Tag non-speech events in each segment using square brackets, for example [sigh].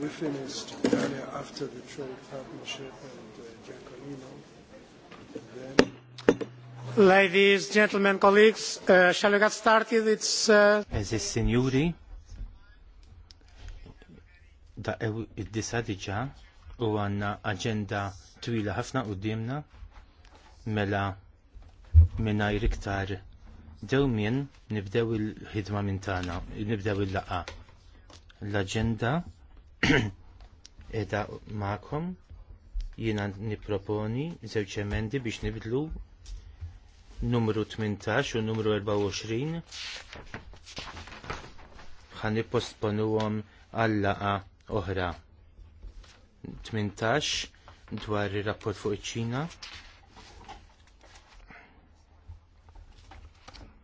we finished earlier after the trade partnership and uh, Giacolino. Then Ladies, gentlemen, colleagues, uh, shall we get started? It's... Uh... As a signori, da ew id-disa u għanna agenda twila ħafna u dimna mela minnajr iriktar dew minn nibdew il-ħidma mintana, nibdew il-laqa. L-agenda [clears throat] edha ma'kom jiena nipproponi żewġ emendi biex nibdlu numru 18 u numru 24 ħan nipposponuhom għallaqa oħra. 18 dwar ir-rapport fuq iċ-Ċina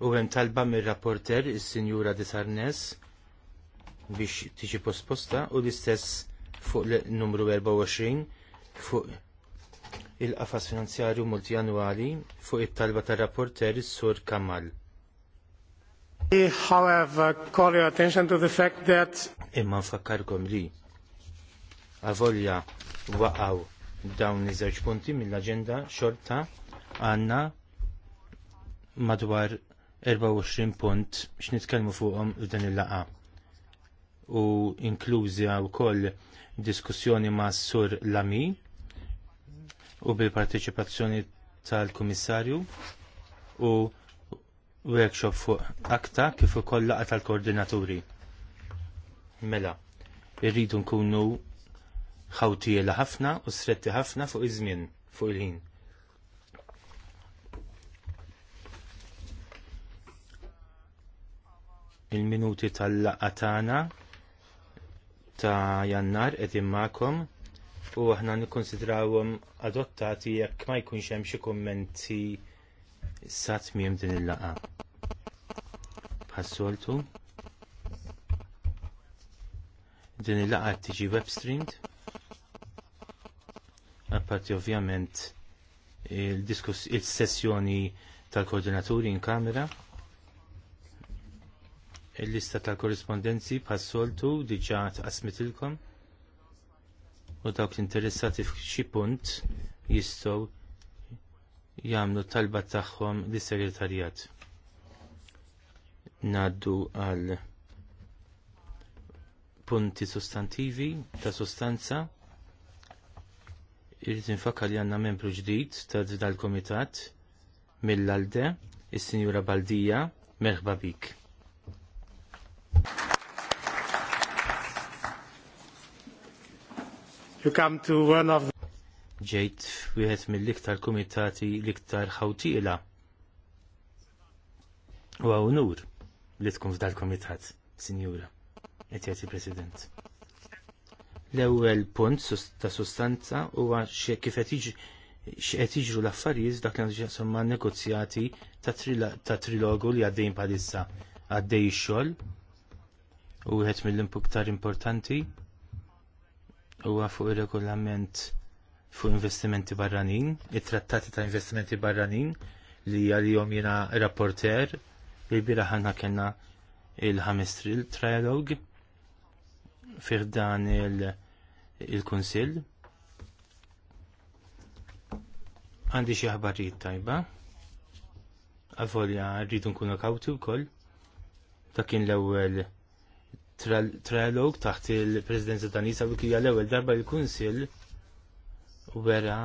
u hemm talba mir-rapporter is-Sinjura Disarnes biex tiġi posposta u l-istess fuq numru 24 fuq il-qafas finanzjarju multianwali fuq it-talba tar rapporter sur Kamal. However, call your attention to the fact that imma nfakkarkom li avolja waqaw dawn iż-żewġ punti mill-aġenda xorta għandna madwar 24 punt x'nitkellmu fuqhom f'dan il-laqa u inklużi wkoll diskussjoni ma' Sur Lami u bil-parteċipazzjoni tal-Kummissarju u workshop fuq akta kif ukoll laqgħa tal-koordinaturi. Mela, irridu nkunu ħawtiela ħafna u stretti ħafna fuq iż-żmien fuq il-ħin. il-minuti tal-laqatana ta' jannar qegħdin magħkom u aħna nikkonsidrawhom adottati jekk ma jkunx hemm xi kummenti sa tmiem din il-laqa. Bħassoltu. Din il-laqa tiġi web streamed. Apparti ovvjament il-sessjoni il diskuss tal-koordinaturi in kamera il-lista ta' korrispondenzi bħas-soltu diġà tqasmitilkom u dawk interessati f'xi punt jistgħu jagħmlu talba tagħhom lis segretarjat Ngħaddu għal punti sostantivi ta' sostanza irrid infakka li għandna membru ġdid ta' dal-komitat mill-Alde, is-Sinjura Baldija, merħba bik. You come to one of the... Ġejt wieħed mill-iktar kumitati l-iktar ħawtila. U nur li tkun f'dal kumitat, sinjura, qed President. L-ewwel punt ta' sustanza huwa kif qed jiġru l-affarijiet dak li ma' negozjati ta' trilogu li għaddejn bħalissa għaddej ix-xogħol u wieħed mill-impuktar importanti huwa fuq ir-regolament fuq investimenti barranin, it-trattati ta' investimenti barranin li għal-jom jina rapporter li bira ħanna kena il-ħamistril trialog fih dan il-konsil. Għandi xi ħbarijiet tajba. Avolja rridu nkunu kawtu wkoll. Ta' kien l-ewwel trialog taħt il-Presidenza Danisa u kija l-ewwel darba l-Kunsil vera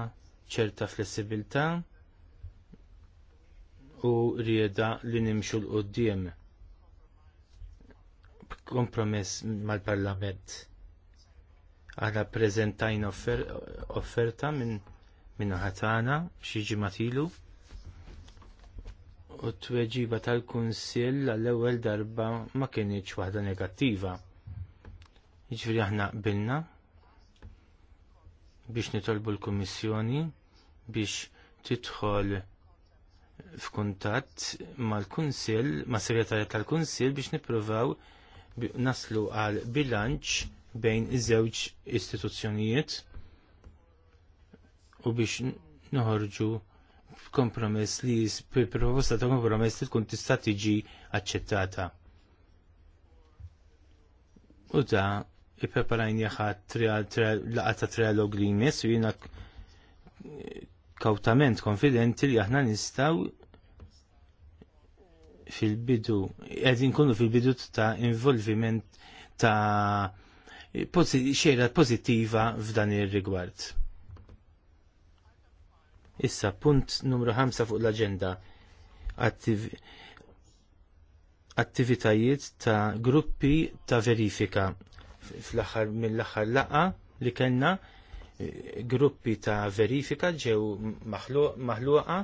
ċerta flessibilità u rieda li nimxu l-qoddim kompromess mal-Parlament. Għana prezentajn offer, offerta minn min ħatana xi matilu u t-tweġiba tal-Kunsill għall-ewwel darba ma kienieċ waħda negattiva. Jiġifieri aħna qbilna biex nitolbu l-Kummissjoni biex tidħol f'kuntatt mal-Kunsill, ma' segretarja tal-Kunsill biex nippruvaw naslu għal bilanċ bejn iż-żewġ istituzzjonijiet u biex noħorġu f'kompromess li proposta ta' kompromess li tkun tista' tiġi aċċettata. U ta' ippreparajn jaħa laqa ta' trialog li jmiss u jiena kawtament konfidenti li aħna nistaw fil-bidu, għedin kunu fil-bidu ta' involviment ta' xejra pozittiva f'dan ir-rigward. Issa, punt numru 5 fuq l-agenda. Attiv attivitajiet ta' gruppi ta' verifika. Fl-axar mill-axar laqa li kellna eh, gruppi ta' verifika ġew maħluqa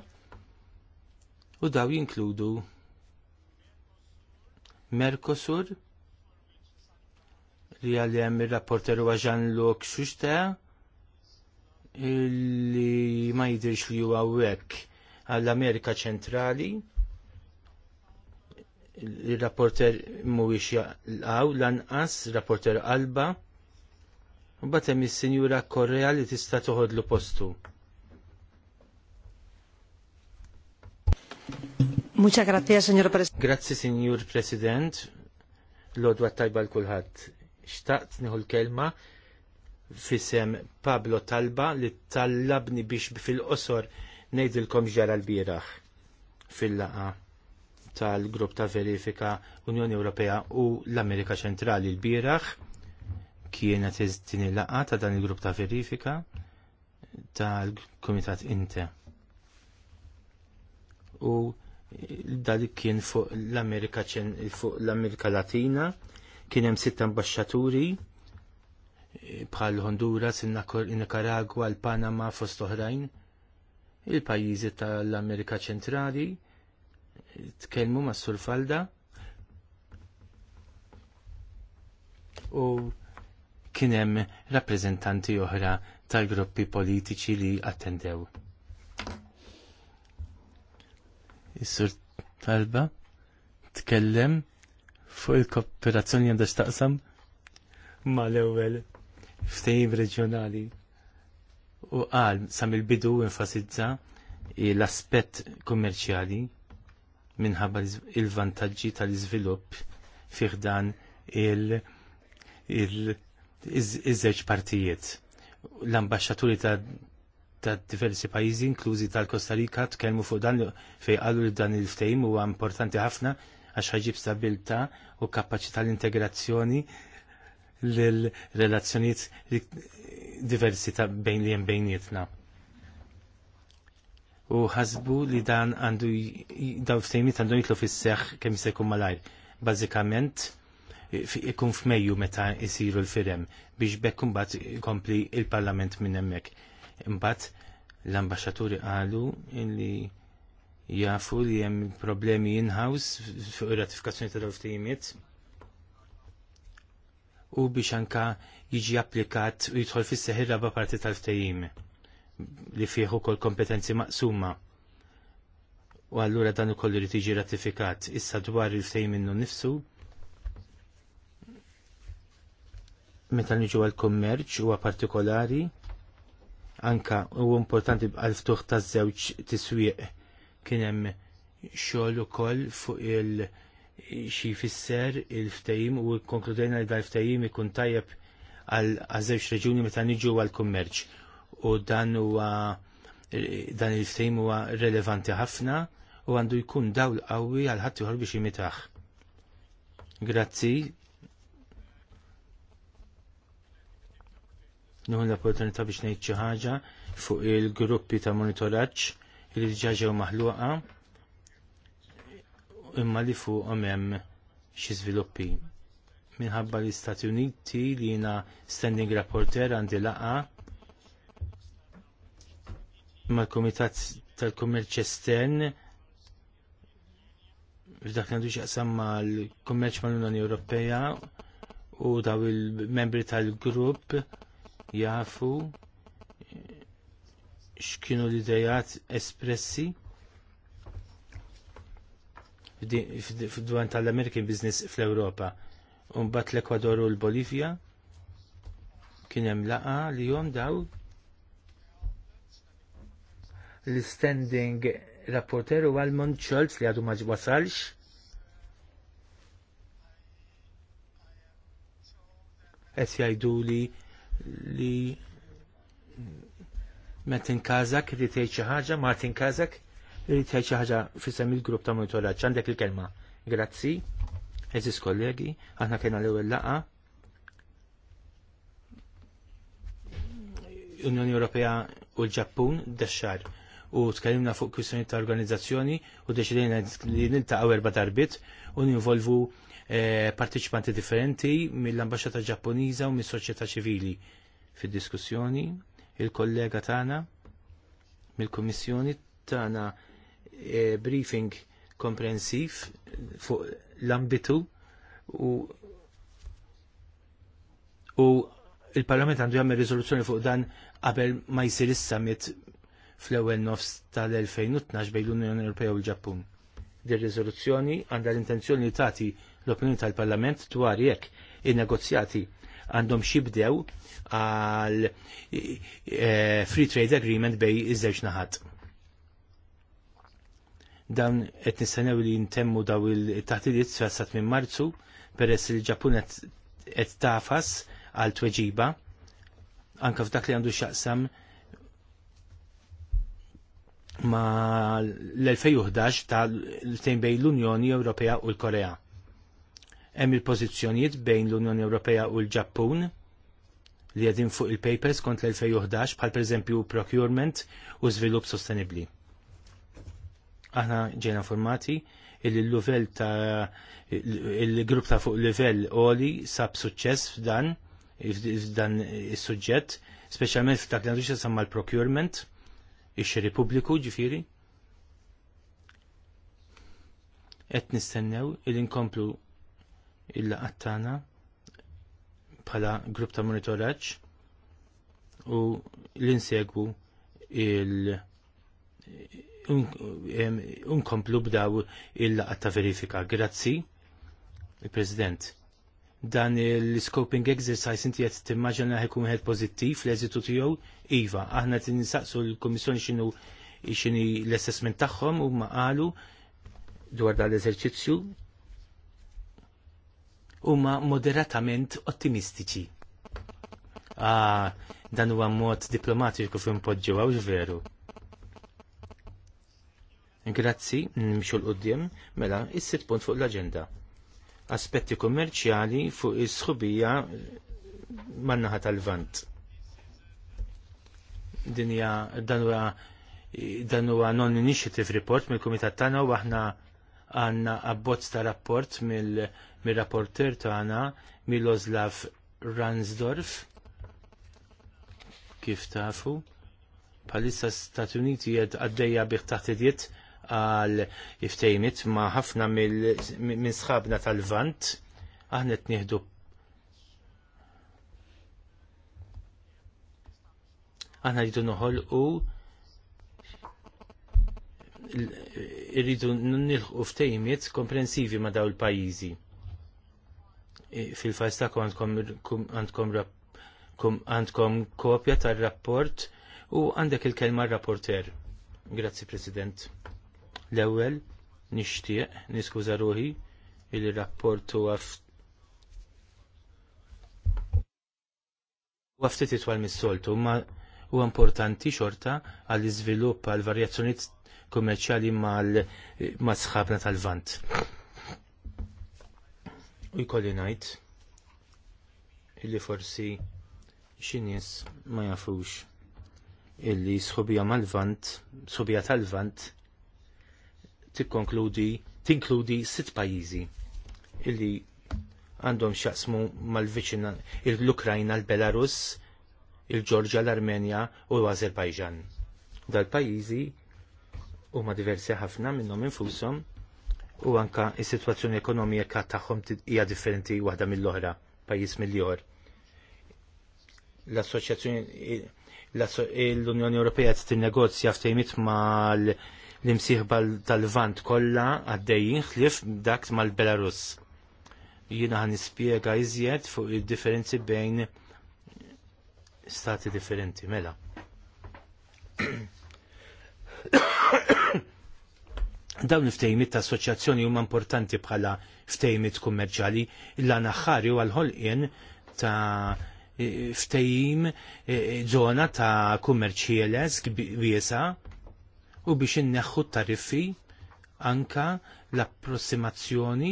u daw jinkludu Mercosur li għalli għamir rapporteru għajan l-ok li ma jidirx li huwa hekk għall-Amerika ċentrali il-rapporter mhuwiex jaqgħu lanqas rapporter qalba u batem hemm is-sinjura Korrea li tista' toħodlu postu. Muċa grazie, señor presidente. Grazie, signor president. Lodwa tajba l-kulħadd. Xtaqt nieħu l-kelma fisem Pablo Talba li tallabni biex fil-qosor nejdilkom ġara l-biraħ fil-laqa tal-grupp ta' verifika Unjoni Ewropea u l-Amerika Ċentrali l-biraħ kienet iżdini laqa ta' dan il-grupp ta' verifika tal-Komitat Inte. U dal kien fuq l-Amerika fuq l-Amerika Latina kien hemm sitt ambasċaturi bħal Honduras, il-Nicaragua, il-Panama, fost oħrajn, il-pajizi tal-Amerika ċentrali, tkellmu ma' surfalda u kienem rappresentanti oħra tal-gruppi politiċi li attendew. Is-sur talba tkellem fuq il-kooperazzjoni għandha xtaqsam mal-ewwel ftehim reġjonali u qal sam il-bidu enfasizza l-aspett kummerċjali minħabba il-vantaġġi tal-iżvilupp fih dan il-żewġ partijiet. L-ambasċaturi ta' ta' diversi pajjiżi, inklużi tal-Kosta Rika, tkellmu fuq dan fej qalu li dan il-ftehim huwa importanti ħafna għax ħaġib stabilta u kapaċità l-integrazzjoni l-relazzjoniet diversi ta' bejn li jem bejnietna. U ħasbu li dan għandu daw ftejmiet għandu jitlu fis-seħ kemm se jkun malajr. Bażikament ikun f'Mejju meta jsiru l-firem biex bekkum bat kompli il-Parlament minn hemmhekk. Imbagħad l-ambaxxaturi qalu li jafu li hemm problemi in-house fuq ir-ratifikazzjoni ta' dawn ftejmiet u biex anka jiġi applikat u jidħol fis seħir raba parti tal-ftejim li fih ukoll kompetenzi maqsuma. U allura dan ukoll irid jiġi ratifikat issa dwar il-ftejim minnu nifsu. Meta niġu għal-kummerċ huwa partikolari anka u importanti għal-ftuħ taż-żewġ tiswieq kien hemm xogħol ukoll fuq il- xi jfisser il-ftehim u konkludejna li dal-ftehim ikun tajjeb għal żewġ reġuni meta niġu għal kummerċ u dan u dan il ftajim huwa relevanti ħafna u għandu jkun dawl qawwi għal ħadd ieħor biex jimitaħ. Grazzi. Nuhun l-opportunità biex ngħid xi ħaġa fuq il-gruppi ta' monitoraġġ li u maħluqa imma li fuqhom hemm xi żviluppi. Minħabba l-Istati Uniti li jiena standing rapporter għandi laqgħa mal-Kumitat tal-Kummerċ Estern f'dak għandu xaqsam mal-Kummerċ mal-Unjoni Ewropea u daw il-membri tal-grupp jafu x'kienu l-idejat espressi f'dwan tal-American Business fl-Ewropa. bat l-Ekwador u l-Bolivja kien hemm laqa li jom daw l-standing rapporter u Almond Schultz li għadu ma' ġwasalx. qed jgħidu li li Martin Kazak li tgħid xi ħaġa, Martin Kazak Irrid tgħid xi ħaġa fisem il-grupp ta' monitoraġġ għandek il-kelma. Grazzi, eżis kollegi, aħna kena l-ewwel laqa. Unjoni Ewropea u l-Ġappun dexxar u tkellimna fuq kwistjoni ta' organizzazzjoni u deċidejna li niltaqgħu erba' darbit u ninvolvu eh, partiċipanti differenti mill-ambaxxata Ġappuniża u mis-soċjetà ċivili fid-diskussjoni il-kollega tagħna mill-Kummissjoni tagħna Eh, briefing komprensiv fuq l-ambitu u u il-Parlament għandu jagħmel riżoluzzjoni fuq dan qabel ma jsir is-summit fl-ewwel nofs tal-2012 bejn l-Unjoni Ewropea u l-Ġappun. Din riżoluzzjoni għandha l-intenzjoni li tagħti l-opinjoni tal-Parlament dwar jekk in-negozjati għandhom xibdew għal eh, Free Trade Agreement bej iż-żewġ naħat dawn qed nistennew li jintemmu daw il-taħtiliet trassat minn Marzu peress li l-Ġapun qed tafas għal tweġiba anke f'dak li għandu x'aqsam ma l-2011 ta' l-tejn bejn l-Unjoni Ewropea u l-Korea. Hemm il-pożizzjonijiet bejn l-Unjoni Ewropea u l-Ġappun li għedin fuq il-papers kont l-2011 bħal per procurement u żvilupp sostenibli Aħna ġena formati il-level ta' il-grupp ta' fuq level oli sab suċċess f'dan f'dan is-suġġett, speċjalment f'dak li għandu samma l-procurement, ix-xiri pubbliku ġifieri. Qed nistennew il-inkomplu il-laqat tagħna bħala grupp ta' monitoraġġ u l-insegwu il- unkomplu b'daw il-laqat ta' verifika. Grazzi, il-President. Dan il-scoping exercise inti għed timmaġan li ħekun għed pozittiv l-eżitu tijow, Iva, aħna t-nisaqsu l-Komissjoni xinu xini l-assessment tagħhom u ma qalu dwar dan l-eżerċizzju ma moderatament ottimistiċi. Ah, dan huwa mod diplomatiku fim podġu għaw veru. Grazzi, nimxu l-qoddim, mela, is sit punt fuq l-agenda. Aspetti kummerċjali fuq is-sħubija mannaħa tal-vant. Dinja dan huwa dan huwa non-initiative report mill-kumitat tagħna u aħna għandna abbozz ta' rapport mill-rapporter tagħna mill Ransdorf kif tafu palissa Stati Uniti jed għaddeja taħt idiet għal iftejmit ma' ħafna minn sħabna tal-vant aħna t-nieħdu aħna rridu noħolqu rridu nilħu ftejmiet komprensivi ma daw il-pajizi. fil fajsta għandkom għandkom kopja tar rapport u għandek il-kelma rapporter. Grazzi, President. L-ewwel nixtieq niskuża ruħi il-rapport għaf huwa ftit itwal mis-soltu, ma huwa importanti xorta għall iżvilupp għal varjazzjoni kummerċjali mal sħabna tal-vant. U jkolli ngħid illi forsi xi nies ma jafux illi sħubija mal-vant, sħubija tal-vant tikkonkludi tinkludi sitt pajjiżi illi għandhom xaqsmu mal-viċina l-Ukrajna, l-Belarus, il-Ġorġa, l-Armenja u l-Azerbajġan. Dal-pajjiżi huma diversi ħafna minnhom infushom u anka is-sitwazzjoni ekonomika tagħhom hija differenti waħda mill-oħra, pajjiż mill-ieħor. L-Assoċjazzjoni l-Unjoni Ewropea t tinnegozja ftehimiet mal l-imsieħba tal-vant kollha għaddejjin ħlief dak mal-Belarus. Jiena għan nispjega iżjed fuq id-differenzi bejn stati differenti mela. [coughs] Dawn il ta' assoċjazzjoni huma importanti bħala ftejmit kummerċali illa naħħari u għal-ħolqien ta' ftejim e, e, zona ta' kummerċieles wiesa u biex inneħħu tariffi anka l-approssimazzjoni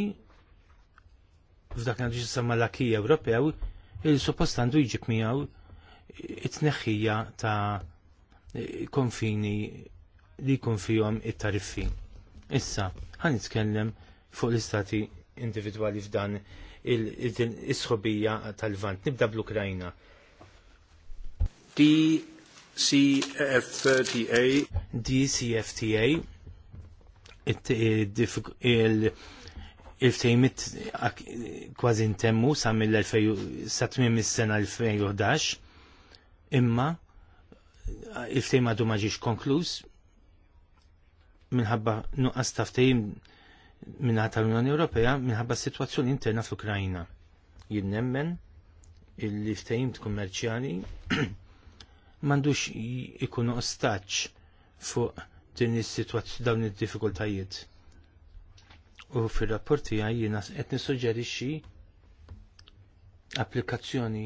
f'dak għandu ġisama l-akija Ewropew il-suppostandu jġib miegħu it-tneħħija ta' konfini li jkun fihom it-tariffi. Issa, ħan nitkellem fuq l-istati individwali f'dan il sħobija tal-vant. Nibda bl-Ukrajna. Di CFTA. DCFTA eh, il-ftejmit kważi ntemmu sa mill-2000 sa tmiem is-sena 2011 imma il-ftejm għadu ma ġiex konkluż minħabba nuqqas ta' ftejm minna tal-Unjoni Ewropea minħabba situazzjoni sitwazzjoni interna fl-Ukrajna. Jien nemmen il-ftejm kummerċjali [clears throat] mandux ikunu ostaċ fuq din is-sitwazzjoni dawn id-diffikultajiet. U fir-rapport tiegħi jiena qed nissuġġerixxi applikazzjoni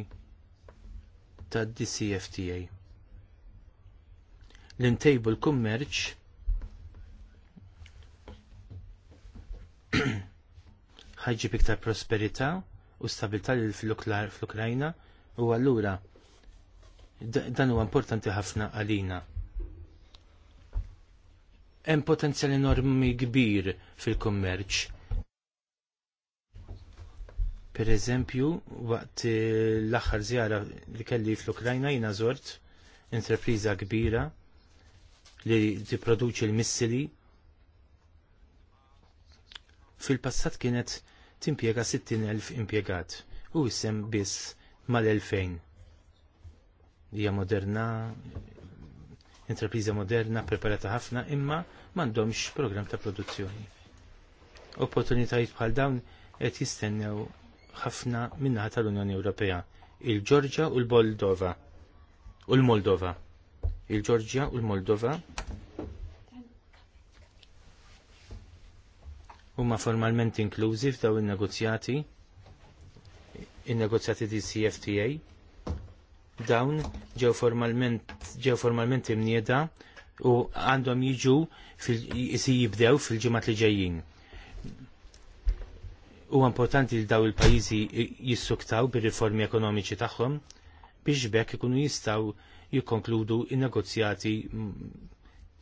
tad DCFTA. L-intejbu l-kummerċ [clears throat] ħajġib iktar prosperità u stabilità l ukrajna u allura dan huwa importanti ħafna għalina. Hemm potenzjal enormi kbir fil-kummerċ. Per eżempju, waqt l-aħħar żjara li kelli fl-Ukrajna jiena żort intrapriża kbira li tipproduċi l-missili fil-passat kienet timpjega 60.000 impjegat u issem biss mal-2000 hija moderna, intrapriża moderna, preparata ħafna, imma m'għandhomx programm ta' produzzjoni. Opportunitajiet bħal dawn qed jistennew ħafna minnaħa tal-Unjoni Ewropea, il ġorġja u l-Moldova. U l-Moldova. Il-Ġorġja u l-Moldova huma formalment inklużi daw in-negozjati in-negozjati di CFTA dawn ġew formalment ġew formalment imnieda u għandhom jiġu si jibdew fil-ġimgħat li ġejjin. U importanti li daw il-pajjiżi jissuktaw bir-riformi ekonomiċi tagħhom biex bekk ikunu jistgħu jikkonkludu in-negozjati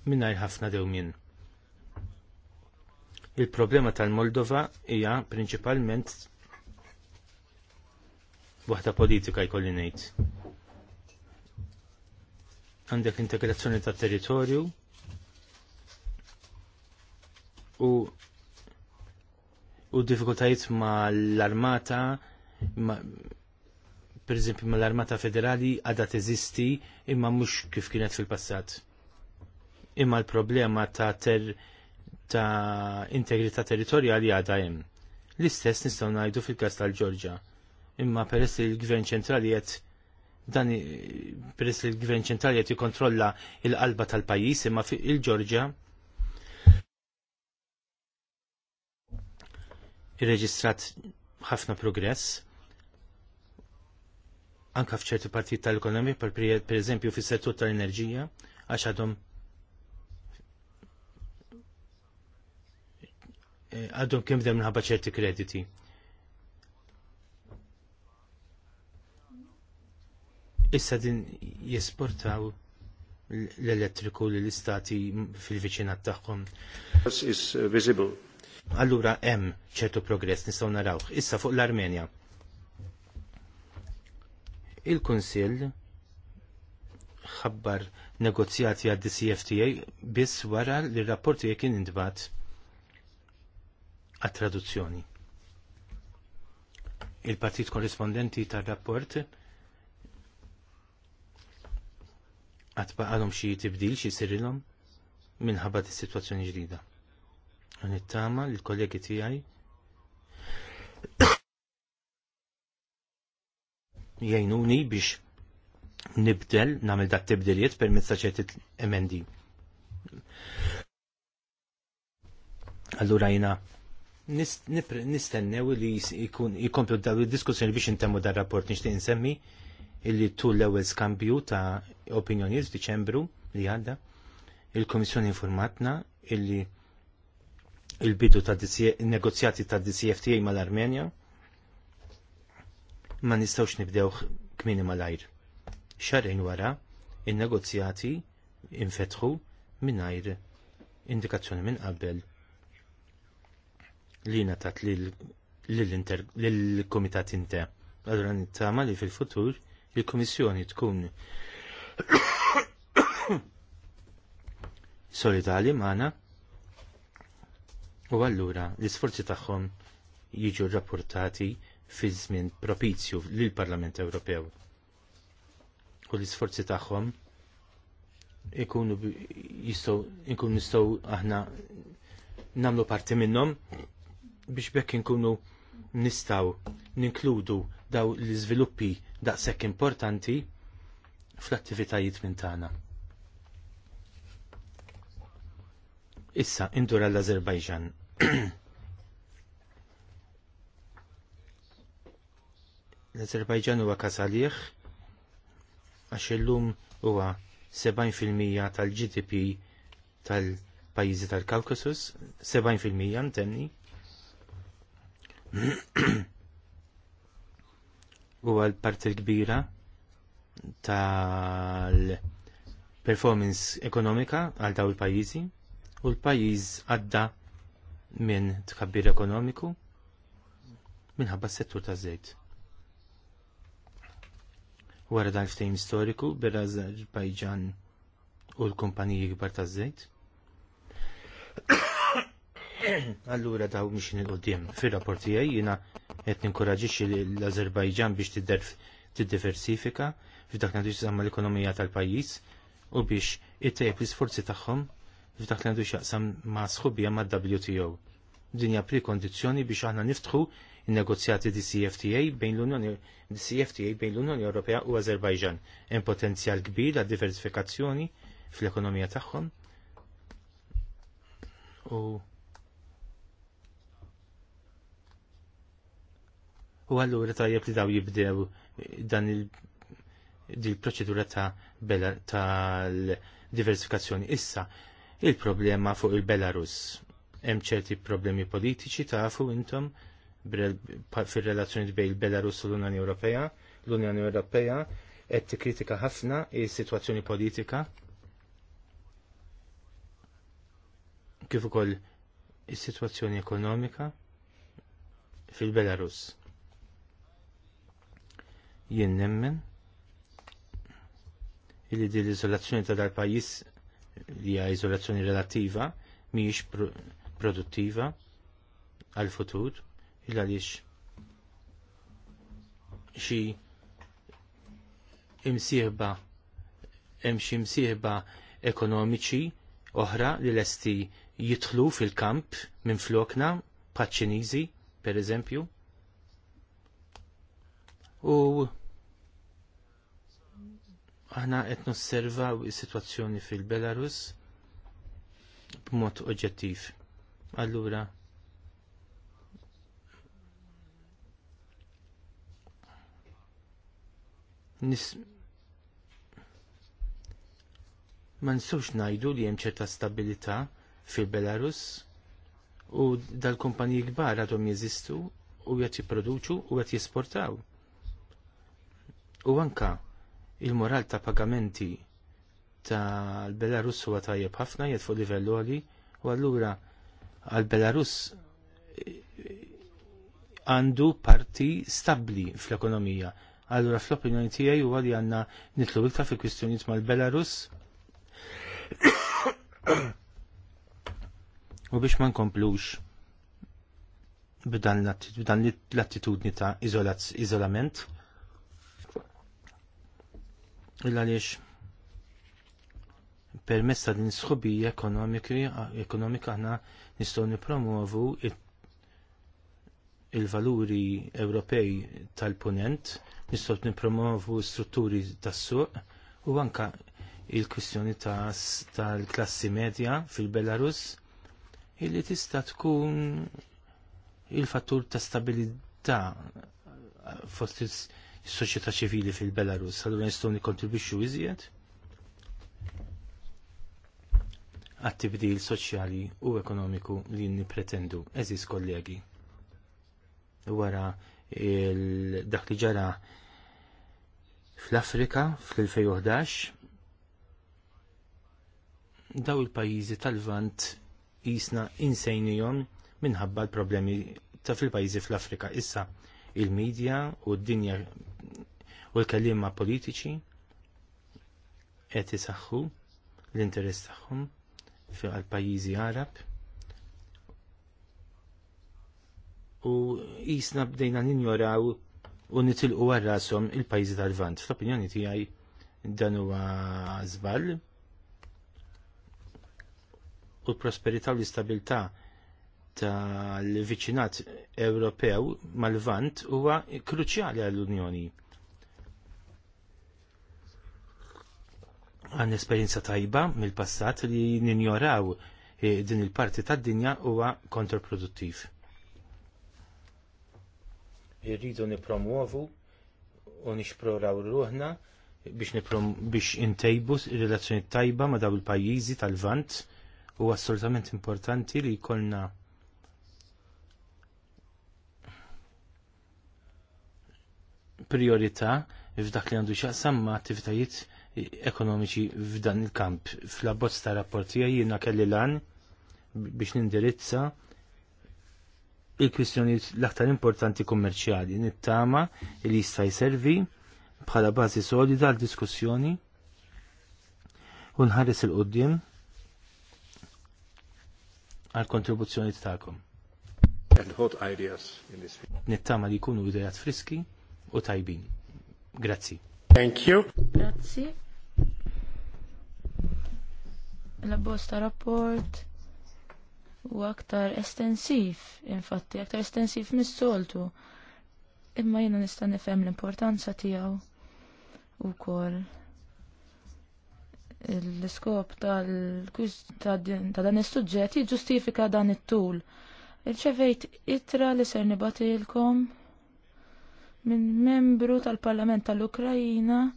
mingħajr ħafna dewmien. Il-problema tal-Moldova hija prinċipalment waħda politika jkolli ngħid għandek integrazzjoni ta' territorju u u diffikultajiet ma l-armata ma per esempio ma l-armata federali għadha teżisti imma mhux kif kienet fil-passat. Imma l-problema ta' ter ta' integrità territorjali għadha hemm. L-istess nistgħu ngħidu fil-każ tal-Ġorġa. Imma peress li l-Gvern ċentrali qed dan peress li l-gvern ċentrali qed jikkontrolla l-qalba tal-pajjiż imma fi il-Ġorġja irreġistrat ħafna progress anka f'ċerti partit tal-ekonomi, per, eżempju fis-settur tal-enerġija, għax għadhom eh, għadhom kemm dem minħabba ċerti krediti. issa din jesportaw l-elettriku l-istati fil-viċinat tagħhom. Is uh, visible. Allura hemm ċertu progress nistgħu narawh. Issa fuq l-Armenja. Il-Kunsill ħabbar negozjati għad DCFTA biss wara li r-rapport tiegħek kien intbat għat traduzzjoni. Il-partit korrispondenti tar-rapport għatbaqalhom xi tibdil xi sirilhom minħabba is-sitwazzjoni ġdida. Għan nittama tama l-kollegi tiegħi [coughs] jajnuni biex nibdel nagħmel dat tibdiliet permezz ta' ċerti MND. Allura jina nistennew li jkomplu daw id-diskussjoni biex intemmu dar rapport nixtieq insemmi illi tul l-ewwel skambju ta' opinjonijiet f'Diċembru li għadda, il-Komissjoni informatna illi il-bidu ta' e, negozjati ta' DCFTA mal-Armenja ma nistawx nibdew kmini mal-ajr. Xarrin wara, il-negozjati infetħu minn indikazzjoni minn qabel li natat l-komitat inte. it-tama li fil-futur il-Kummissjoni tkun [coughs] solidali magħna u allura l-isforzi tagħhom jiġu rapportati fi żmien propizju lill-Parlament Ewropew. U l-isforzi tagħhom ikunu jistgħu nkun nistgħu aħna nagħmlu parti minnhom biex bekk inkunu nistaw ninkludu daw l iżviluppi daqshekk importanti fl-attivitajiet minn tagħna. Issa indura l-Azerbajġan. [clears throat] l-Azerbajġan huwa kasalih għax illum huwa 70% tal-GDP tal-pajjiżi tal-Kaukasus, 70% ntenni. [clears throat] huwa l-parti kbira tal-performance ekonomika għal daw il-pajjiżi u l-pajjiż għadda minn tkabbir ekonomiku minħabba s-settur ta' żejt. Wara dan ftehim storiku bir Azerbajġan u l-kumpaniji kbar ta' żejt. [coughs] Allura daw mixin il-qoddim. Fir-rapport tiegħi jiena qed ninkoraġixxi l-Azerbajġan biex tiddiversifika f'dak li jaqsam l-ekonomija tal-pajjiż u biex ittejb l-isforzi tagħhom f'dak li għandu x'jaqsam ma' sħubija ma' WTO. Din hija prekondizzjoni biex aħna niftħu negozjati di CFTA bejn l-Unjoni CFTA bejn l-Unjoni Ewropea u Azerbajġan. Hemm potenzjal kbir għad diversifikazzjoni fl-ekonomija tagħhom. U U għallura tajjeb li daw jibdew dan il proċedura ta' bela tal-diversifikazzjoni. Issa, il-problema fuq il-Belarus. Hemm ċerti problemi politiċi tafu intom fir-relazzjoni bejn il-Belarus u l-Unjoni Ewropea. L-Unjoni Ewropea qed tikkritika ħafna is-sitwazzjoni politika kif ukoll is-sitwazzjoni ekonomika fil-Belarus jien nemmen illi din l-izolazzjoni ta' dal-pajjiż li hija izolazzjoni relattiva mhijiex produttiva għal futur il għaliex xi imsieħba hemm xi imsieħba ekonomiċi oħra li lesti jidħlu fil-kamp minn flokna paċċinizi per pereżempju, u aħna qed nosservaw is-sitwazzjoni fil-Belarus b'mod oġġettiv. Allura nis ma nsux ngħidu li hemm ċerta stabilità fil-Belarus u dal-kumpaniji kbar għadhom jeżistu u qed jipproduċu u qed jisportaw U anka il-moral ta' pagamenti tal-Belarus huwa tajjeb ħafna jgħid fuq livell għali u allura għal-Belarus eh, għandu parti stabbli fl-ekonomija. Allura fl-opinjoni tiegħi huwa li għandna nitlu iktar fi kwistjonijiet mal-Belarus. [coughs] u biex ma nkomplux b'dan l-attitudni ta' izolament. Il-għaliex permessa din sħubija ekonomika ħna nistgħu nipromovu il-valuri Ewropej tal-punent, nistgħu nipromovu strutturi tas-suq u anka il-kwistjoni tal-klassi medja fil-Belarus illi tista' tkun il-fattur ta' stabilità fost s-soċjetà ċivili fil-Belarus, allura nistgħu nikkontribwixxu iżjed għat-tibdil soċjali u ekonomiku li pretendu eżis kollegi. Wara dak li ġara fl-Afrika fl-2011, daw il-pajizi tal-vant jisna insejnijon minħabba l-problemi ta' fil-pajizi fl-Afrika. Issa, il-medja u d-dinja u l-kallima politiċi qed isaħħu l-interess tagħhom għal pajjiżi Arab u jisna bdejna ninjoraw u nitilqu għarrasom il-pajjiżi tal-Vant. Fl-opinjoni tiegħi dan huwa żball u l-prosperità u l istabilta tal-viċinat Ewropew mal-Vant huwa kruċjali għall-Unjoni. Għan esperjenza tajba mill-passat li ninjoraw eh, din il-parti tad-dinja huwa kontraproduttiv. Irridu nipromuovu u nixproraw ruħna biex niprom biex intejbu relazzjoni tajba ma daw il-pajjiżi tal-Vant u assolutament importanti li jkollna priorità f'dak li għandu xaqsam ma' attivitajiet ekonomiċi f'dan il-kamp. Fl-abbozz ta' rapporti jiena kelli lan biex nindirizza il-kwistjoni l-aktar importanti kummerċjali nittama li jista' jservi bħala bażi solida għal diskussjoni u nħares il-qoddim għal kontribuzzjoni tagħkom. Nittama li jkunu idejat friski u tajbin. Grazzi. Thank you. Grazzi. L-bosta rapport u aktar estensiv, infatti, aktar estensiv mis-soltu. Imma jina nista' nifhem l-importanza tiegħu ukoll l-iskop ta' dan is-suġġett jiġġustifika dan it-tul. Irċevejt itra li ser nibatilkom minn membru tal-Parlament tal-Ukrajina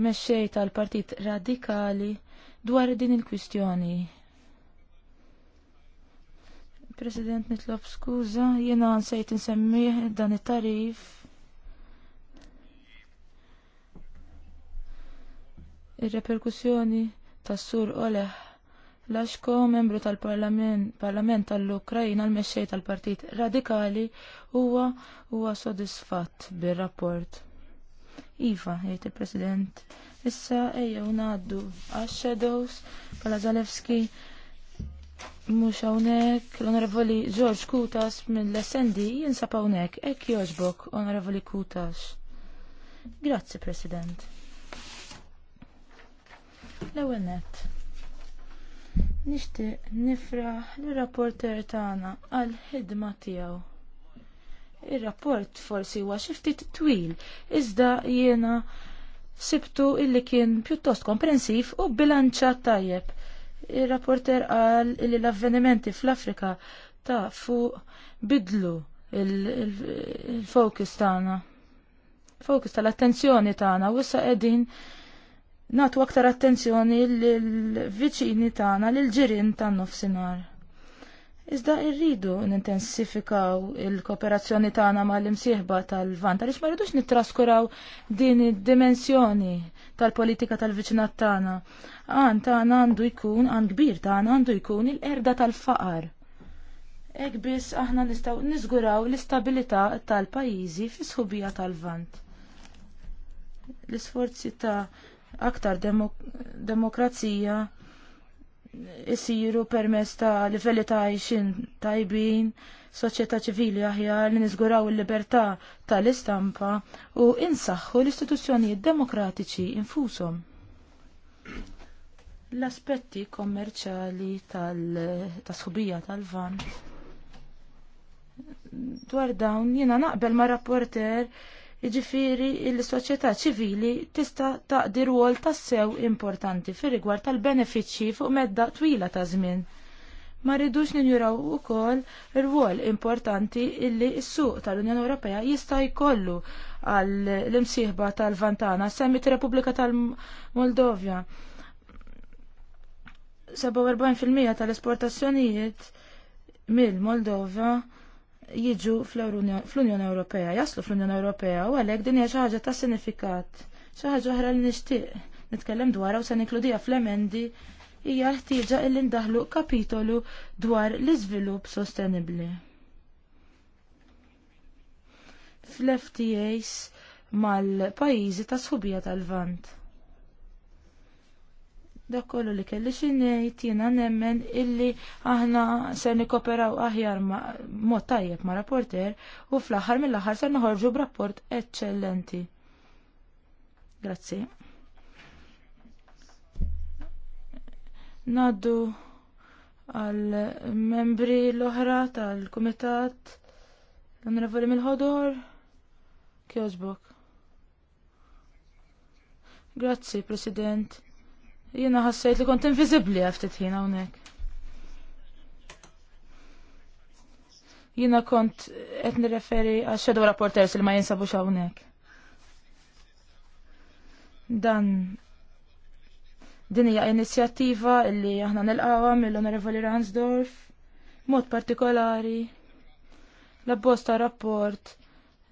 mexxej tal-Partit Radikali dwar din il-kwistjoni. President nitlob skuża, jiena nsejt insemmih dan it-tarif ir-reperkussjoni tas-sur Oleh Laxko, membru tal-Parlament tal ukrajina l-mexxej tal-Partit Radikali, huwa huwa sodisfatt bir-rapport. Iva, jgħid il-President. Issa ejjew ngħaddu għax-Shadows bħala Zalewski mhux hawnhekk l-Onorevoli George Kutas mill-SND jinsab hawnhekk. Hekk jogħġbok, Onorevoli Kutas. Grazzi, President. L-ewwel nett. Nixtieq nifraħ l-rapporter tagħna għall-ħidma tiegħu. Ir-rapport forsi huwa xi ftit twil, iżda jiena sibtu illi kien pjuttost komprensiv u bilanċat tajjeb. Ir-rapporter qal li l-avvenimenti fl-Afrika ta' fuq bidlu il-fokus tagħna. Fokus tal-attenzjoni tagħna u issa qegħdin natu aktar attenzjoni l-viċini tagħna l ġirien tan nofsinhar. Iżda irridu nintensifikaw il-kooperazzjoni tagħna mal-imsieħba tal-vant għaliex ma rridux nittraskuraw din id-dimensjoni tal-politika tal-viċinat tagħna. Għan tagħna għandu jkun, għan kbir tagħna għandu jkun il erda tal-faqar. Ek biss aħna nistgħu niżguraw l-istabilità tal-pajjiżi fis ħubija tal-vant. L-isforzi ta' aktar demok demokrazija isiru permess ta' livelli ta' għajxin tajbin, soċjetà ċivili aħjar li niżguraw il-libertà tal-istampa u insaħħu l-istituzzjonijiet demokratiċi infushom. L-aspetti kommerċali tal-sħubija tal-van. Dwar dawn jiena naqbel ma' rapporter Iġifiri il-soċjetà ċivili tista' taqdi rwol tassew importanti fir rigward tal-benefiċċji fuq medda twila ta' żmien. Ma rridux ninjuraw ukoll ir-rwol importanti illi s-suq tal-Unjoni Ewropea jista' jkollu għal l-imsieħba tal-Vantana, semmit Repubblika tal-Moldovja. 47% tal-esportazzjonijiet mill-Moldova jiġu fl-Unjoni Ewropea, jaslu fl-Unjoni Ewropea, u għalhekk din hija xi ħaġa ta' sinifikat, xi ħaġa oħra li nixtieq nitkellem dwarha u se nikkludija fl-emendi hija ħtieġa illi ndaħlu kapitolu dwar l-iżvilupp sostenibbli. Fl-FTAs mal-pajjiżi ta' sħubija tal-Vant. Dak kollu li kelli xinejt jiena nemmen illi aħna se nikoperaw aħjar mod tajjeb ma' rapporter u fl-aħħar mill-aħħar se noħorġu b'rapport eċċellenti. Grazzi. Naddu għal membri l-oħra tal-Kumitat l-Onorevoli Milħodor Kjożbok. Grazzi, President. Jiena ħassejt li kont inviżibbli għaftit ħin hawnhekk. Jiena kont qed nirreferi għal shadow rapporters li ma jinsabux hawnhekk. Dan din hija inizjattiva li aħna nilqawha mill-Onorevoli Ransdorf mod partikolari l-abbosta rapport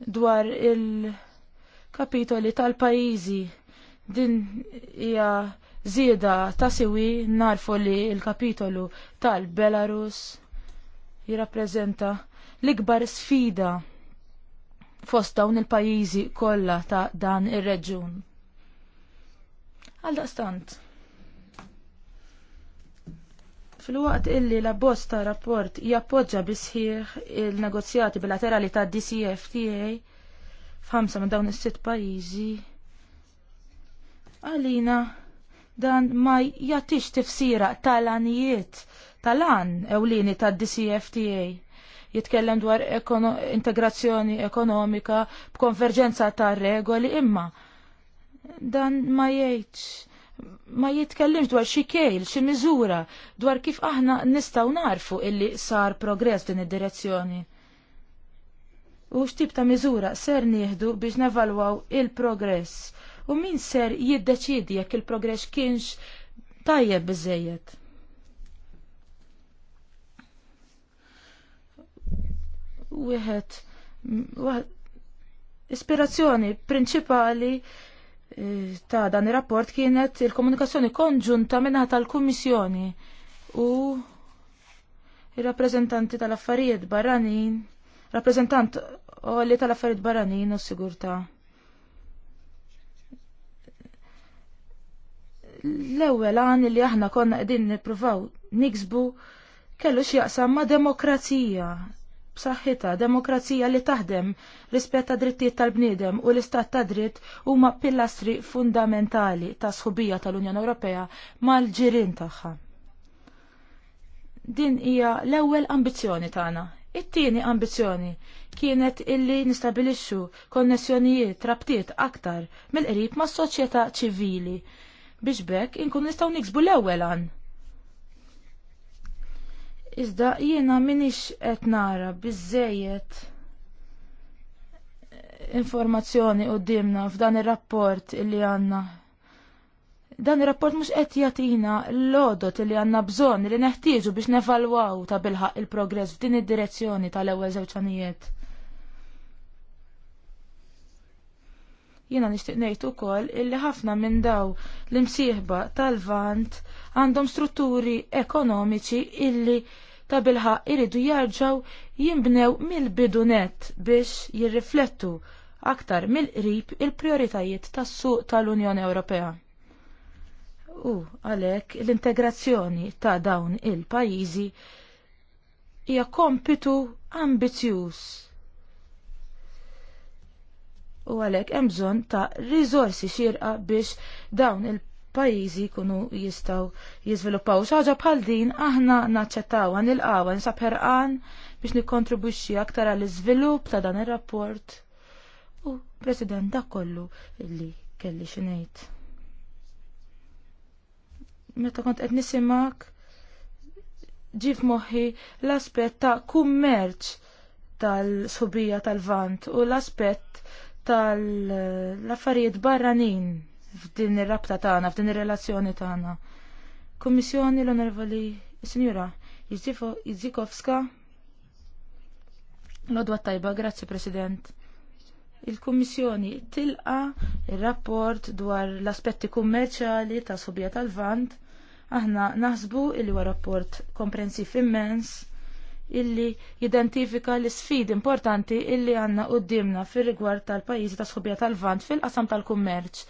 dwar il-kapitoli tal-pajizi din hija Zieda ta' siwi narfu li il-kapitolu tal-Belarus jirrappreżenta l-ikbar sfida fost dawn il-pajjiżi kollha ta' dan ir-reġjun. Għaldaqstant, fil-waqt illi la bosta rapport jappoġġa bisħiħ il-negozjati bilaterali ta' DCFTA f'ħamsa minn dawn is-sitt pajjiżi, għalina dan ma jagħtix tifsira tal-anijiet tal-an ewlieni tad-DCFTA jitkellem dwar ekono integrazzjoni ekonomika b'konverġenza tar regoli imma dan ma jgħidx ma jitkellimx dwar xi kejl, xi miżura dwar kif aħna nistgħu narfu illi sar progress din id-direzzjoni. U x'tib ta' miżura ser nieħdu biex nevalwaw il-progress u min ser jiddeċidi jekk il-progress kienx tajjeb biżejjed. Wieħed ispirazzjoni prinċipali eh, ta' dan ir-rapport kienet il-komunikazzjoni konġunta minnaħa tal-Kummissjoni u il-rappreżentanti tal-affarijiet barranin, rappreżentant li tal-affarijiet barranin u s-sigurtà. l-ewwel għan li aħna konna qegħdin nippruvaw niksbu kellu x'jaqsam ma' demokrazija b'saħħitha, demokrazija li taħdem rispett ta' drittijiet tal-bniedem u l-istat ta' dritt huma pilastri fundamentali ta' sħubija tal-Unjoni Ewropea mal-ġirien tagħha. Din hija l-ewwel ambizzjoni tagħna. It-tieni ambizzjoni kienet illi nistabilixxu konnessjonijiet rabtiet aktar mill-qrib mas-soċjetà ċivili biex bekk inkun nistgħu niksbu l-ewwel għan. Iżda jiena minix qed nara biżejjed eh, informazzjoni qudiemna f'dan ir-rapport li għandna. Dan ir-rapport mhux qed jagħtina l-għodot li għandna bżonn li neħtieġu biex nevalwaw ta' bilħaq il-progress f'din id-direzzjoni tal-ewwel żewġ Jiena nixtieq ngħid ukoll illi ħafna minn daw l-imsieħba tal-vant għandhom strutturi ekonomiċi illi ta' bilħaq iridu jarġaw jinbnew mill-bidunet biex jirriflettu aktar mill-qrib il-prioritajiet tas-suq tal-Unjoni Ewropea. U għalhekk l-integrazzjoni ta' dawn il-pajjiżi hija kompitu ambizzjuż u għalhekk hemm bżonn ta' rizorsi xirqa biex dawn il-pajjiżi jkunu jistgħu jiżviluppaw. Xaġa bħal din aħna naċċettawha nilqawha nsab ħerqan biex nikkontribwixxi aktar għall iżvilupp ta' dan ir-rapport. U President dak kollu illi kelli xinejt. ngħid. Meta kont qed nisimak ġif moħi l-aspett ta' kummerċ tal-subija tal-vant u l-aspett tal-affarijiet barranin f'din ir-rabta tagħna, f'din ir-relazzjoni tagħna. Kummissjoni l-Onorevoli Sinjura Jizikowska. Lodwa tajba, grazzi President. Il-Kummissjoni tilqa il rapport dwar l-aspetti kummerċali ta' subjet tal-vant. Aħna naħsbu il huwa rapport komprensif immens illi jidentifika l isfidi importanti illi għandna qudiemna fir-rigward tal-pajjiżi ta' sħubija tal-vant fil-qasam tal-kummerċ.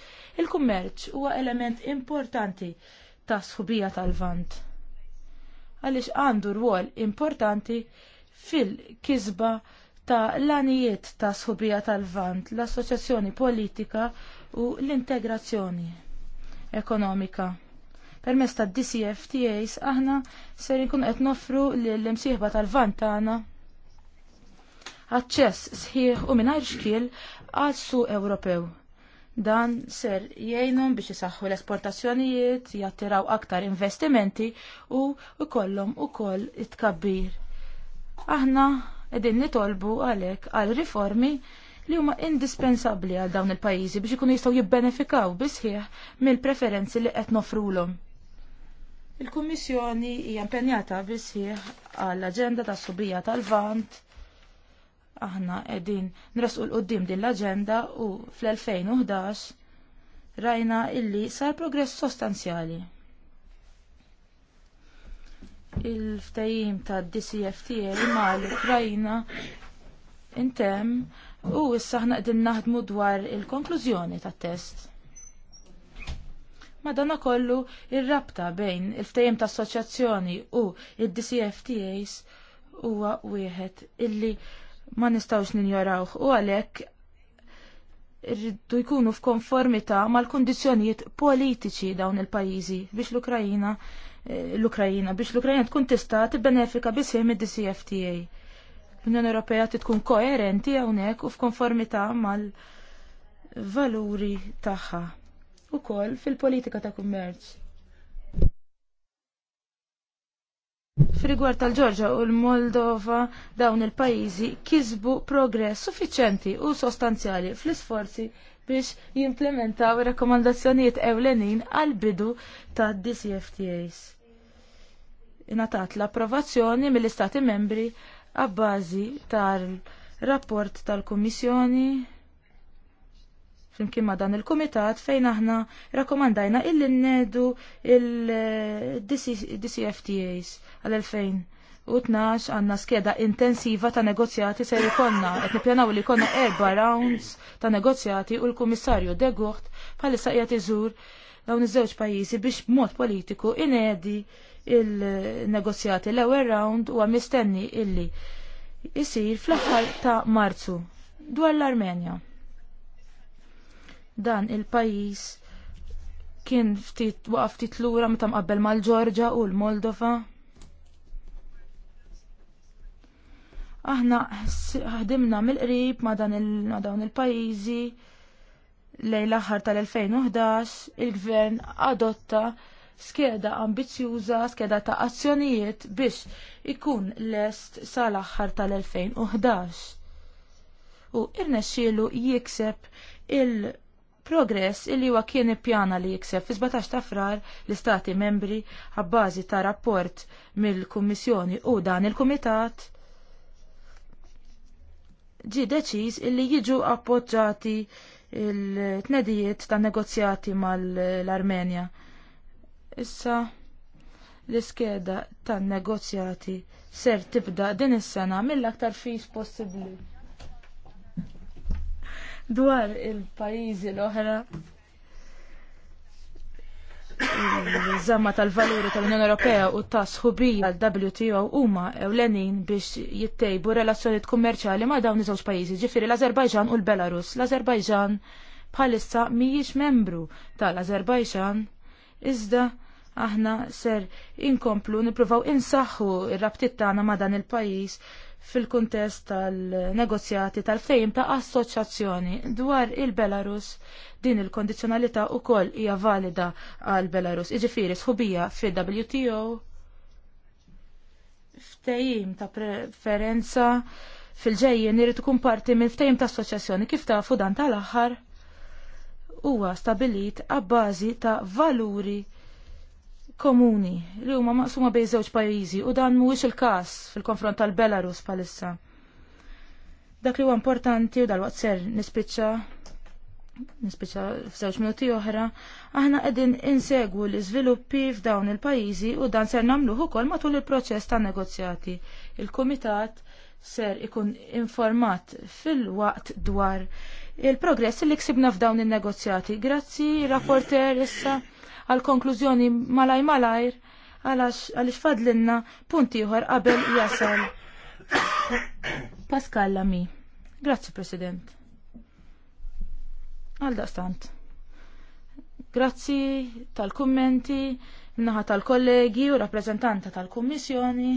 Il-kummerċ huwa element importanti ta' sħubija tal-vant. Għaliex għandu rwol importanti fil-kisba ta' l-anijiet ta' sħubija tal-vant, l-assoċjazzjoni politika u l-integrazzjoni ekonomika. Permezz tad DCFTAs aħna ser ikun qed noffru lill-imsieħba tal-vant tagħna aċċess sħiħ u mingħajr xkiel għal suq Ewropew. Dan ser jgħinhom biex isaħħu l-esportazzjonijiet, jattiraw aktar investimenti u jkollhom ukoll it-tkabbir. Aħna qegħdin nitolbu għalhekk għal riformi li huma indispensabbli għal dawn il-pajjiżi biex ikunu jistgħu jibbenefikaw bisħieħ mill-preferenzi li qed nofrulhom. Il-Kummissjoni hija impenjata bisħieħ għall-aġenda tas subija tal-Vant. Aħna qegħdin nresqu l qudiem din l-aġenda u fl-2011 rajna illi sar progress sostanzjali. Il-ftajim ta' DCFTA ma' l-Ukrajna intem u issa ħna qegħdin naħdmu dwar il-konklużjoni tat-test. Madonna kollu rabta bejn il ftajem ta' assoċjazzjoni u il dcftas huwa wieħed illi ma nistawx ninjorawh u għalhekk irridu jkunu f'konformità mal-kundizzjonijiet politiċi dawn il-pajjiżi biex l-Ukrajina eh, l-Ukrajina biex l-Ukrajina tkun tista' tibbenefika biss mid-DCFTA. L-Unjoni Ewropea tkun koerenti hawnhekk u f'konformità mal-valuri tagħha ukoll fil-politika ta' kummerċ. Frigwar tal-Ġorġa u l-Moldova dawn il-pajjiżi kisbu progress suffiċenti u sostanzjali fl-isforzi biex jimplementaw rakkomandazzjonijiet ewlenin għal bidu ta' DCFTAs. Inatat l-approvazzjoni mill-Istati membri għabbażi tal-rapport tal-Kummissjoni flimkien ma' dan il-komitat fejn aħna rakkomandajna illi nnedu il-DCFTAs għal tnax għanna skeda intensiva ta' negozjati se jikonna, et nipjanaw li jkollna erba' rounds ta' negozjati u l-Kummissarju De Gucht bħalissa jgħat iżur dawn iż-żewġ pajjiżi biex b'mod politiku inedi il-negozjati l-ewwel round huwa mistenni illi jisir fl-aħħar ta' Marzu dwar l-Armenja dan il-pajjiż kien ftit waqaf ftit lura meta mqabbel mal-Ġorġa u l-Moldova. Aħna ħdimna mill-qrib ma' dawn il-pajjiżi lejn l-aħħar tal-2011 il-gvern adotta skeda ambizjuża, skeda ta' azzjonijiet biex ikun lest sal-aħħar tal-2011. U irnexxielu jikseb il- progress illi huwa kien ippjana li jikseb fi 17 ta' frar l-istati membri għabbażi ta' rapport mill-Kummissjoni u dan il-Kumitat ġi deċiż illi jiġu appoġġati il-tnedijiet ta' negozjati mal-Armenja. Issa l-iskeda ta' negozjati ser tibda din is-sena mill-aktar fis possibbli dwar il-pajjiżi l-oħra. Zamma tal-valuri tal-Unjoni Ewropea u tas-ħubija tal-WTO huma ewlenin biex jittejbu relazzjonijiet kummerċjali ma' dawn iż-żewġ pajjiżi, ġifieri l-Azerbajġan u l-Belarus. L-Azerbajġan bħalissa mhijiex membru tal-Azerbajġan iżda aħna ser inkomplu nippruvaw insaħħu r-rabtiet tagħna ma' dan il-pajjiż fil-kuntest tal-negozjati tal-fejm ta' assoċjazzjoni dwar il-Belarus din il-kondizjonalità u koll hija valida għal Belarus. Iġifiri sħubija fil WTO ftejim ta' preferenza fil-ġejjien irid ikun parti minn ftehim ta' assoċjazzjoni kif ta' dan tal-aħħar huwa stabilit għabbażi ta' valuri komuni li huma maqsuma bejn żewġ pajjiżi u dan mhuwiex il-każ fil-konfront tal-Belarus bħalissa. Dak li huwa importanti u dal-waqt ser nispiċċa nispiċċa f'żewġ minuti oħra, aħna qegħdin insegwu l-iżviluppi f'dawn il-pajjiżi u dan ser nagħmluh ukoll matul il-proċess tan negozjati. Il-kumitat ser ikun informat fil-waqt dwar il-progress li ksibna f'dawn in negozjati Grazzi, rapporter issa għal konklużjoni malaj malajr għalix fadlinna punti uħar qabel jasal. [coughs] Pascal Lamy. Grazzi, President. Għal daqstant. Grazzi tal-kommenti, minnaħa tal-kollegi u rappresentanta tal-kommissjoni.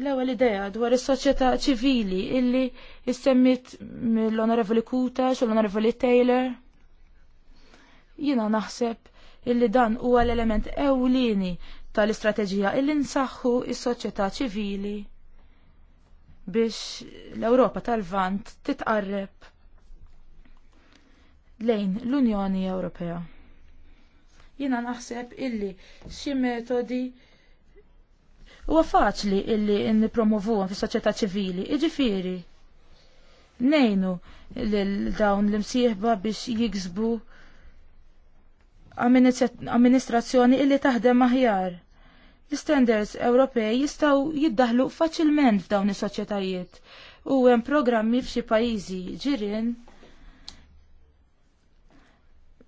L-ewwel idea dwar is-soċjetà ċivili illi issemmit mill-Onorevoli Kuta u l-Onorevoli Taylor. Jiena naħseb illi dan huwa l-element ewlieni tal-istrateġija illi nsaħħu is-soċjetà ċivili biex l-Ewropa tal-Vant titqarreb lejn l-Unjoni Ewropea. Jiena naħseb illi xi metodi Huwa faċli illi nipromovuhom fis-soċjetà ċivili, iġifieri nejnu l-dawn l-imsieħba biex jiksbu amministrazzjoni illi taħdem aħjar. L-standards Ewropej jistaw jiddaħlu faċilment f'dawn is-soċjetajiet u hemm programmi f'xi pajjiżi ġirien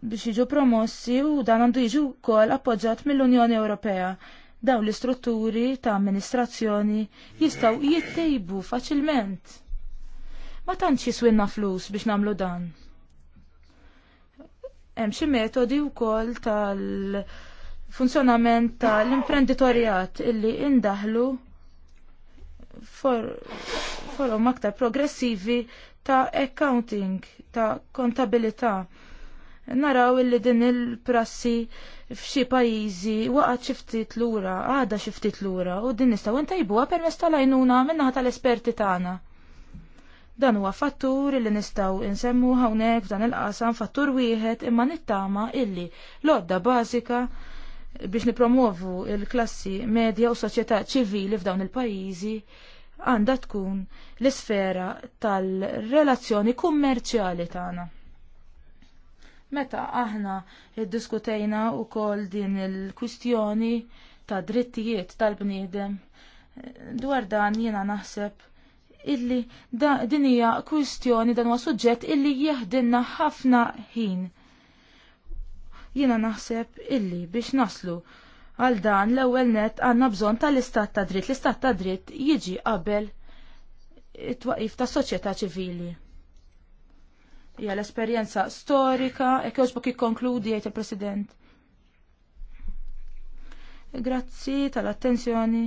biex jiġu promossi u dan għandu jiġu wkoll appoġġat mill-Unjoni Ewropea. Dawn l-istrutturi ta' amministrazzjoni jistgħu jittejbu faċilment. Ma tantx jiswinna flus biex nagħmlu dan. Hemm xi metodi wkoll tal-funzjonament tal-imprenditorjat illi indaħlu forum for aktar progressivi ta' accounting, ta' kontabilità naraw illi din il-prassi f'xi pajjiżi waqgħet xi ftit lura, għadha xi ftit lura u din nistgħu intajbuha permezz tal-għajnuna minnaħa tal-esperti tagħna. Dan huwa fattur illi nistgħu insemmu hawnhekk f'dan il-qasam fattur wieħed imma nittama illi l-odda bażika biex nipromovu il-klassi medja u soċjetà ċivili f'dawn il-pajjiżi għandha tkun l-isfera tal-relazzjoni kummerċjali tagħna. Meta aħna diskutejna u kol din il-kustjoni ta' drittijiet tal-bniedem, dwar dan jena naħseb illi da, din hija kwistjoni dan huwa suġġett illi jeħdinna ħafna ħin. Jiena naħseb illi biex naslu għal dan l-ewwel net għandna bżonn tal-istat ta' dritt. L-istat ta' dritt jiġi qabel it-twaqif tas soċjetà ċivili hija l-esperjenza storika, jekk jogħġbok ikkonkludi jgħid il-President. Grazzi tal-attenzjoni.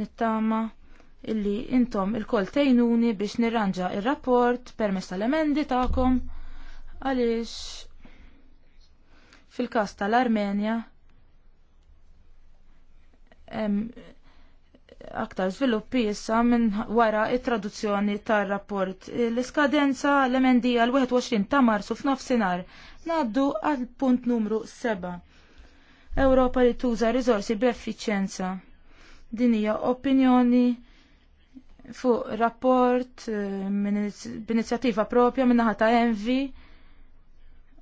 Nittama illi intom il-kol tejnuni biex nirranġa il-rapport permess tal-emendi ta'kom għaliex fil-kas tal-Armenja aktar sviluppi issa minn wara it-traduzzjoni tar-rapport. L-iskadenza l-emendija l-21 ta' marsu f'nofsinhar ngħaddu għal punt numru 7. Ewropa li tuża rizorsi b'effiċenza. Din hija opinjoni fuq rapport eh, b'inizjattiva propja minn ta' Envi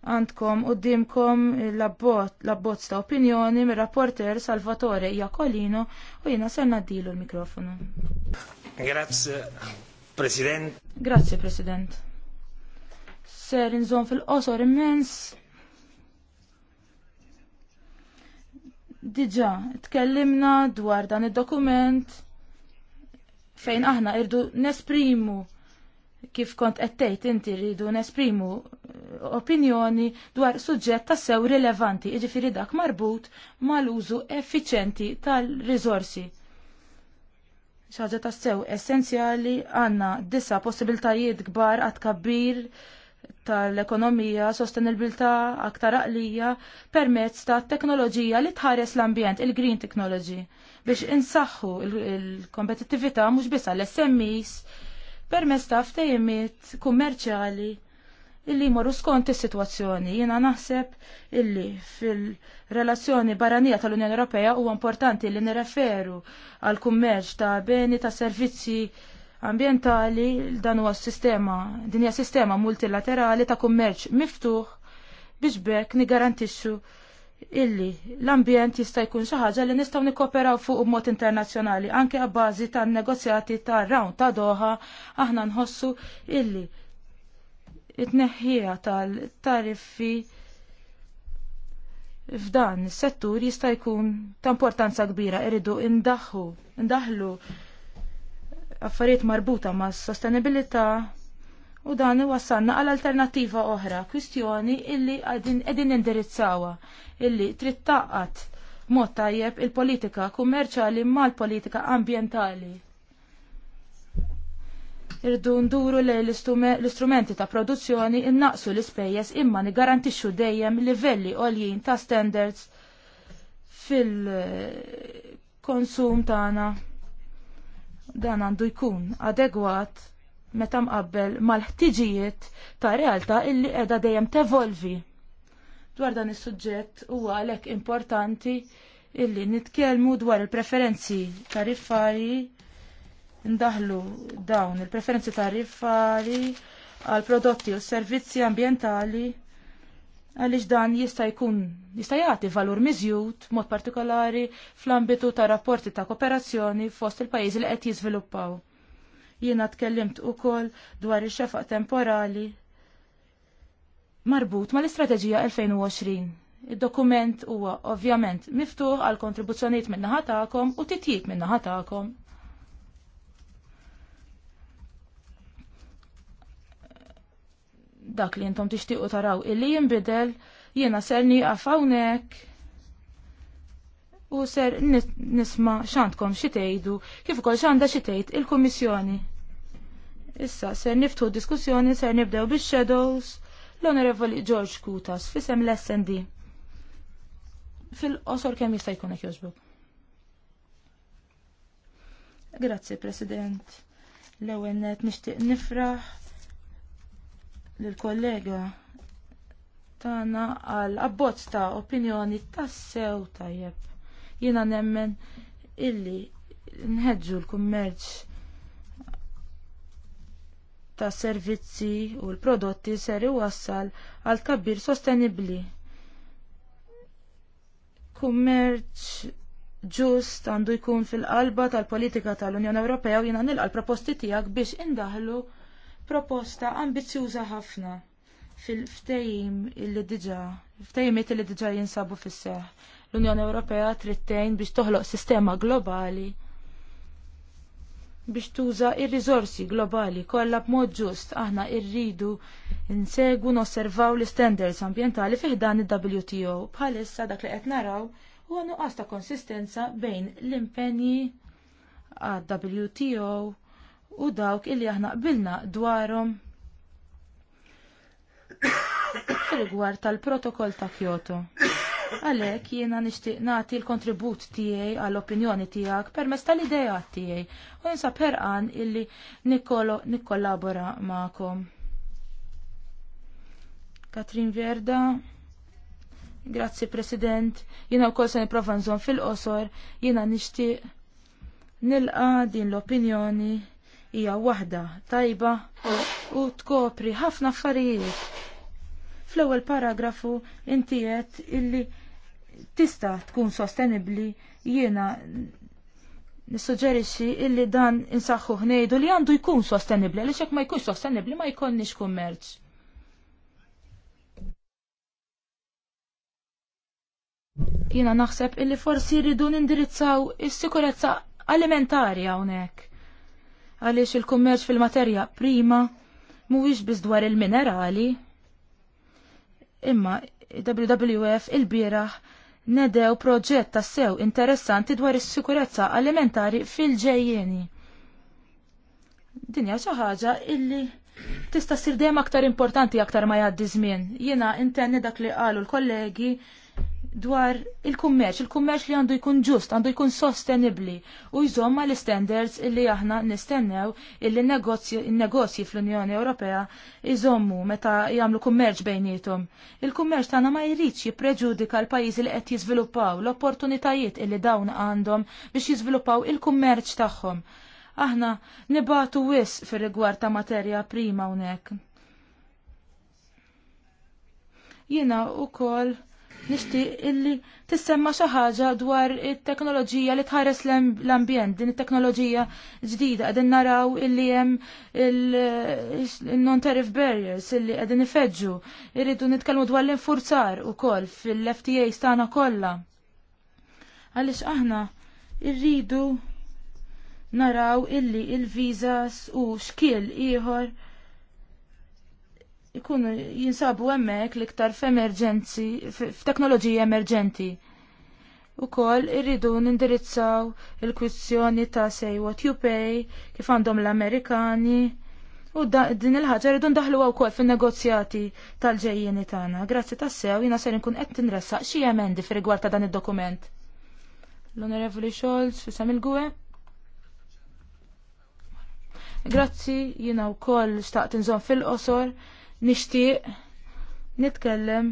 għandkom u l-abbozz ta' opinjoni mir rapporter Salvatore Iacolino u jina ser naddilu l-mikrofonu. Grazie, President. Grazie, President. Ser nżon fil-qosor immens. Diġa, tkellimna dwar dan id-dokument fejn aħna irdu nesprimu kif kont qed inti rridu nesprimu eh, opinjoni dwar suġġett ta' sew rilevanti, jiġifieri dak marbut mal-użu effiċenti tal rizorsi ċaġa ta' sew essenzjali għandna disa possibiltajiet kbar għad kabbir tal-ekonomija, sostenibilità, aktar aqlija permezz ta' teknoloġija li tħares l-ambjent, il-green technology, biex insaħħu il-kompetittività mhux bisa l smes permezz ta' ftejimiet kummerċjali illi jmorru skont is-sitwazzjoni. Jiena naħseb illi fil-relazzjoni barranija tal-Unjoni Ewropea huwa importanti li nirreferu għal kummerċ ta' beni ta' servizzi ambjentali dan huwa sistema din hija sistema multilaterali ta' kummerċ miftuħ biex bekk nigarantixxu illi l-ambjent jista' jkun xi ħaġa li nistgħu nikkoperaw fuq mod internazzjonali anke għabbażi tan-negozjati tar rawn ta' Doha aħna nħossu illi it-neħħija tal-tariffi f'dan is-settur jista' jkun ta' importanza kbira iridu indaħħu, affarijiet marbuta mas sostenibilità U dan wassanna għal alternativa oħra, kwistjoni illi qegħdin indirizzawa, illi trid taqqat mod tajjeb il-politika kummerċali mal-politika ambjentali. Irdu nduru lejn l-istrumenti ta' produzzjoni innaqsu l-ispejjeż imma garantixxu dejjem livelli għoljin ta' standards fil-konsum tagħna. Dan għandu jkun adegwat meta mqabbel mal-ħtiġijiet ta' realtà illi qiegħda dejjem tevolvi. Dwar dan is-suġġett huwa għalhekk importanti illi nitkellmu dwar il-preferenzi tariffari ndaħlu dawn il-preferenzi tariffari għal prodotti u servizzi ambjentali għaliex dan jista' jkun jista' jagħti valur miżjud mod partikolari fl-ambitu ta' rapporti ta' kooperazzjoni fost il-pajjiżi li qed jiżviluppaw. Jiena tkellimt ukoll dwar ix-xefaq temporali marbut mal-Istrateġija 2020. Id-dokument huwa ovvjament miftuħ għal kontribuzzjonijiet minn naħa tagħkom u titjib minn naħa tagħkom. Dak li intom tixtiequ taraw illi jinbidel jiena serni għafawnek. hawnhekk u ser nisma x'għandkom xi kif ukoll x'għandha xi tgħid il kommissjoni Issa ser niftu diskussjoni ser nibdew bix-shadows l-Onorevoli George Kutas fisem l-SND. Fil-qosor kemm jista' jkun hekk jogħġbok. Grazzi, President. L-ewwel net nixtieq nifraħ lill-kollega tagħna għal abbozz ta' opinjoni tas-sew tajjeb Jiena nemmen illi nħeġġu l-kummerċ ta' servizzi u l-prodotti ser iwassal għal kabbir sostenibbli. Kummerċ ġust għandu jkun fil-qalba tal-politika tal-Unjoni Ewropea u jiena nilqa l-proposti tiegħek biex indaħlu proposta ambizjuża ħafna fil il-li illi diġà, il li diġa' jinsabu fis-seħħ. L-Unjoni Ewropea trid tgħin biex toħloq sistema globali biex tuża ir-riżorsi globali kollha b'mod ġust aħna rridu nsegwu nosservaw l-standards ambjentali fih dan il-WTO bħalissa dak li qed naraw huwa nuqqas ta' konsistenza bejn l-impenji għad-WTO u dawk illi aħna qbilna dwarhom [coughs] fil-gwar tal-protokoll ta' Kyoto. Għalhekk jiena nixtieq nagħti l-kontribut tiegħi għall-opinjoni tiegħek permezz tal-idea tiegħi u ninsab ħerqan illi nikkollabora magħkom. Katrin Verda, Grazzi President, Jiena u kol se niprofa fil-qosor, jiena nishtiq nilqa din l-opinjoni hija waħda tajba u tkopri ħafna affarijiet Fl-ewwel paragrafu inti qed illi tista' tkun sostenibbli jiena nissuġġerixxi illi dan insaħħu ngħidu li għandu jkun sostenibbli għaliex hekk ma jkunx sostenibbli ma jkollniex kummerċ. Jiena naħseb illi forsi jridu nindirizzaw is-sikurezza alimentari hawnhekk għaliex il-kummerċ fil-materja prima mhuwiex biss dwar il-minerali, Imma WWF il-bieraħ nedew proġett ta' sew interessanti dwar is-sikurezza alimentari fil-ġejjeni. Dinja xi ħaġa illi tista' ssir dejjem aktar importanti aktar ma jgħaddi żmien. Jiena intenni dak li qalu l-kollegi dwar il-kummerċ, il-kummerċ li għandu jkun ġust, għandu jkun sostenibli u jżomma l-standards illi aħna nistennew illi negozji fl-Unjoni Ewropea jżommu meta jagħmlu kummerċ bejnietom. Il-kummerċ tagħna ma jridx jippreġudika l-pajjiżi li qed jiżviluppaw l-opportunitajiet illi dawn għandhom biex jiżviluppaw il-kummerċ tagħhom. Aħna nibatu wis fir-rigward ta' materja prima hawnhekk. Jiena ukoll nixtieq illi tissemma xi ħaġa dwar it-teknoloġija li tħares l-ambjent, din it-teknoloġija ġdida qegħdin naraw illi hemm il-non tariff barriers illi qegħdin ifeġġu. Irridu nitkellmu dwar l-infurzar ukoll fil-FTA stana kollha. Għaliex aħna irridu naraw illi il-vizas u xkiel ieħor ikunu jinsabu hemmhekk l-iktar f'emerġenzi, f'teknoloġiji emerġenti. kol irridu nindirizzaw il-kwistjoni ta' say what you pay, kif għandhom l-Amerikani, u din il-ħaġa rridu ndaħlu wkoll fin-negozjati tal-ġejjeni tagħna. Grazzi tas-sew jiena ser inkun qed tinressaq xi emendi fir-rigward ta' dan id-dokument. L-Onorevoli Scholz fisem il-gwe. Grazzi u wkoll xtaqt inżomm fil-qosor Nixtieq nitkellem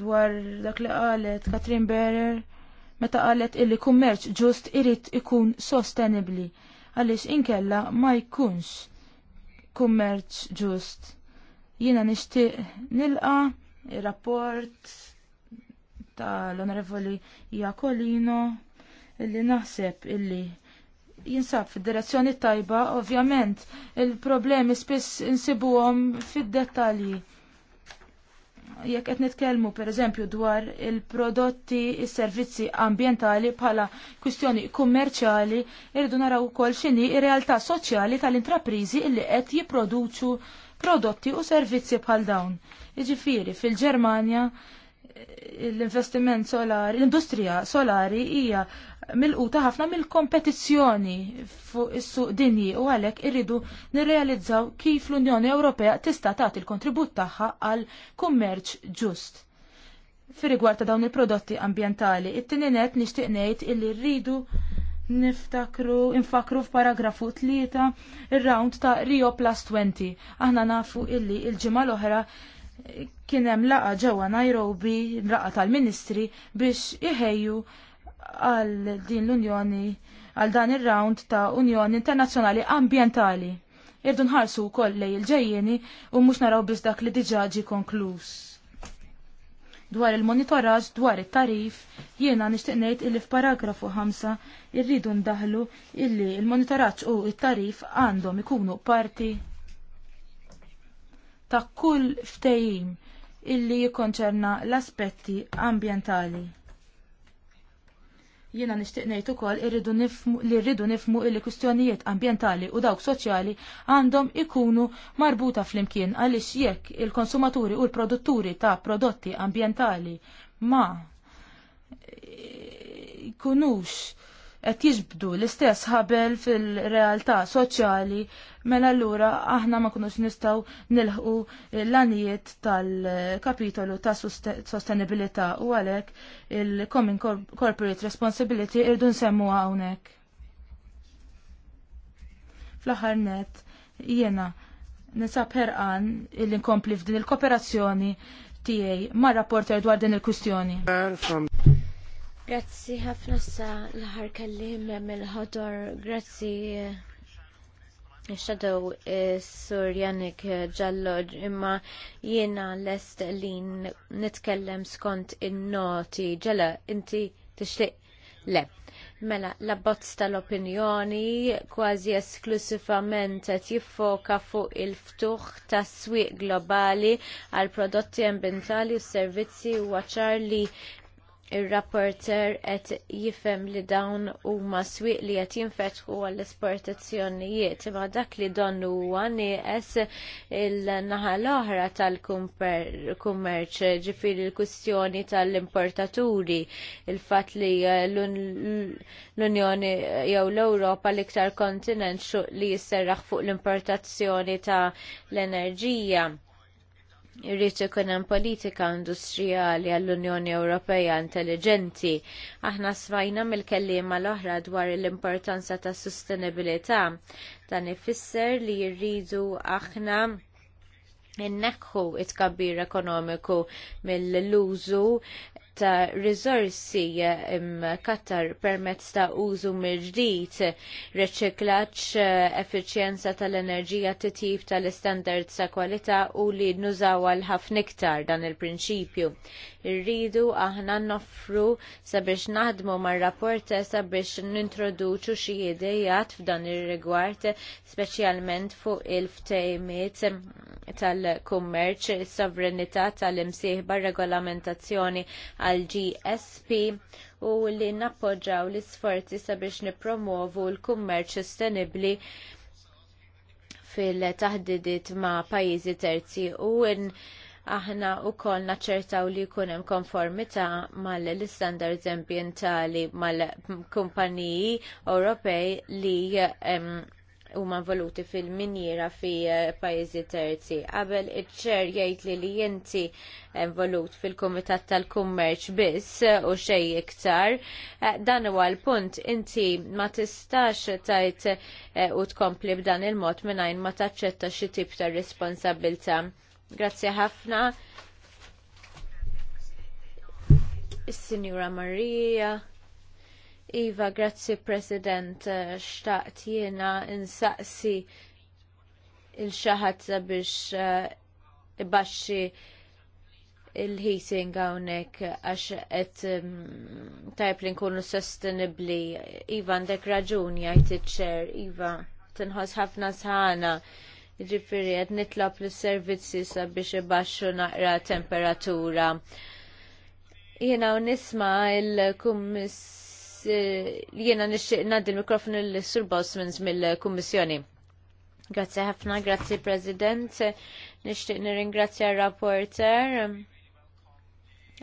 dwar dak li qalet Katrin Berer meta qalet illi kummerċ ġust irid ikun sostenibli għaliex inkella ma jkunx kummerċ ġust. Jiena nixtieq nilqa il rapport tal-Onorevoli Jakolino illi naħseb illi jinsab fid-direzzjoni tajba, ovvjament il-problemi spiss insibuhom fid-dettalji. Jekk qed nitkellmu pereżempju dwar il-prodotti il servizzi ambientali ambjentali bħala kwistjoni kummerċjali, irridu naraw ukoll x'inhi r-realtà soċjali tal-intrapriżi li qed jipproduċu prodotti u servizzi bħal dawn. Jiġifieri fil-Ġermanja l-investiment solari, l-industrija solari hija milquta ħafna mill-kompetizzjoni fuq is-suq dinji u għalhekk irridu nirrealizzaw kif l-Unjoni Ewropea tista' tagħti l-kontribut tagħha għal kummerċ ġust. Fir-rigward ta' dawn il-prodotti ambjentali, it-tieni net nixtieq ngħid illi rridu niftakru, infakru f'paragrafu tlieta ir-round ta' Rio Plus 20. Aħna nafu illi il-ġimgħa l-oħra kien hemm laqa ġewwa Nairobi, laqgħa tal-Ministri biex iħejju għal din l-Unjoni għal dan ir-round ta' Unjoni Internazzjonali Ambientali. Irdu nħarsu wkoll lej il-ġejjeni u mhux naraw biss dak li diġà konklus. konkluż. Dwar il-monitoraġġ dwar it-tarif, jiena nixtieq ngħid f f'paragrafu 5 irridu ndaħlu illi il-monitoraġġ u il tarif għandhom ikunu parti ta' kull ftehim illi jikkonċerna l-aspetti ambjentali. Jiena nixtieq ngħid ukoll irridu nifmu li rridu nifmu li kwistjonijiet ambjentali u dawk soċjali għandhom ikunu marbuta flimkien għaliex jekk il-konsumaturi u l-produtturi ta' prodotti ambjentali ma eh, kunux qed jiġbdu l-istess ħabel fil-realtà soċjali, mela allura aħna ma kunux nistgħu nilħqu l-anijiet tal-kapitolu ta' sostenibilità u għalhekk il-Common Corporate Responsibility irdu nsemmu hawnhekk. Fl-aħħar net jiena nisab ħerqan illi nkompli f'din il-kooperazzjoni tiegħi mar-rapporter dwar din il-kwistjoni. Grazzi ħafna sa l-ħar kellim il ħodor grazzi xadow eh, eh, sur Janik Ġallo imma jiena lest li nitkellem skont in-noti ġela. inti tixtieq le. Mela, l-abbozz tal-opinjoni kważi esklusivament qed jiffoka fuq il-ftuħ tas swieq globali għal prodotti ambjentali u s servizzi u għaċar li Ir-rapporter qed jifhem li dawn huma swieq li qed jinfetħu għall-esportazzjonijiet imma dak li donnu huwa nieqes il-naħa l-oħra tal-kummerċ ġifieri l-kwistjoni tal-importaturi il-fatt li l-Unjoni jew l-Ewropa l-iktar kontinent li jisserraħ fuq l-importazzjoni ta' l-enerġija Irrid ikun hemm politika industrijali għall-Unjoni Ewropea intelligenti. Aħna smajna mill-kelliema l-oħra dwar l-importanza ta' sostenibilità. Dan ifisser li jirridu aħna innekħu it-kabbir ekonomiku mill-użu ta' rizorsi kattar permezz ta' użu mirġdijt, reċiklaċ, effiċjenza tal-enerġija titjib tal istandards ta' kwalità u li nużaw għal ħafna iktar dan il-prinċipju. Irridu aħna noffru sabiex naħdmu mar rapport sabiex nintroduċu xi idejat f'dan ir-rigward, speċjalment fuq il-ftejmiet tal-kummerċ, is sovranità tal-imsieħba regolamentazzjoni għal GSP u li nappoġġaw l-isforzi sabiex nippromovu l-kummerċ sostenibbli fil-taħdidiet ma' pajjiżi terzi u in aħna wkoll naċċertaw li jkun hemm konformità mal-istandards ambjentali mal-kumpaniji Ewropej li huma involuti fil-minjera fi eh, pajjiżi terzi. Qabel iċ-ċer jgħid li li inti involut fil-Kumitat tal-Kummerċ biss eh, u xej iktar, eh, dan huwa l-punt inti ma tistax tajt u tkompli b'dan il-mod mingħajr ma taċċetta xi tip ta' responsabilta. Grazzi ħafna. Is-Sinjura Marija. Iva, grazzi President, eh, xtaqt jiena insaqsi il-xaħat biex eh, ibaxxi il-heating għawnek għax qed mm, tajb li nkunu sostenibbli. Iva, għandek raġuni jgħid iċ-ċer, Iva, tinħoss ħafna sħana. Ġifiri, qed nitlob l servizzi sabiex ibaxxu naqra temperatura. Jiena u nisma' il-kummiss li eh, jena nixtieq ngħaddi l-mikrofon l-Sur Bosmans mill kommissjoni Grazie ħafna, grazie President. Nixtieq nirringrazzja r-rapporter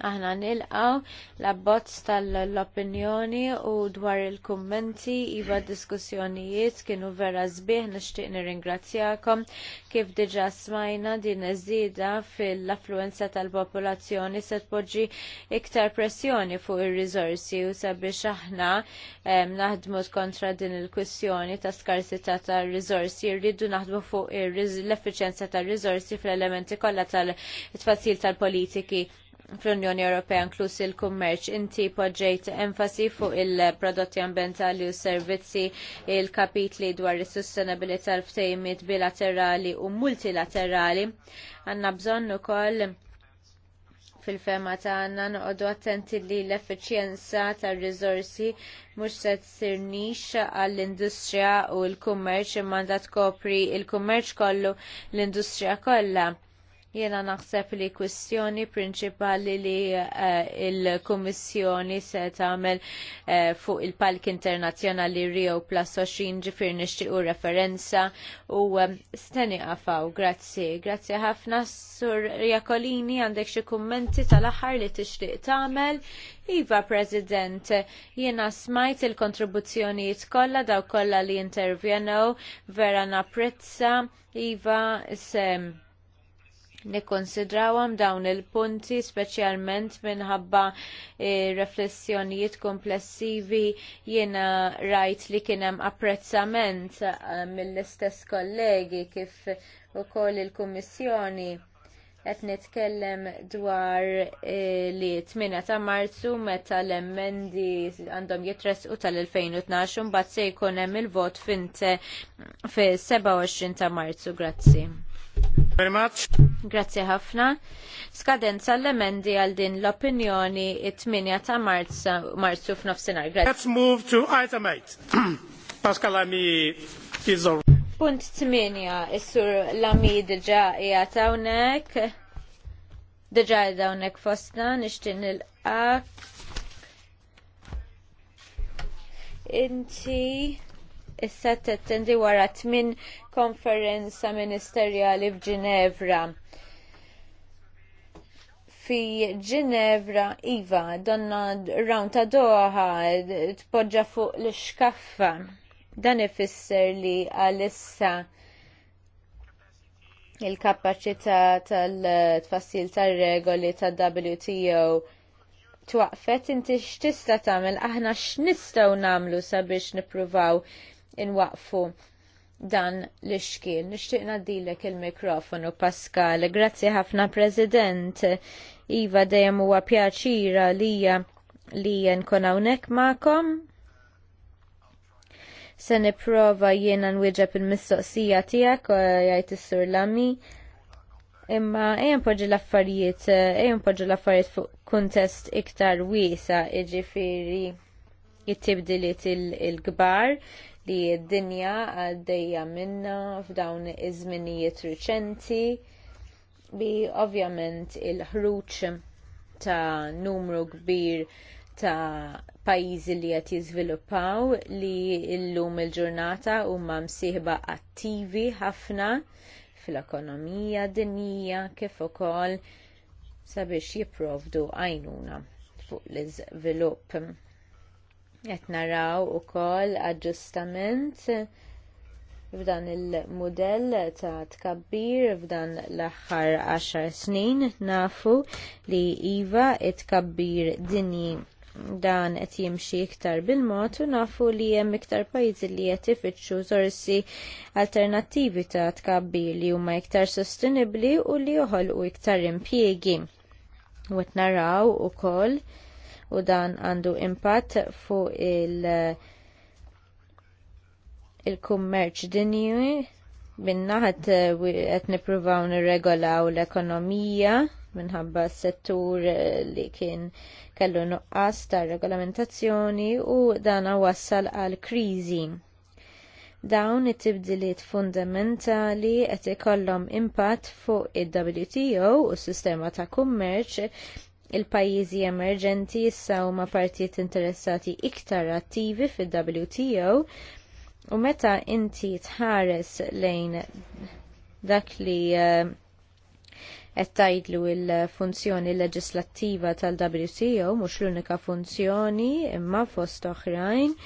Aħna nilqaw l-abbozz tal-opinjoni u dwar il-kummenti iva diskussjonijiet kienu vera nishtiq nixtieq nirringrazzjakom kif diġà smajna din iż-żieda fil-affluenza tal-popolazzjoni se tpoġġi iktar pressjoni fuq ir-riżorsi u sabiex aħna naħdmu kontra din il-kwistjoni ta' skarsità tar-riżorsi rridu naħdmu fuq l-effiċenza tar-riżorsi fl-elementi kollha tal-tfassil tal-politiki fl-Unjoni Ewropea inkluż il-kummerċ, inti poġġejt enfasi fuq il-prodotti ambjentali u s servizzi il-kapitli dwar is-sustenabilità l-ftejmiet bilaterali u multilaterali. Għandna bżonn ukoll fil-fema tagħna noqogħdu attenti li l-effiċjenza tar-riżorsi mhux se tsirnix għall-industrija u l-kummerċ imma tkopri l kummerċ kollu l-industrija kollha Jena naħseb li kwistjoni prinċipali li uh, eh, il-Kommissjoni se tagħmel uh, fuq il-Palk Internazzjonali Rio Plus 20 ġifir nixtiequ referenza u um, steni għafaw. Grazzi, grazzi ħafna sur Jakolini għandek xi kummenti tal-aħħar li tixtieq tagħmel. Iva, President, jiena smajt il-kontribuzzjonijiet kollha daw kollha li intervjenu vera napprezza. Iva, sem nikkonsidrawhom dawn il-punti speċjalment minħabba riflessjonijiet komplessivi jiena rajt li kien hemm apprezzament mill-istess kollegi kif ukoll il-Kummissjoni qed nitkellem dwar li 8 ta' Marzu meta l-emmendi għandhom jitresqu tal-2012 mbagħad se jkun hemm il-vot fint fi 27 ta' Marzu. Grazzi. Very much. Grazie ħafna. Skadenza l-emendi għal din l-opinjoni 8 ta' marz, marzu f'nofsinhar. Grazie. Let's move to item 8. [clears throat] Pascal Ami is Punt 8, is-sur Lami diġa hija hawnhekk. Diġa hija hawnhekk fostna, nixtieq nilqak. Inti issa tettendi wara tmien konferenza ministerjali f'Ġinevra. Fi Ġinevra, Iva, donna rawn ta' doħa, tpoġġa fuq l-xkaffa. Dan ifisser li għalissa il kapaċità tal-tfassil tar regoli tad WTO twaqfet inti x'tista' tagħmel aħna x'nistgħu nagħmlu sabiex nippruvaw inwaqfu dan l-ixkil. Nixtieqna dilek il-mikrofonu, Pascal. Grazzi ħafna, President. Iva, dejjem huwa pjaċira lija li nkun hawnhekk ma'kom. Se nipprova jiena nwieġeb il-mistoqsija tiegħek eh, jgħid is-sur Lami. Imma ejjem poġġi l-affarijiet, eh, ejjem poġġi l-affarijiet fuq kuntest iktar wiesa, jiġifieri jittibdiliet il-kbar. il il kbar li d-dinja għaddejja minna f'dawn iż-żminijiet riċenti bi ovvjament il-ħruġ ta' numru kbir ta' pajjiżi li qed jiżviluppaw li llum il-ġurnata huma msieħba attivi ħafna fil-ekonomija dinjija kif ukoll sabiex jipprovdu għajnuna fuq l-iżvilupp Qed naraw ukoll aġġustament f'dan il-modell ta' tkabbir f'dan l-aħħar 10 snin nafu li iva tkabbir dinji dan qed jimxi iktar bil-mod u nafu li hemm iktar pajjiżi li qed ifittxu sorsi alternattivi ta' tkabbir li huma iktar sostenibbli u li joħolqu iktar impjiegi. U qed naraw ukoll u dan għandu impatt fuq il- il-kummerċ dinji minna għet qed eh, nippruvaw nirregolaw l-ekonomija minħabba settur eh, li kien kellu nuqqas ta' regolamentazzjoni u dan wassal għal kriżi dawn it-tibdiliet fundamentali qed ikollhom impatt fuq il-WTO u s-sistema ta' kummerċ il-pajjiżi emerġenti issa huma partijiet interessati iktar attivi fil-WTO u meta inti tħares lejn dak li eh, qed tajdlu l-funzjoni leġislattiva tal-WTO mhux l-unika funzjoni imma fost oħrajn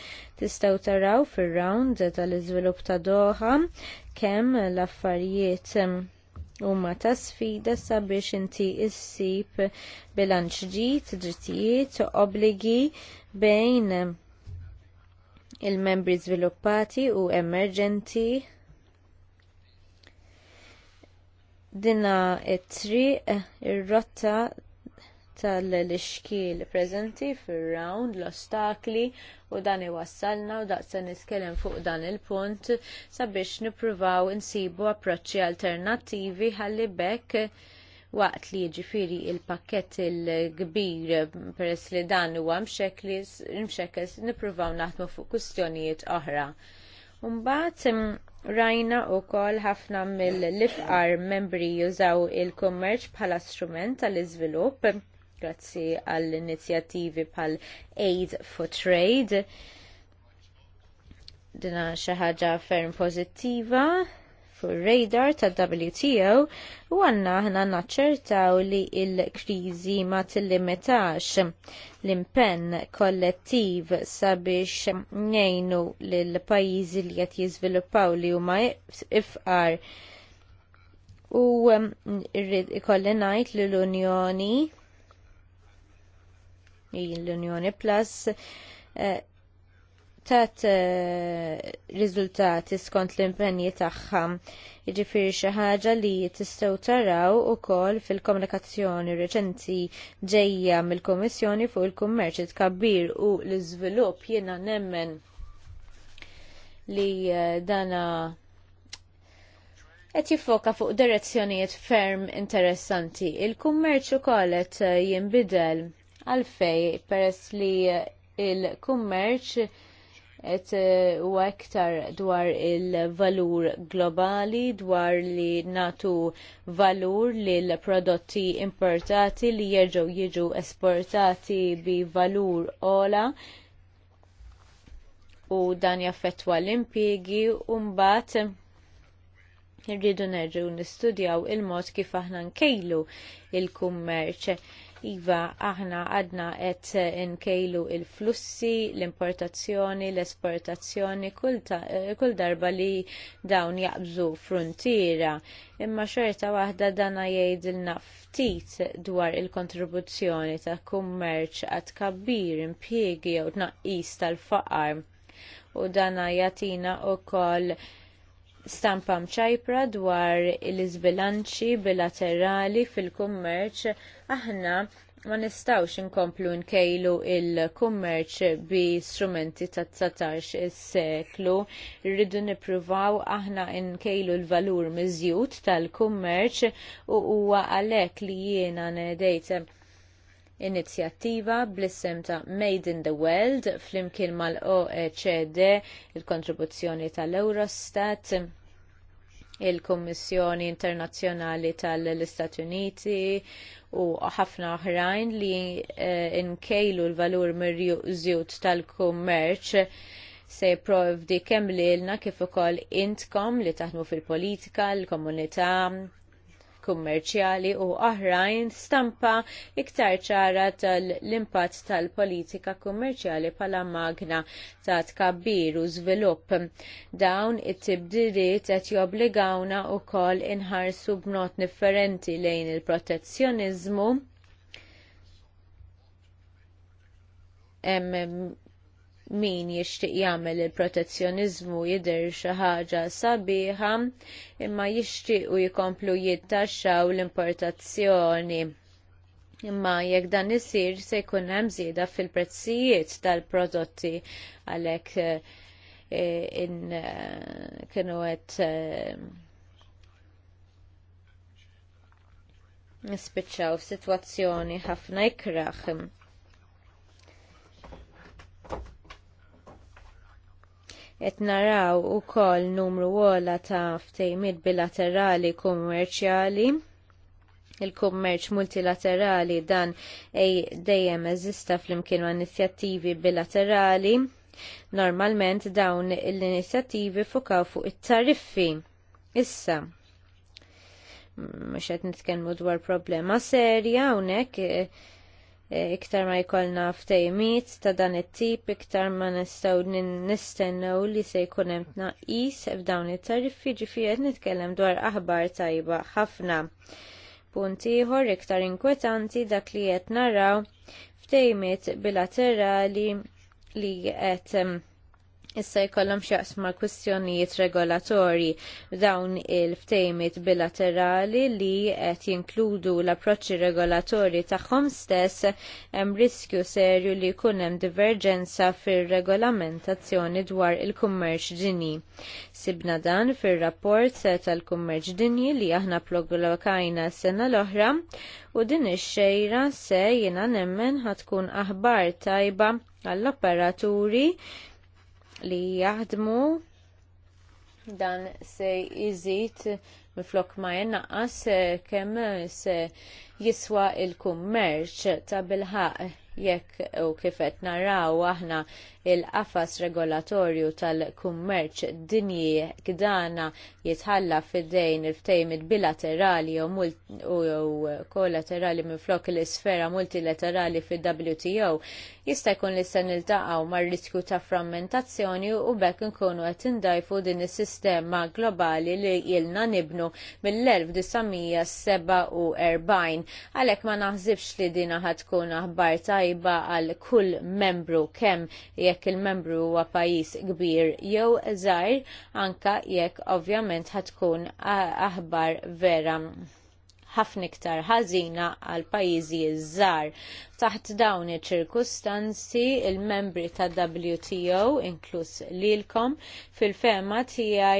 tistgħu taraw fir-round tal-iżvilupp ta' Doha kemm l-affarijiet huma ta' sfida sabiex inti issib bilanċ ġid, drittijiet, obbligi bejn il-membri żviluppati u emerġenti dina it-triq ir-rotta tal-ixkil preżenti fir-round, l-ostakli u dan iwassalna u daqsa niskelem fuq dan il-punt sabiex nippruvaw insibu approċċi alternattivi ħalli bekk waqt li jiġifieri l pakket il-kbir peress li dan huwa mxekkes nippruvaw naħdmu fuq kwistjonijiet oħra. Mbagħad mm, rajna wkoll ħafna mill-ifqar membri jużaw il-kummerċ bħala strument tal-iżvilupp grazzi għall-inizjattivi pal Aid for Trade. Dina xi ħaġa ferm pożittiva fuq radar tad WTO u għanna ħna naċċertaw li il-kriżi ma tillimitax l-impenn kollettiv sabiex ngħinu lil pajjiżi li qed jiżviluppaw li huma ifqar u um, ikolli ngħid li l-Unjoni l-Unjoni Plus eh, tat eh, riżultati skont l-impenji tagħha. Jiġifieri xi ħaġa li tistgħu taraw ukoll fil-komunikazzjoni reċenti ġejja mill-Kummissjoni fuq il-kummerċ tkabbir u l-iżvilupp jiena nemmen li eh, dana qed jiffoka fuq direzzjonijiet ferm interessanti. Il-kummerċ ukoll qed jinbidel għalfej peress li il-kummerċ et huwa eh, iktar dwar il-valur globali dwar li natu valur lil prodotti importati li jerġgħu jiġu esportati bi valur ola u dan jaffettwa l-impjiegi u mbagħad irridu nerġgħu nistudjaw il-mod kif aħna nkejlu il-kummerċ. il il kummerċ Iva, aħna għadna qed nkejlu il-flussi, l-importazzjoni, l-esportazzjoni, kull darba li dawn jaqbżu frontiera. Imma xorta waħda dana jgħidilna ftit dwar il-kontribuzzjoni ta' kummerċ għad kabbir, impjiegi jew tnaqqis tal-faqar. U dana jatina wkoll stampa ċajpra dwar l-izbilanċi bilaterali fil-kummerċ aħna ma nistawx inkomplu nkejlu il-kummerċ bi strumenti ta' 19 seklu rridu nippruvaw aħna nkejlu l-valur miżjud tal-kummerċ u huwa għalhekk li jiena ngħidejt inizjattiva bl-isem ta' Made in the World flimkien mal-OECD, il-kontribuzzjoni tal-Eurostat il-Kommissjoni Internazzjonali tal-Istati Uniti u ħafna oħrajn li eh, nkejlu l-valur mir mir-żjud tal-kummerċ se jipprovdi kemm lilna kif ukoll intkom li taħdmu fil-politika, l-komunità, kummerċjali u oħrajn stampa iktar ċara tal-impatt tal-politika kummerċjali bħala magna ta' tkabbir u żvilupp. Dawn it-tibdiriet qed jobbligawna wkoll inħarsu b'not differenti lejn il-protezzjoniżmu min jixtieq jagħmel il-protezzjoniżmu jidher xi ħaġa sabiħa imma jixtiequ jkomplu jittaxxaw l-importazzjoni. Imma jekk dan isir se jkun hemm żieda fil-prezzijiet tal-prodotti għalhekk eh, in eh, kienu qed eh, nispiċċaw f'sitwazzjoni ħafna ikraħ qed naraw ukoll numru għola ta' ftejmit bilaterali kummerċjali il-kummerċ multilaterali dan ej dejjem eżista flimkien ma' inizjattivi bilaterali. Normalment dawn l-inizjattivi fukaw fuq it-tariffi. Issa, mux għet nitkenmu dwar problema serja unek Eh, iktar ma jkollna ftejmiet ta' dan it-tip, iktar ma nistgħu nistennew li se jkun hemm tnaqqis f'dawn it-tariffi ġifieri qed nitkellem dwar aħbar tajba ħafna. Punt ieħor iktar inkwetanti dak li qed naraw ftejmiet bilaterali li qed mm, issa jkollhom x'jaqsma kwistjonijiet regolatorji dawn il-ftejmit bilaterali li qed jinkludu l-approċċi regolatorji tagħhom stess hemm riskju serju li jkun hemm diverġenza fir-regolamentazzjoni dwar il-kummerċ dinji. Sibna dan fir-rapport tal-kummerċ dinji li aħna plogolokajna s-sena l-oħra u din ix-xejra se jiena nemmen ħatkun aħbar tajba għall-operaturi li jaħdmu dan se jizit Miflok ma jennaqqas eh, kemm se jiswa il-kummerċ ta' bilħaq jekk u kifet naraw aħna il-qafas regolatorju tal-kummerċ dinji kdana jitħalla fidejn il-ftejmit bilaterali u kollaterali minn flok l-isfera multilaterali fid WTO jista' jkun li se niltaqgħu mar-riskju ta' frammentazzjoni u bekk nkunu qed indajfu din is-sistema globali li jilna nibnu mill-1947 għalek ma naħsibx li dina ħatkun aħbar tajba għal kull membru kem jekk il-membru huwa pajis kbir jew żgħir anka jekk ovvjament ħatkun aħbar vera ħafna iktar ħażina għal pajjiżi żgħar. Taħt dawn iċ-ċirkustanzi il-membri ta' WTO inkluż lilkom fil-fema tiegħi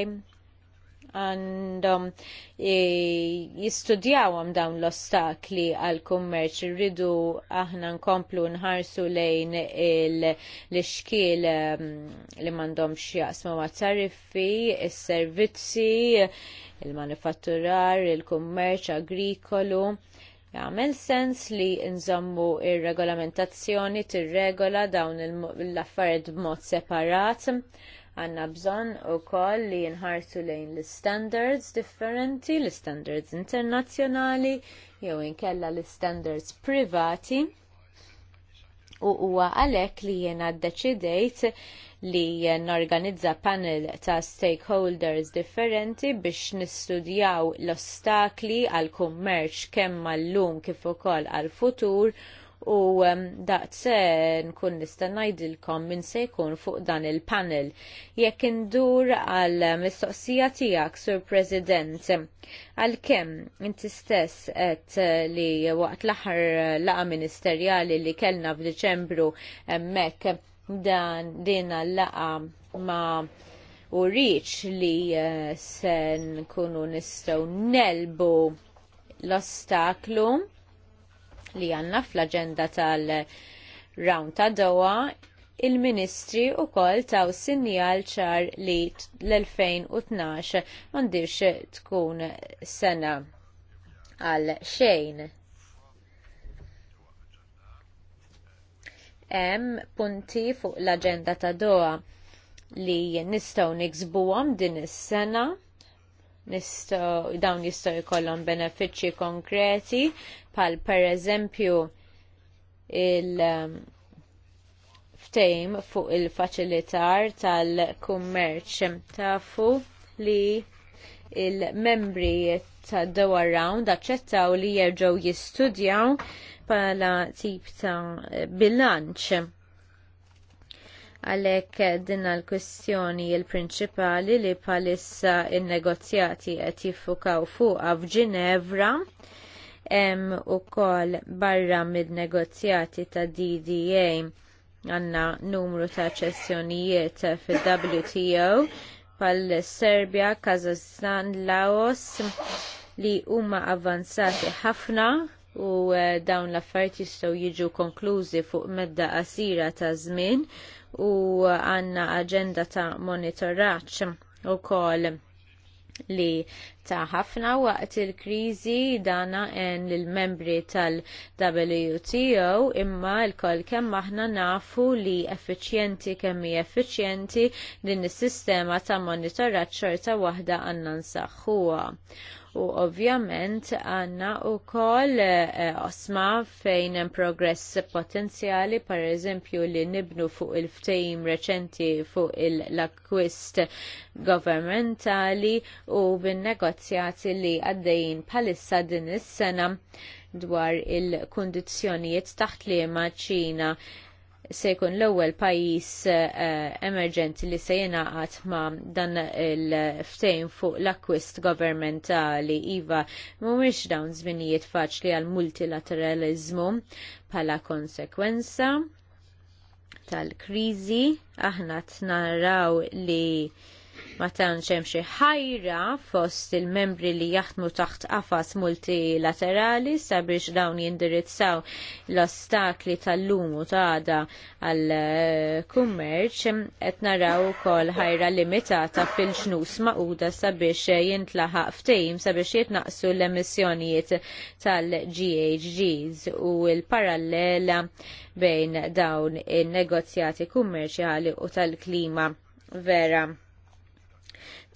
għandhom e, jistudjawhom dawn l-ostakli għal kummerċ irridu aħna nkomplu nħarsu lejn l-xkiel li m'għandhomx jaqsmu ma' tariffi, is-servizzi, il-manifatturar, il-kummerċ agrikolu. Għamil sens li nżommu ir-regolamentazzjoni tir-regola dawn l-affarijiet b'mod separat Għanna bżon u koll li jinħarsu lejn l-standards differenti, l-standards internazzjonali, jew inkella l-standards privati. U huwa għalek li jiena ddeċidejt li norganizza panel ta' stakeholders differenti biex nistudjaw l-ostakli għal kummerċ kemm mal-lum kif ukoll għal futur u daqt se nkun nista' ngħidilkom min se jkun fuq dan il-panel. Jekk indur għal mistoqsija tiegħek sur President, għalkemm inti stess qed li waqt l-aħħar laqa ministerjali li kellna f'Diċembru hemmhekk dan din laqa ma' u riċ li eh, se nkunu nistgħu nelbu l-ostaklu li għanna fl-agenda tal-round ta' Doha il-ministri u kol taw sinjal ċar li l-2012 mandirx tkun sena għal xejn. Hemm punti fuq l-aġenda ta' Doha li nistgħu niksbuhom din is-sena dawn jistaw jkollhom benefiċċji konkreti pal per eżempju il um, ftejm fuq il-faċilitar tal-kummerċ tafu li il-membri ta' Go Around aċċettaw li jerġgħu jistudjaw bħala tip ta' bilanċ għalhekk dinna l-kwistjoni l-prinċipali li bħalissa il-negozjati qed jiffukaw fuqha f'Ġinevra hemm ukoll barra mid-negozjati ta' DDA għandna numru ta' ċessjonijiet fil-WTO pal serbja Kazastan, Laos li huma avvanzati ħafna u eh, dawn l-affarijiet jistgħu jiġu konklużi fuq medda qasira ta' żmien u għandna aġenda ta' monitoraġġ ukoll li ta' ħafna waqt il kriżi dana en l-membri tal-WTO imma l-koll kemm aħna nafu li effiċjenti kemm hi effiċjenti din is-sistema ta' monitoraġġ xorta waħda għandna nsaħħuha u ovvjament għandna wkoll eh, osma fejn hemm progress potenzjali pereżempju li nibnu fuq il-ftejim reċenti fuq l-akkwist governmentali u bin-negozjati li għaddejjin bħalissa din is-sena dwar il kundizzjonijiet taħt liema ċina se jkun l-ewwel pajjiż eh, emerġenti li se jingħaqad ma' dan il-ftejn fuq l-akkwist governmentali iva mhumiex dawn żminijiet faċli għal multilateralizmu bħala konsekwenza tal-kriżi aħna tnaraw li ma tantx hemm xi ħajra fost il-membri li jaħdmu taħt qafas multilaterali sabiex dawn jindirizzaw l-ostakli tal-lum u tada għal kummerċ qed naraw ukoll ħajra limitata fil-ġnus maquda sabiex jintlaħaq ftehim sabiex jitnaqsu l-emissjonijiet tal-GHGs u l-parallela bejn dawn in-negozjati kummerċjali u tal-klima vera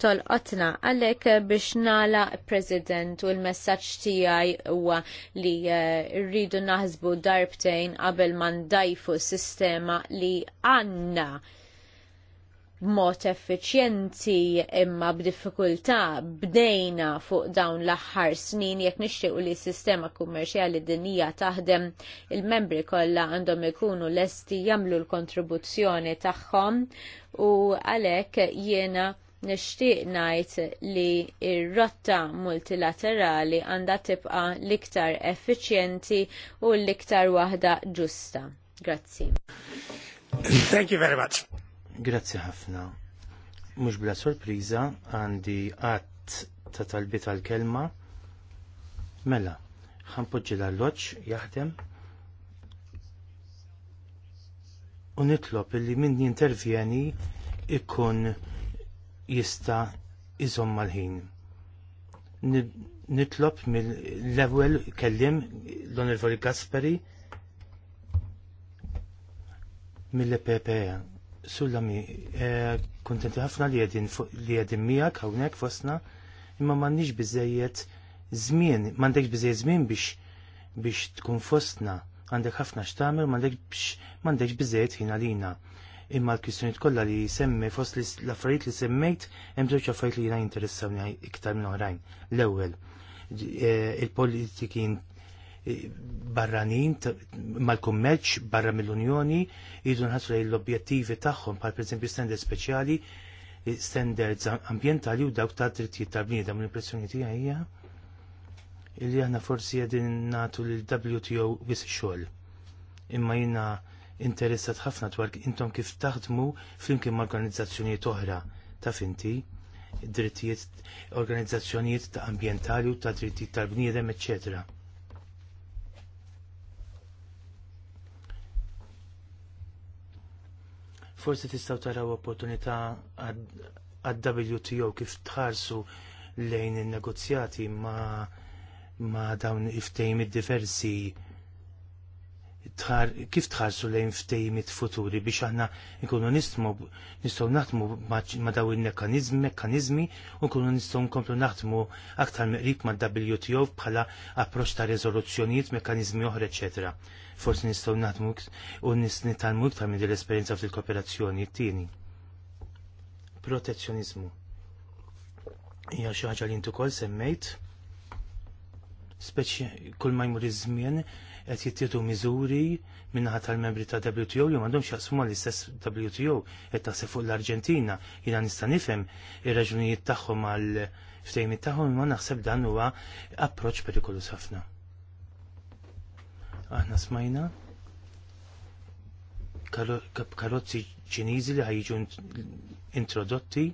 tolqotna għalhekk biex nala President u l-messaġġ tiegħi huwa li eh, rridu naħsbu darbtejn qabel ma ndajfu s-sistema li għandna b'mod effiċjenti imma b'diffikultà bdejna fuq dawn l-aħħar snin jekk nixtiequ li s-sistema kummerċjali dinija taħdem il-membri kollha għandhom ikunu lesti jagħmlu l-kontribuzzjoni tagħhom u għalhekk jiena nixtieq ngħid li r-rotta multilaterali għandha tibqa l-iktar effiċjenti u l-iktar waħda ġusta. Grazzi. Thank you very much. Grazzi ħafna. Mhux bla sorpriża għandi qatt ta' talbi tal-kelma. Mela, ħampoġġi l-alloċ jaħdem u nitlob illi min jintervjeni ikun jista' iżomm mal-ħin. Nitlob mill-ewwel kellim l-Onorevoli Gasperi mill-PPE. Sullami, eh, kontenti ħafna li għedin miegħek hawnhekk fostna, imma m'għandniex biżejjed żmien, m'għandekx biżejjed żmien biex biex tkun fostna, għandek ħafna x'tagħmel, m'għandekx m'għandekx biżejjed ħin għalina imma l-kwistjoniet kollha li semmi fost l-affarijiet li semmejt hemm żewġ affarijiet li jiena jinteressawni iktar minn oħrajn. L-ewwel e, il-politiki e, barranin mal-kummerċ barra mill-Unjoni jidu nħassu l-objettivi tagħhom bħal pereżempju standard speċjali e, standards ambientali u dawk ta' drittijiet ta' bniedem mill impressjoni tiegħi hija illi aħna forsi qegħdin nagħtu lil WTO wis xogħol. Imma jiena interessat ħafna dwar intom kif taħdmu flimkien ma' organizzazzjonijiet oħra ta' finti, drittijiet organizzazzjonijiet ta' ambjentali u ta' drittijiet tal-bniedem, etc. Forsi tistaw taraw opportunità għad-WTO kif tħarsu lejn il-negozjati ma' ma' dawn iftejmit diversi Tħar kif tħarsu lejn ftejmit futuri biex aħna nkunu nistmu nistgħu naħdmu ma' daw il-mekkaniżmi mekkaniżmi u nkunu nistgħu nkomplu naħdmu aktar meqrib ma' WTO bħala approċċ ta' riżoluzzjonijiet, mekkaniżmi oħra, eċetera. Forsi nistgħu naħdmu u nitalmu iktar minn l-esperjenza fil-kooperazzjoni tieni. Protezzjonizmu. Hija xi ħaġa li semmejt speċi kull ma jmur iż-żmien qed jittieħdu miżuri minnaħa tal-membri ta' WTO li m'għandhomx jaqsmu l-istess WTO qed taħseb fuq l-Arġentina jiena nista' nifhem ir-raġunijiet tagħhom għal ftehimiet tagħhom imma naħseb dan huwa approċċ perikolus ħafna. Aħna smajna karozzi ċiniżi li ħajġu introdotti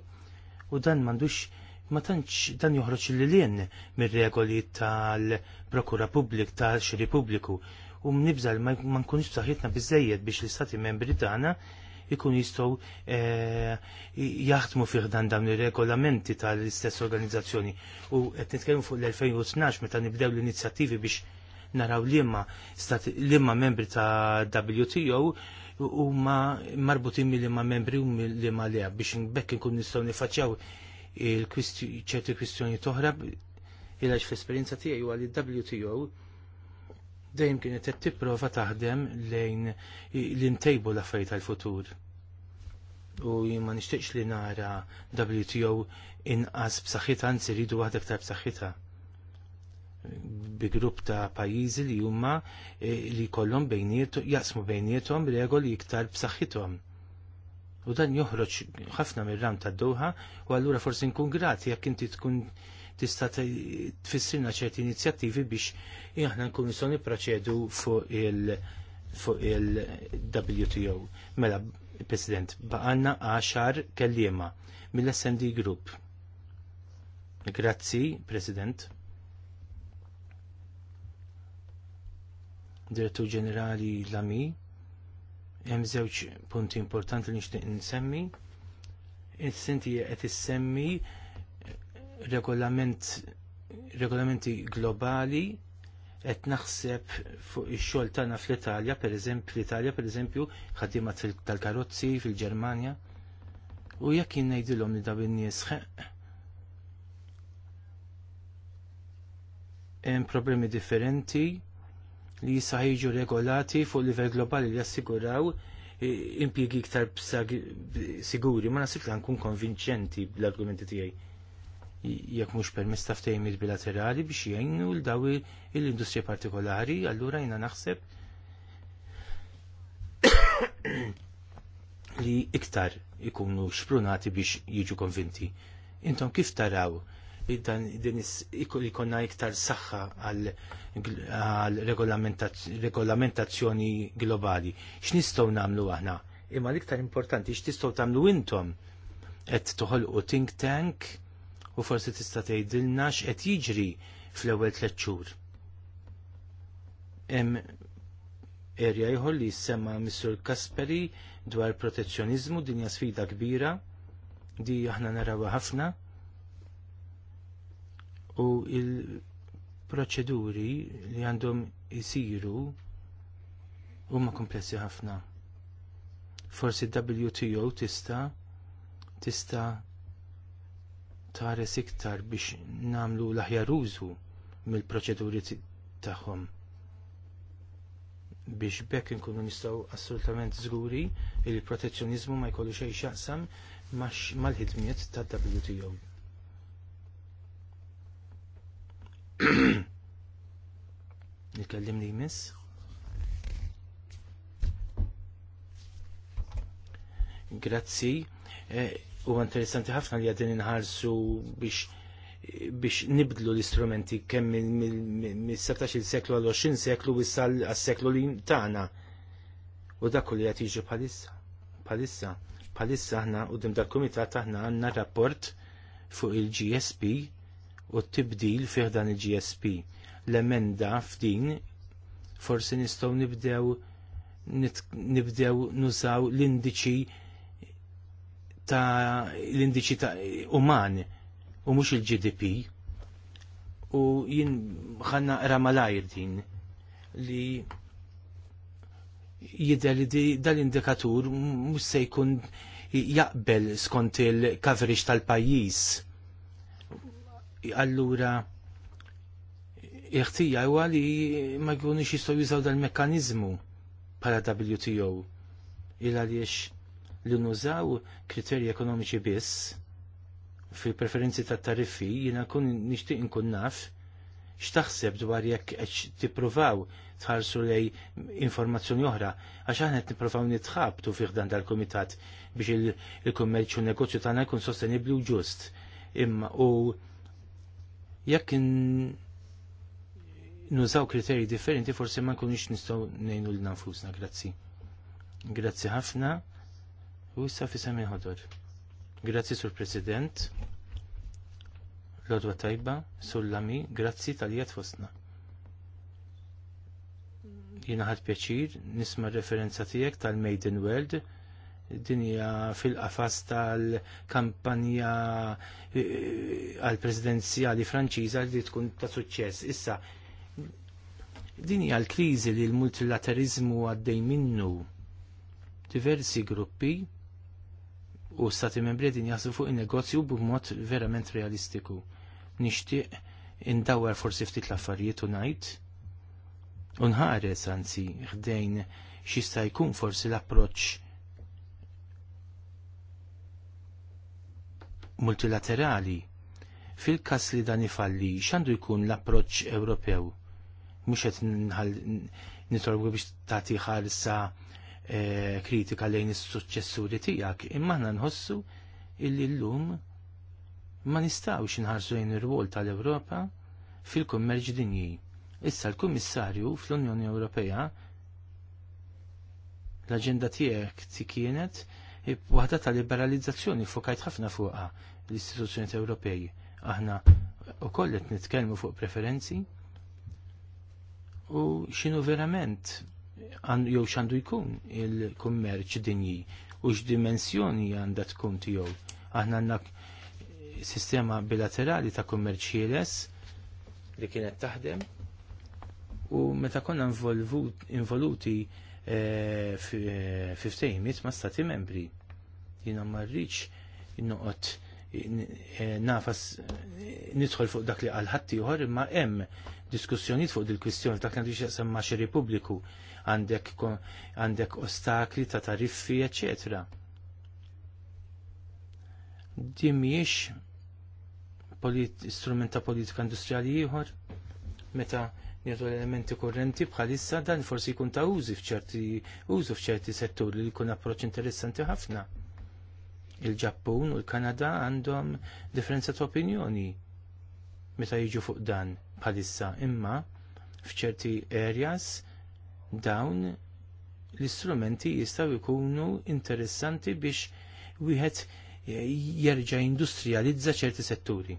u dan m'għandux ma tantx dan joħroġ li mir-regoli tal-Prokura Pubblik tal-Xiri Pubbliku u mnibżal ma nkunx b'saħħitna biżejjed biex l-Istati Membri tagħna ikun jistgħu eh, jaħdmu fih dan dawn ir-regolamenti tal-istess organizzazzjoni. U qed nitkellmu fuq l-2012 meta nibdew l-inizjattivi biex naraw liema liema membri ta' WTO u ma marbutin mill-liema membri u mill-liema biex nbekk nkun nistgħu nifaċċjaw ċerti kwistjoni toħra il-għax fl-esperienza tijaj u għalli WTO dejjem kienet qed tipprova taħdem lejn l-intejbu l-affarijiet tal-futur. U ma nixtieqx li nara WTO inqas b'saħħitha anzi ridu waħda aktar b'saħħitha bi grupp ta' pajjiżi li huma eh, li kollhom bejnietom jaqsmu bejniethom regoli iktar b'saħħithom U dan joħroġ ħafna mir-ram ta' doha u allura forsi nkun grati jekk inti tkun tista' tfissirna ċerti inizjattivi biex aħna nkunu nistgħu nipproċedu fuq il- fuq il-WTO. Mela, President, baqanna għaxar kelliema mill-SND Group. Grazzi, President. Direttur Ġenerali Lami Hemm żewġ punti importanti li nixtieq insemmi. Is-sinti qed issemmi eh, regolament regolamenti globali qed naħseb fuq ix-xogħol tagħna fl-Italja, pereżempju l-Italja pereżempju ħaddiema tal-karozzi fil-Ġermanja. U jekk jien ngħidilhom li dawn in-nies hemm problemi differenti li jista' jiġu regolati fuq livell globali li jassiguraw impjiegi iktar siguri, ma nasib li nkun konvinċenti bl-argumenti tiegħi jekk mhux permess ta' ftehimiet bilaterali biex jgħinu l daw l-industrija partikolari, allura jina naħseb [coughs] li iktar ikunu xprunati biex jiġu konvinti. Intom kif taraw li dan li konna iktar saħħa għal regolamentazzjoni globali. X'nistgħu nagħmlu aħna? Imma l-iktar importanti x'tistgħu tagħmlu intom qed toħolqu think tank u forsi tista' tgħidilna x'qed jiġri fl-ewwel tliet xhur. Hemm erja ieħor li jissemma Mr. Kasperi dwar protezzjonizmu dinja sfida kbira di aħna narawa ħafna u il-proċeduri li għandhom isiru huma komplessi ħafna. Forsi WTO tista tista tares iktar biex nagħmlu l-aħjar użu mill-proċeduri tagħhom biex bekk inkunu nistgħu assolutament żguri li l protezzjoniżmu ma jkollu xejn xaqsam mal-ħidmiet tad-WTO. [clears throat] Nikellim li jmiss. Grazzi. Eh, u interessanti ħafna li għadin inħarsu biex biex nibdlu l-istrumenti kemm mill-17 seklu għal 20 seklu wissal għas-seklu li tagħna. U dak li qed jiġi bħalissa. Palissa. bħalissa aħna u dim dal-kumitat aħna għandna rapport fuq il-GSP u t-tibdil fih dan il-GSP. L-emenda f'din forsi nistgħu nibdew nibdew nużaw l-indiċi ta' l-indiċi ta' uman u mhux il-GDP u jien ħanna ramalajr din li jidher li dal-indikatur mhux se jkun jaqbel skont il-coverage tal-pajjiż allura iħtija huwa li ma jkunux jistgħu jużaw dal-mekkaniżmu bħala WTO il għaliex li nużaw kriterji ekonomiċi biss fil-preferenzi tat tariffi jiena kun nixtieq nkun naf x'taħseb dwar jekk qed tippruvaw tħarsu lej informazzjoni oħra għax aħna qed nippruvaw nitħabtu fih dan dal-kumitat biex il-kummerċ u n-negozju tagħna jkun sostenibbli u ġust imma u Jekk nużaw kriterji differenti forsi ma nkunux nistgħu nejnu lil nfusna, grazzi. Grazzi ħafna u issa fi semi ħodor. Grazzi sur President. Lodwa tajba, sur lami, grazzi tal-jiet fostna. Jina ħad pjaċir nisma referenza tijek tal-Made in World dinja fil-qafas tal-kampanja eh, għal presidenzjali franċiża li tkun ta' suċċess. Issa, dinja l-kriżi li l-multilaterizmu għaddej minnu diversi gruppi u stati membri din jaslu fuq il-negozju b'mod verament realistiku. Nixtieq indawar forsi ftit l-affarijiet u ngħid u nħares anzi ħdejn xista jkun forsi l-approċċ multilaterali. Fil-kas li dan ifalli, xandu jkun l-approċ Ewropew? Mux qed nitolbu biex tagħti ħarsa eh, kritika lejn is-suċċessuri tiegħek, imma aħna nħossu illi llum ma nistgħux inħarsu lejn ir-rwol tal-Ewropa fil-kummerġ dinji. Issa l-Kummissarju fl-Unjoni Ewropea l-aġenda tiegħek ti kienet waħda ta' liberalizzazzjoni fukajt ħafna fuqha l-istituzzjoniet Ewropej. Aħna u kollet nitkellmu fuq preferenzi u xinu verament jew xandu jkun il-kummerċ dinji u x'dimensjoni għandha tkun tiegħu. Aħna għandna sistema bilaterali ta' kummerċ li kienet taħdem u meta konna involuti e, ma' stati membri. Jina marriċ noqgħod nafas nidħol fuq dak li għal ħadd ieħor imma hemm diskussjonijiet fuq dil-kwistjoni ta' li xaqsam maċi republiku, għandek ostakli ta' tariffi, eċetera. Din mhijiex ta' politika industrijali ieħor meta nieħdu elementi kurrenti bħalissa dan forsi jkun ta' użi f'ċerti użu f'ċerti setturi li jkun approċċ interessanti ħafna il-Ġappun u l-Kanada għandhom differenza ta' opinjoni meta jiġu fuq dan bħalissa imma f'ċerti areas dawn l-istrumenti jistgħu jkunu interessanti biex wieħed jerġa' industrializza ċerti setturi.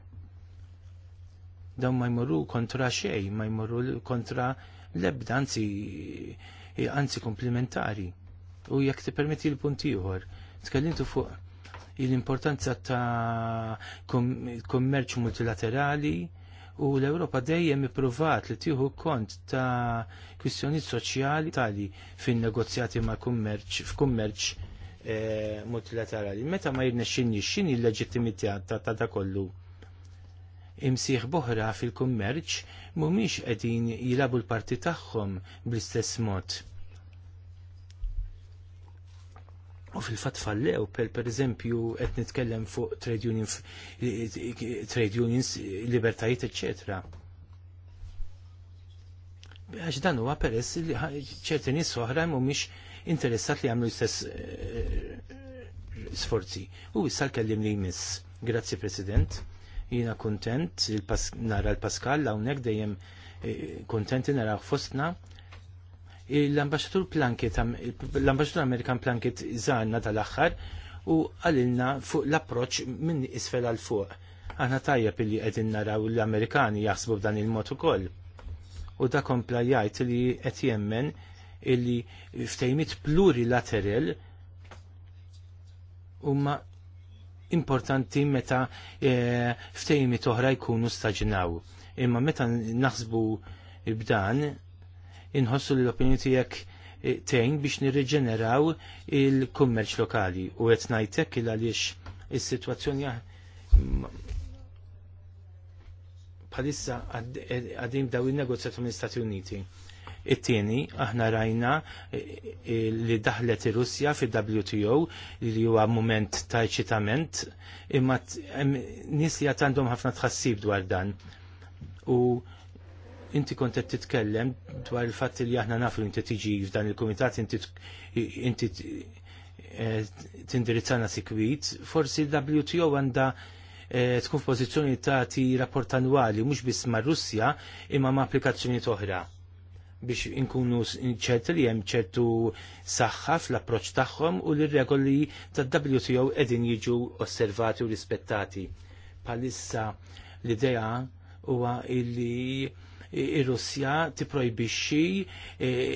Dawn ma jmorru kontra xejn, ma jmorru kontra l-ebda, anzi, anzi komplementari. U jekk ti permetti l-punt ieħor, tkellimtu fuq l-importanza ta' kummerċ multilaterali u l-Ewropa dejjem ippruvat li tieħu kont ta' kwistjonijiet soċjali tali fin-negozjati ma' kummerċ f'kummerċ e, multilaterali. Meta ma jirnexxinni x'inhi l-leġittimità ta' ta' kollu? imsieħ boħra fil-kummerċ mhumiex qegħdin jilabu l-parti tagħhom bl-istess mod. u fil-fat fallew, per, per eżempju, qed nitkellem fuq trade, union, trade unions, libertajiet, etc. Għax dan huwa peress li ċerti nies oħra mhumiex interessat li għamlu l-istess eh, sforzi. U issa l-kellim li jmiss. Grazzi President. Jiena kuntent nara l-Pascal hawnhekk dejjem eh, kuntenti naraw fostna l-ambasġatur Plankett, l-ambasġatur Amerikan Plankett zanna tal-axħar u għalilna fuq l-approċ minn isfel għal fuq. Aħna tajjeb li qegħdin naraw l-Amerikani jaħsbu b'dan il-mod ukoll. U da kompla jgħid li qed jemmen illi ftejmit plurilateral huma importanti meta e, ftejmit oħra jkunu staġnaw. Imma meta naħsbu b'dan inħossu l-opinjoni tiegħek eh, tejn biex nirriġeneraw il-kummerċ lokali u qed ngħidlek il għaliex is-sitwazzjoni bħalissa eh, għadim daw il-negozjat minn Stati Uniti. It-tieni, aħna rajna eh, li daħlet ir-Russja fi WTO li huwa moment ta' eċitament, imma nies li għandhom ħafna tħassib dwar dan. U inti kont qed titkellem dwar il-fatt li aħna nafu inti tiġi f'dan il-kumitat inti eh, tindirizzana sikwit, forsi l wto għanda eh, tkun f'pożizzjoni tagħti rapport annwali mhux biss mar-Russja imma ma' applikazzjoni oħra biex inkunu ċerti li hemm ċertu saħħa fl-approċċ tagħhom u l-regoli tad-WTO qegħdin jiġu osservati u rispettati. Palissa l-idea huwa illi ir-Russja tipprojbixxi eh,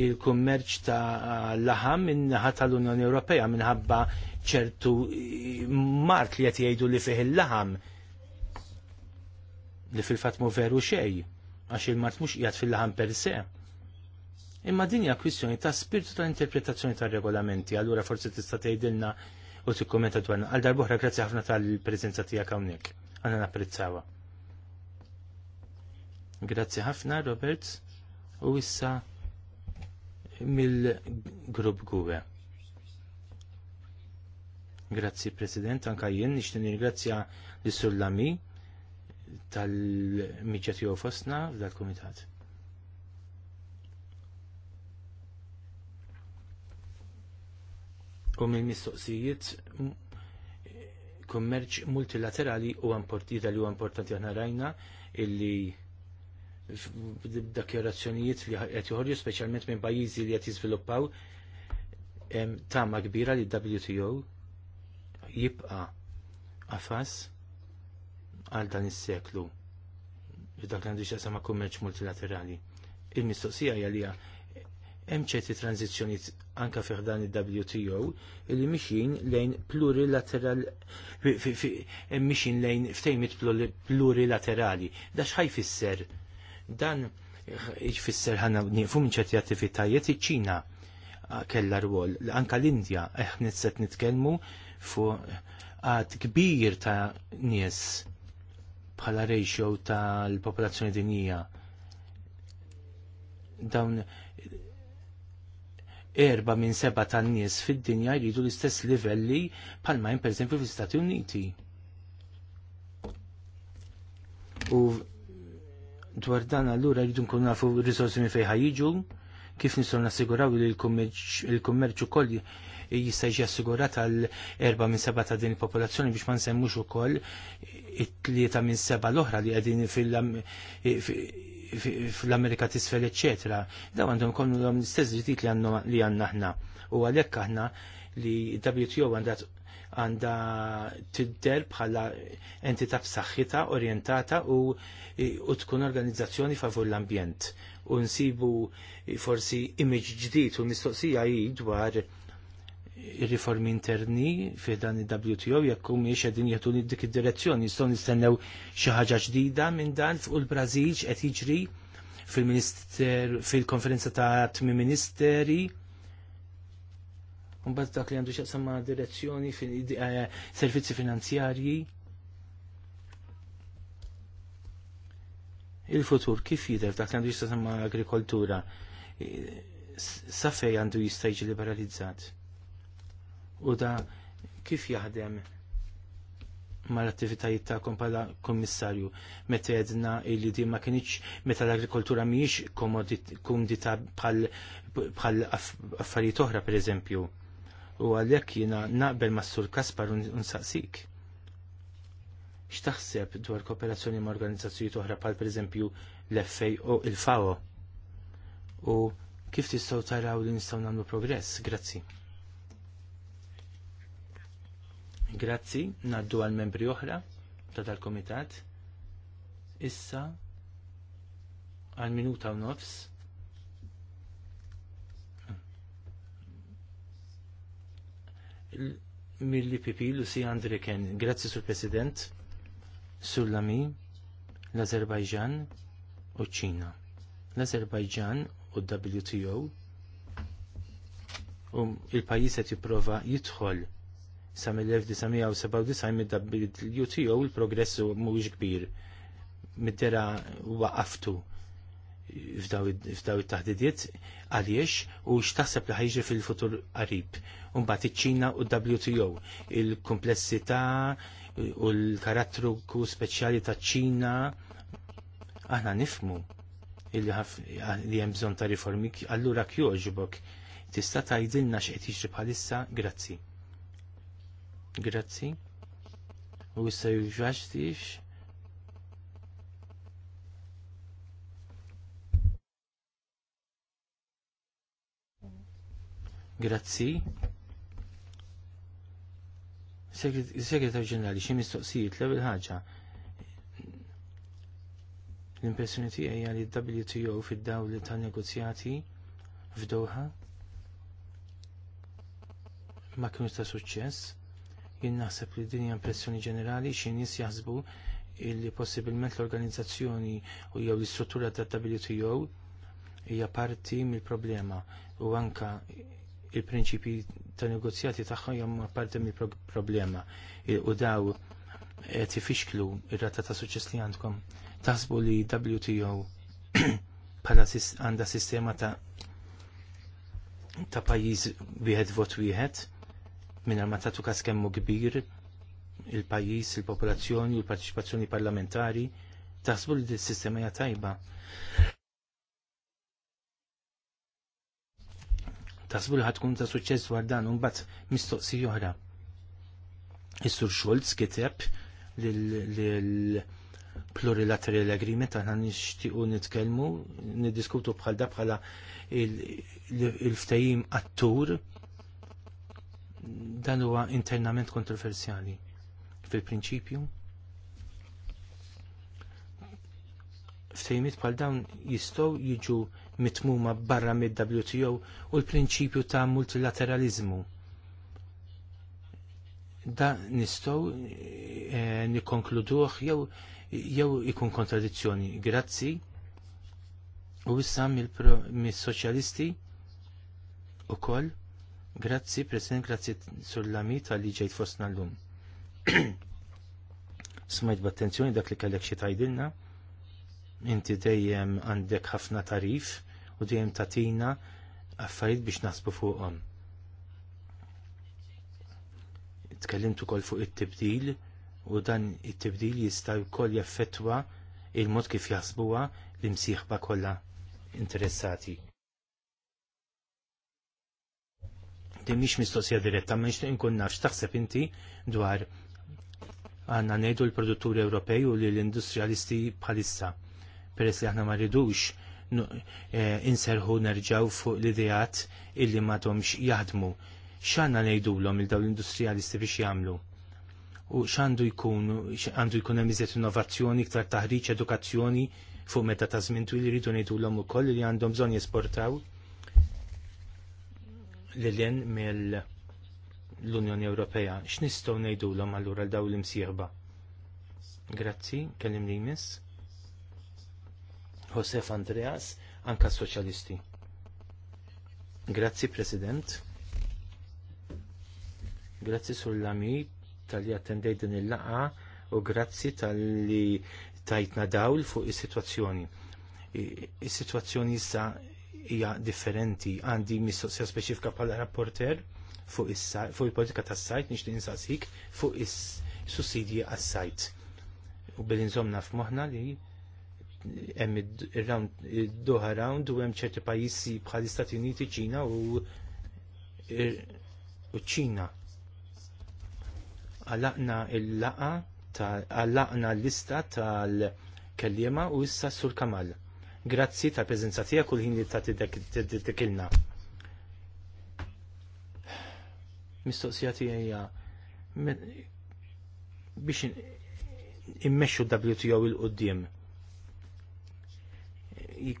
il-kummerċ ta' laħam minnaħa tal-Unjoni Ewropea minħabba ċertu eh, mart li qed jgħidu li fih il-laħam li fil-fatt mu veru xejn għax il-mart mhux qiegħed fil-laħam per se. Imma din hija kwistjoni ta' spirtu ta' interpretazzjoni ta' regolamenti, allura forsi tista' tgħidilna u tikkommenta dwarna. Għal darbohra grazzi ħafna tal-preżenza tiegħek hawnhekk. Għanna napprezzawha. Grazzi ħafna, Robert. U issa mill-grupp Gwe. Grazzi, President, anka jien nixtin ringrazzja l-Sullami tal-miġġa tiegħu fostna f'dal-Kumitat. u minn mistoqsijiet kummerċ multilaterali u importanti li u importanti aħna rajna illi Dakjarazzjonijiet li qed joħorġu speċjalment minn pajjiżi li qed jiżviluppaw tama kbira li WTO jibqa għafas għal dan is-seklu Dak li għandu xaqsama kummerċ multilaterali. Il-mistoqsija hija hemm ċerti tranzizzjonijiet anke fih dan il-WTO li miexin lejn plurilateral mixin lejn ftejmit plurilaterali. Da x'ħaj fisser? Dan jfisser ħana nifu minn ċerti attivitajiet iċ-Ċina ah, kella rwol. Anka l-Indja, eħn eh, set nitkelmu fu għad kbir ta' nies bħala ratio tal-popolazzjoni dinija. Dawn erba minn seba tan nies fid-dinja jridu l-istess livelli palma jen per fl istati Uniti. U dwar dan allura jridu nkunu nafu r-risorsi minn fejn ħajjiġu, kif nistgħu nassiguraw li l-kummerċ ukoll jista' jiġi assigurat għal erba' minn seba' ta' din il-popolazzjoni biex ma nsemmux ukoll it-tlieta minn seba' l-oħra li qegħdin fil-Amerika tisfel, eċetera. Daw għandhom kollu l-istess li għandna aħna. U għalhekk aħna li WTO għandat għanda tidder bħala entità b'saħħitha orjentata u, u tkun organizzazzjoni favur l-ambjent. U nsibu forsi imiġ ġdid u mistoqsija hi dwar riformi interni fi dan il-WTO jekk hum miex qegħdin jieħdu dik id-direzzjoni jistgħu nistennew xi ħaġa ġdida minn dan u l-Brażil qed jiġri fil-konferenza ta' tmi ministeri Unbat dak li għandu xaqsam ma' direzzjoni eh, servizzi finanzjarji. Il-futur kif jider dak li għandu xaqsam ma' agrikoltura? Eh, Safej għandu jista' jiġi liberalizzat. U da kif jaħdem mal-attivitajiet ta' kompala kommissarju meta jedna li di ma kinitx meta l-agrikoltura mhijiex komodità bħal affarijiet oħra pereżempju u għalhekk jiena naqbel ma' Sur Kaspar un-saqsik. X'taħseb dwar kooperazzjoni ma' organizzazzjonijiet oħra per pereżempju l-FAO il-FAO? U kif tistgħu taraw li nistgħu nagħmlu progress? Grazzi. Grazzi, naddu għal membri oħra ta' tal-komitat. Issa għal minuta u nofs mill-IPP Lucy Andriken. Grazzi sur President, sull-ami l-Azerbajġan u ċina. L-Azerbajġan u WTO u um, il-pajis qed jipprova jidħol sa mill-1997 mid-WTO il-progressu mhuwiex kbir mid-dera waqaftu f'daw it-taħdidiet għaliex u x'taħseb li ħajġi fil-futur qarib. Imbagħad iċ-Ċina u WTO, il-komplessità u l-karattru speċjali taċ-Ċina aħna nifmu li hemm bżonn ta' riformi, allura kjoġbok tista' tgħidilna x'qed jiġri bħalissa, grazzi. Grazzi. U issa juġaġtix Grazzi. Segretar ġenerali, xi mistoqsijiet l-ewwel ħaġa. L-impressjoni tiegħi hija li WTO fid-dawli ta' negozjati f'Doha ma kienu ta' suċċess. Jien naħseb li din hija impressjoni ġenerali xi nies jaħsbu illi possibilment l-organizzazzjoni u jew l-istruttura ta' WTO hija parti mill-problema u anka il-prinċipi ta' negozjati tagħhom jomma parti mill-problema u daw qed ifixklu ir-rata ta' suċċess li għandkom. Taħsbu li WTO [clears throat] bħala għandha sistema ta' ta' pajjiż wieħed vot wieħed minn ma tagħtu każ kemmu kbir il-pajjiż, il-popolazzjoni, il-parteċipazzjoni parlamentari, taħsbu li d-sistema hija tajba. tasbu li ħatkun ta' suċċess dwar dan un bat mistoqsi joħra. Is-Sur Schulz kiteb plurilateral agreement aħna nixtiequ nitkellmu, niddiskutu bħal da bħala il-ftajim attur dan huwa internament kontroversjali fil-prinċipju. Ftejmiet bħal dawn jistgħu jiġu mitmuma barra mid-WTO u l-prinċipju ta' multilateralizmu. Da nistgħu e, eh, nikkonkluduh jew jew ikun kontradizzjoni. Grazzi. U issa mis-soċjalisti koll. Grazzi, President, grazzi sur lami li ġejt fostna l-lum. [clears throat] Smajt b'attenzjoni dak li kellek xi tajdilna. Inti dejjem għandek ħafna tarif u dejjem tatina affarijiet biex naħsbu fuqhom. Tkellimt ukoll fuq it-tibdil u dan it-tibdil jista' jkoll jaffettwa il-mod kif jaħsbuha l-imsieħba kollha interessati. Din mhix mistoqsija diretta, ma nixtieq inkun nafx taħseb inti dwar għandna ngħidu l-produtturi Ewropej u lill industrialisti bħalissa peress li aħna ma rridux eh, inserħu nerġaw fuq l-idejat illi madomx jaħdmu. ċanna l-om il-daw l-industrialisti biex jamlu? U xandu jkun, għandu jkun emizet innovazzjoni, iktar taħriċ, edukazzjoni fuq meta ta' nejdu l-om u ukoll li għandhom bżonn jesportaw lilien mill l-Unjoni Ewropea. X'nistgħu ngħidulhom allura l dawn l-imsieħba? Grazzi, kellim li jmiss. Josef Andreas, anka soċjalisti. Grazzi President. Grazzi sull-lami tal-li attendej din il-laqa u grazzi tal-li tajtna dawl fuq is-sitwazzjoni. Is-sitwazzjoni issa hija differenti. Għandi mistoqsija speċifika bħala rapporter fuq il-politika tas sajt nixtieq insaqsik fuq is-sussidji għas-sajt. U bil-inżomna f'moħħna li hemm id-doha round u hemm ċerti pajjiżi bħal istati Uniti, Ċina u ċina. Għalaqna il-laqa għallaqna l-lista tal-kellima u issa sur kamal. Grazzi ta' preżenza tiegħek u l-ħin li ta' t Mistoqsija tiegħi biex immexxu WTO il qudiem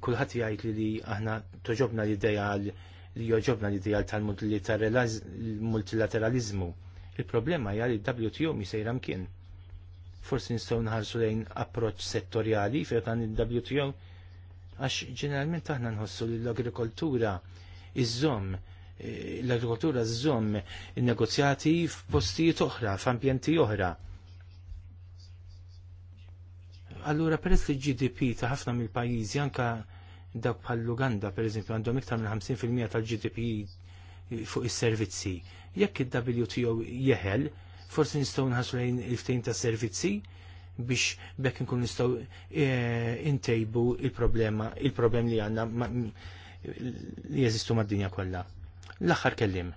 kulħadd jgħid li aħna toġobna l-idea li joġobna l-idea tal-multilateralizmu. Il-problema hija li WTO mi sejra mkien. Forsi nistgħu nħarsu lejn approċċ settorjali fejn dan il-WTO għax ġeneralment aħna nħossu li l-agrikoltura iż-żomm eh, l-agrikoltura żomm in-negozjati f'postijiet oħra, f'ambjenti oħra. Allura peress li GDP ta' ħafna mill-pajjiżi anka dawk bħal per eżempju, għandhom iktar minn 50% tal-GDP fuq is-servizzi. Jekk il-WTO jeħel, forsi nistgħu nħassu lejn il-ftehim ta' servizzi biex bekk nkun nistgħu eh, intejbu il-problema, il-problem li għandna li jeżistu mad-dinja kollha. L-aħħar kellim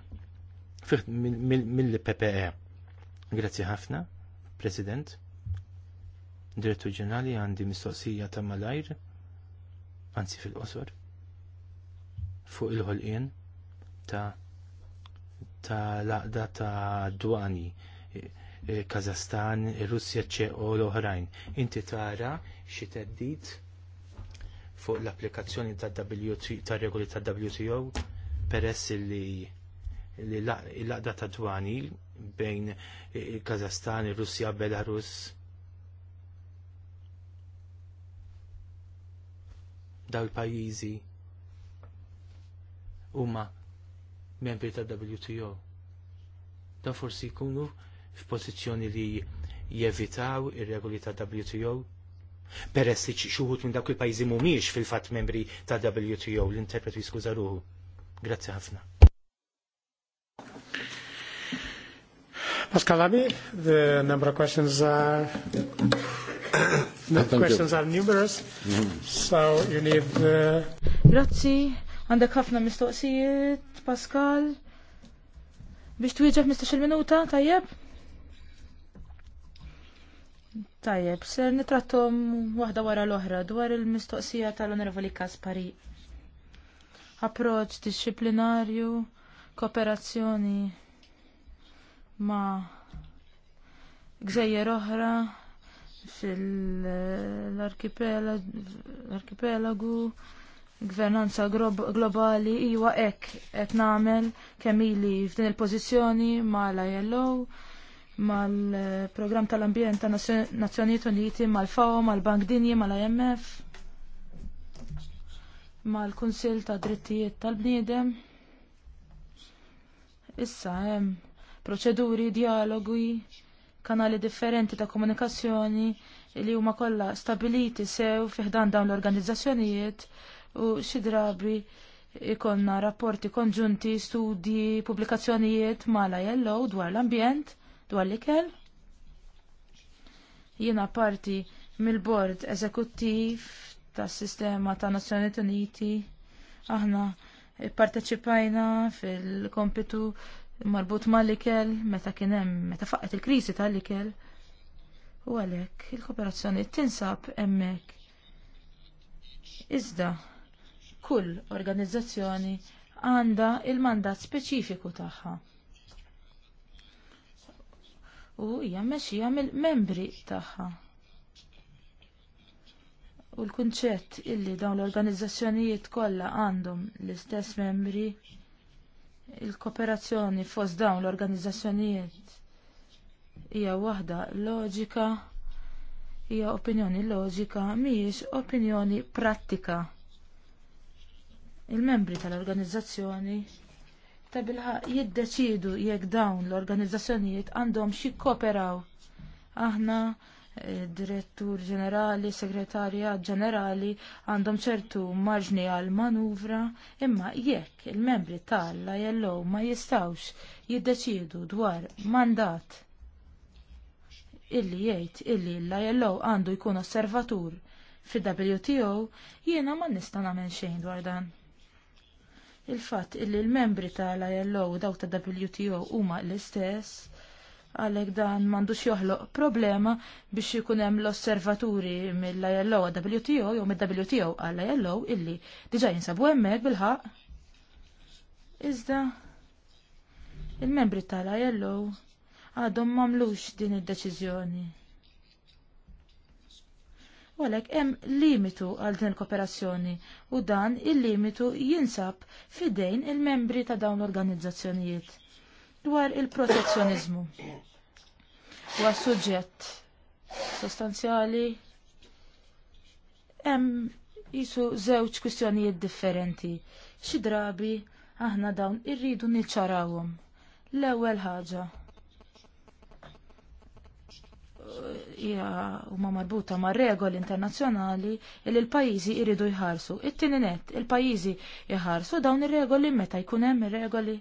mill-PPE. Grazzi ħafna, President. Direttur ġenerali għandi mistoqsija ta' malajr, anzi fil-qosor, fuq il-ħolqien ta' ta' laqda ta' dwani e, e, Kazastan, e, Russja ċeqo l-oħrajn. Inti tara xi teddit fuq l-applikazzjoni ta' ta' regoli ta' WTO peress li l-laqda ta' dwani bejn Kazastan, Russja, Belarus daw il-pajjiżi huma membri ta' WTO. Dan forsi jkunu f'pożizzjoni li jevitaw ir-regoli ta' WTO peress li xuħut minn dawk il-pajjiżi mhumiex fil-fatt membri ta' WTO l-interpretu jiskużaruhu. ruħu. Grazzi ħafna. Pascal Abi, the number of questions are The Thank questions you. are numerous, so you need... Uh, Grazzi, għandek ħafna mistoqsijiet, Pascal. Biex twieġeb mistax il-minuta, tajjeb? Tajjeb, ser nitrattom waħda wara l-oħra dwar il-mistoqsija tal-Onorevoli Kaspari. Approċ disciplinarju, kooperazzjoni ma' gżejjer oħra fil-arkipelagu, gvernanza globali, iwa ek et namel kemili f'din il-pozizjoni ma la mal-program tal-ambjent ta' Nazzjonijiet Uniti, mal-FAO, mal-Bank Dinji, mal-IMF, mal-Kunsil ta' Drittijiet tal-Bniedem. Issa hemm proċeduri, dialogi kanali differenti ta' komunikazzjoni li huma kollha stabiliti sew fiħdan dawn l-organizzazzjonijiet u xi drabi ikonna rapporti konġunti, studji, pubblikazzjonijiet mala jellow dwar l-ambjent, dwar l-ikel. Jiena parti mill-bord eżekuttiv tas sistema ta' Nazzjonijiet Uniti. Aħna parteċipajna fil-kompitu marbut mal-ikel, meta kien hemm meta faqet il-kriżi tal-ikel. U għalhekk il-kooperazzjoni tinsab hemmhekk. Iżda kull organizzazzjoni għandha il-mandat speċifiku tagħha. U hija mexxija mill-membri tagħha. U l-kunċett illi dawn l-organizzazzjonijiet kollha għandhom l-istess membri Il-kooperazzjoni fost dawn l-organizzazzjonijiet hija waħda loġika, hija opinjoni loġika, mhijiex opinjoni prattika. Il-membri tal-organizzazzjoni ta' bilħaq jiddeċidu jekk dawn l-organizzazzjonijiet għandhom xi kooperaw. Aħna direttur ġenerali, segretarja ġenerali għandhom ċertu marġni għal manuvra, imma jekk il-membri tal-ILO ma jistawx jiddeċiedu dwar mandat illi jgħid illi l-ILO għandu jkun osservatur fi wto jiena ma nista' nagħmel xejn dwar dan. Il-fatt illi l-membri tal-ILO u dawk ta' WTO huma l-istess, għalhekk dan m'għandux joħloq problema biex ikun hemm l-osservaturi mill-ILO WTO jew mill wto għall-ILO illi diġà jinsabu hemmhekk bil-ħaq. Iżda il-membri tal-ILO għadhom m'għamlux din id-deċiżjoni. U għalhekk hemm limitu għal din il-kooperazzjoni u dan il-limitu jinsab fidejn il-membri ta' dawn l-organizzazzjonijiet dwar il-protezzjonizmu. Huwa suġġett sostanzjali hemm jisu żewġ kwistjonijiet differenti. Xi drabi aħna dawn irridu niċċarawhom. L-ewwel ħaġa hija huma marbuta ma' regoli internazzjonali li l-pajjiżi irridu jħarsu. It-tieni il-pajjiżi jħarsu dawn ir-regoli meta jkun hemm ir-regoli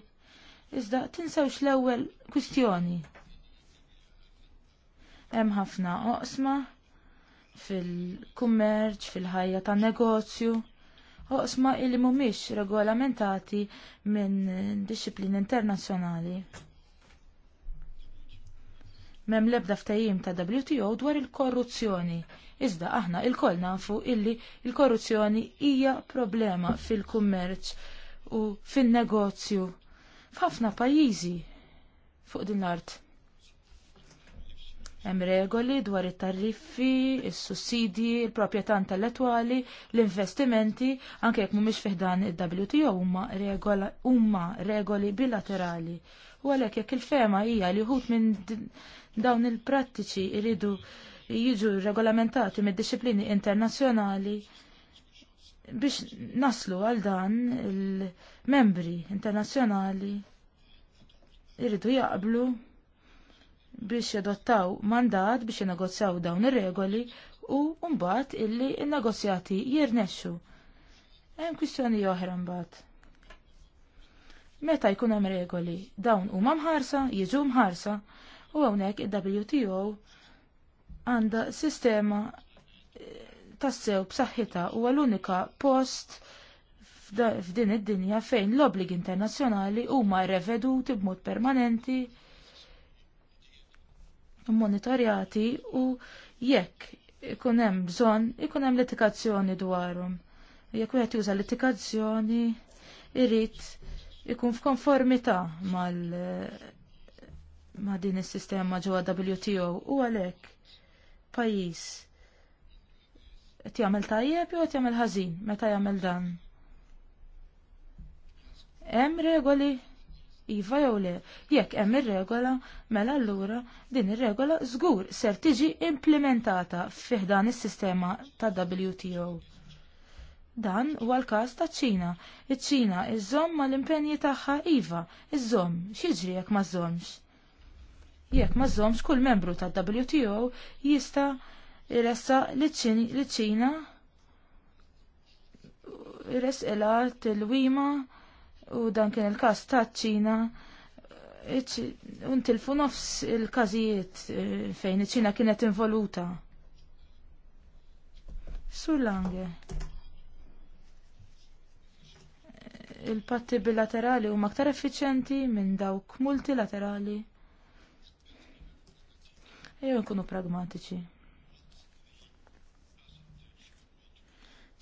Iżda tinsewx l-ewwel kwistjoni. Hemm ħafna oqsma fil-kummerċ, fil-ħajja tan negozju, oqsma illi mhumiex regolamentati minn disċiplini internazzjonali. Mem lebda ftajim ta' WTO dwar il-korruzzjoni. Iżda aħna il-koll nafu illi il-korruzzjoni hija problema fil-kummerċ u fin-negozju f'ħafna pajjiżi fuq din l-art. Hemm regoli dwar it-tariffi, is-sussidji, il proprjetan proprjetà intellettwali, l-investimenti, anke jekk mhumiex fih dan il-WTO huma regola, regoli bilaterali. U għalhekk jekk il-fema hija li wħud minn dawn il-prattiċi jridu jiġu regolamentati mid-disciplini internazzjonali, biex naslu għal dan il-membri internazzjonali irridu jaqblu biex jadottaw mandat biex jinegozjaw dawn ir-regoli u mbagħad illi n-negozjati jirnexxu. Hemm kwistjoni oħra mbagħad. Meta jkun hemm regoli dawn huma mħarsa, jiġu mħarsa u hawnhekk il-WTO għandha sistema tassew b'saħħitha huwa l-unika post f'din id-dinja fejn l-obbligi internazzjonali huma reveduti b'mod permanenti, monitorjati u jekk ikun hemm bżonn ikun hemm litikazzjoni dwarhom. Jekk wieħed juża litikazzjoni irid ikun f'konformità mal ma' din is-sistema ġewwa WTO u għalhekk pajjiż qed jagħmel tajjeb jew qed jagħmel ħażin meta jagħmel dan. Hemm regoli iva jew le. Jekk hemm ir-regola, mela allura din ir-regola żgur ser tiġi implementata fih dan is-sistema ta' WTO. Dan huwa l-każ ta' ċina. Iċ-Ċina iżomm mal impenji tagħha iva, iżomm x'jiġri jekk ma żommx. Jekk ma żommx kull membru ta' WTO jista' iressa liċ-Ċina ires il-wima u dan kien il-kas ta' ċina untilfu nofs il-kazijiet eh, fejn iċ-ċina kienet involuta. Sur lange. Il-patti bilaterali huma aktar effiċenti minn dawk multilaterali. Ejo nkunu pragmatiċi.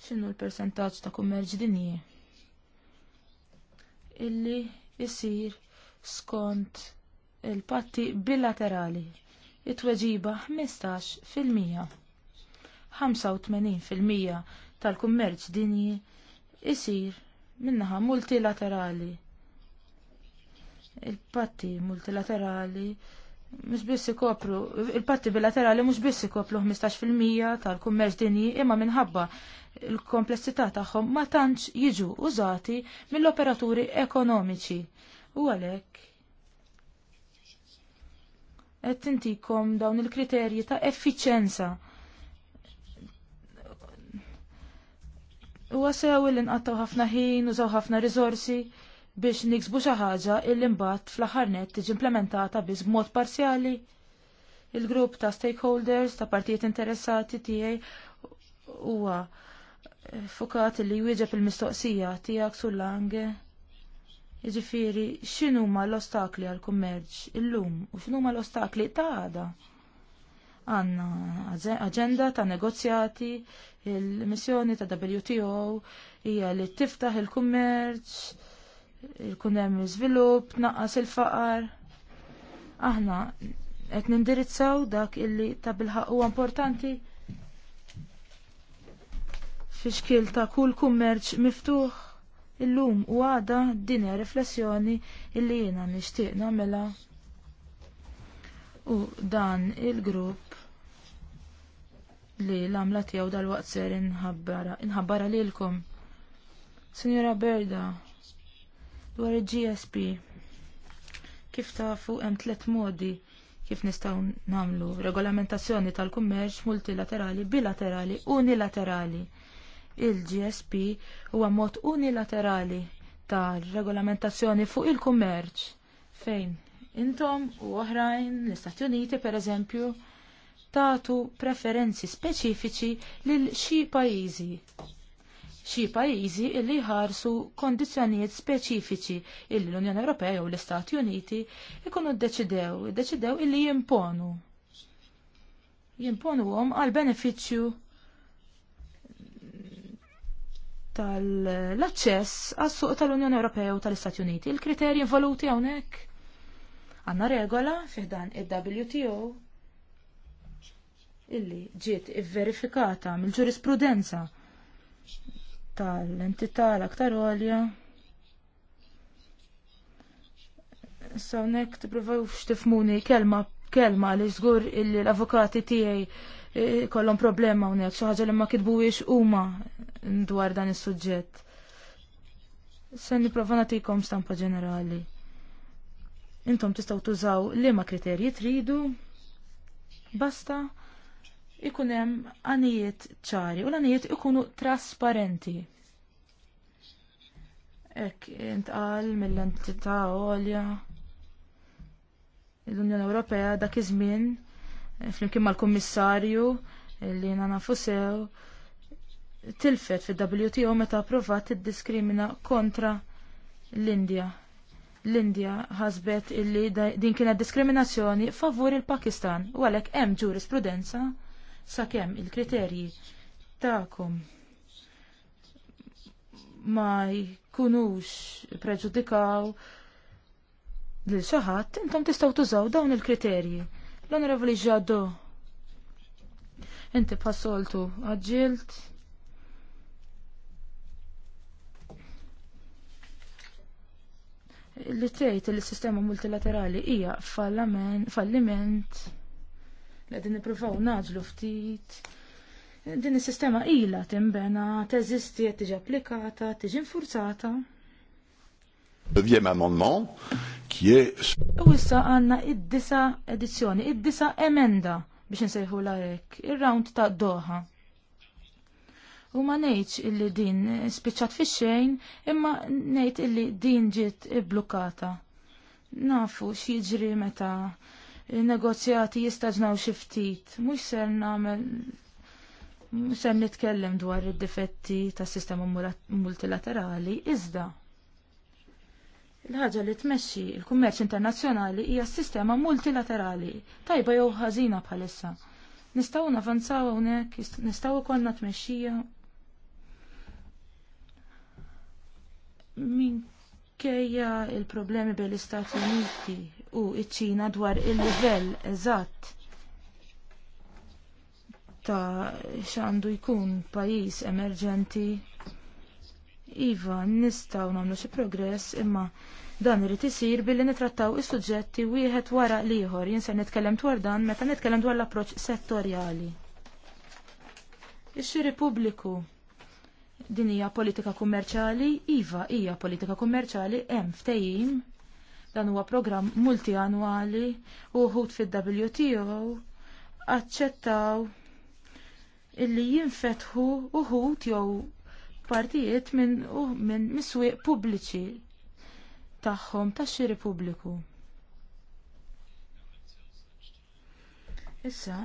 x'inhu l-persentaġġ ta' kummerġ dinji illi jsir skont il-patti bilaterali it-tweġiba 15%. 85% tal-kummerċ dinji isir minnaħa multilaterali. Il-patti multilaterali mux bissi ikopru il-patti bilaterali mhux biss ikopru 15% tal-kummerċ dinji imma minħabba il-komplessità tagħhom ma tantx jiġu użati mill-operaturi ekonomiċi. U għalhekk qed tintikom dawn il-kriterji ta' effiċenza. U għasew l-inqattaw ħafna ħin, użaw ħafna rizorsi biex niksbu xi ħaġa illi imbagħad fl-aħħar net tiġi implementata biss b'mod parzjali. Il-grupp ta' stakeholders ta' partijiet interessati tiegħi huwa fukat li jwieġeb il-mistoqsija tiegħek sul lange. Jiġifieri x'inhuma l-ostakli għall kummerċ illum u x'inhuma l-ostakli ta' għada għanna agenda ta' negozjati, il-missjoni ta' WTO hija li tiftaħ il-kummerċ, jkun hemm iżvilupp, tnaqqas il-faqar. Aħna qed nindirizzaw dak illi ta' bilħaq huwa importanti fix-xkiel ta' kull kummerċ miftuħ illum u għada din riflessjoni illi jiena nixtieq nagħmilha. U dan il-grupp li l-għamla tiegħu dal-waqt ser inħabbara lilkom. Sinjora Berda, Dwar il-GSP, kif tafu hemm tliet modi kif nistgħu nagħmlu regolamentazzjoni tal-kummerċ multilaterali, bilaterali, unilaterali. Il-GSP huwa mod unilaterali tal-regolamentazzjoni fuq il-kummerċ fejn intom u oħrajn l-Istati Uniti pereżempju tagħtu preferenzi speċifiċi lil xi pajjiżi xi pajjiżi illi jħarsu kondizzjonijiet speċifiċi illi l-Unjoni Ewropea jew l-Istati Uniti ikunu ddeċidew, ddeċidew illi jimponu. għom għal benefiċċju tal-aċċess għas-suq tal-Unjoni Ewropea u tal-Istati Uniti. Il-kriterji involuti hawnhekk għandna regola fiħdan il-WTO illi ġiet verifikata mill-ġurisprudenza tal-entità l-aktar għolja. Sawnek t-provaw x-tifmuni kelma kelma li żgur illi l-avukati tiegħi e, kollon problema hawnhekk xi ħaġa li ma kitbuwiex huma dwar dan is-suġġett. Se nipprova nagħtikom stampa ġenerali. Intom tistgħu tużaw liema kriterji tridu. Basta ikun hemm għanijiet ċari u l-għanijiet ikunu trasparenti. Ek intqal mill-entità għolja l-Unjoni Ewropea dak iż-żmien flimkien mal-Kummissarju li jiena nafu sew tilfet fil-WTO meta approvat tiddiskrimina kontra l-Indja. L-Indja ħasbet illi din kienet diskriminazzjoni favur il-Pakistan u għalhekk hemm ġurisprudenza sakemm il-kriterji tagħkom ma jkunux preġudikaw lil xi ħadd, intom tistgħu tużaw dawn il-kriterji. L-Onorevoli Ġaddo, inti passoltu għagġilt. Li tgħid li s-sistema multilaterali hija falliment li għedin niprofaw naġlu ftit. Din is-sistema ila timbena, teżisti qed tiġi applikata, tiġi infurzata. Deuxième amendement qui est U issa għandna id-disa edizzjoni, id-disa emenda biex nsejħu lajk, ir-round ta' doħa. U ma ngħidx illi din spiċċat fix-xejn, imma ngħid illi din ġiet blokata. Nafu x'jiġri meta il-negozjati jistaġnaw xiftit, mux ser namel, mux ser nitkellem dwar id-difetti ta' sistema multilaterali, iżda. Il-ħagġa li tmexxi il-kummerċ internazzjonali hija sistema multilaterali, tajba jew ħażina bħalissa. Nistgħu navanzaw hawnhekk, nistgħu ikollna tmexxija minkejja il-problemi bejn l-Istati Uniti u iċ-Ċina dwar il-livell eżatt ta' x'għandu jkun pajjiż emerġenti. Iva, nistgħu nagħmlu xi progress imma dan irid isir billi nitrattaw is-suġġetti wieħed wara l-ieħor. Jien se nitkellem dwar dan meta nitkellem dwar l-approċċ settorjali. Ix-xiri pubbliku din hija politika kummerċjali, iva hija politika kummerċjali hemm ftehim Dan huwa programm multianwali u uħud fid-WTO aċċettaw illi jinfetħu uħud jew partijiet minn uh, min miswieq pubbliċi tagħhom tax-xiri pubbliku. Issa,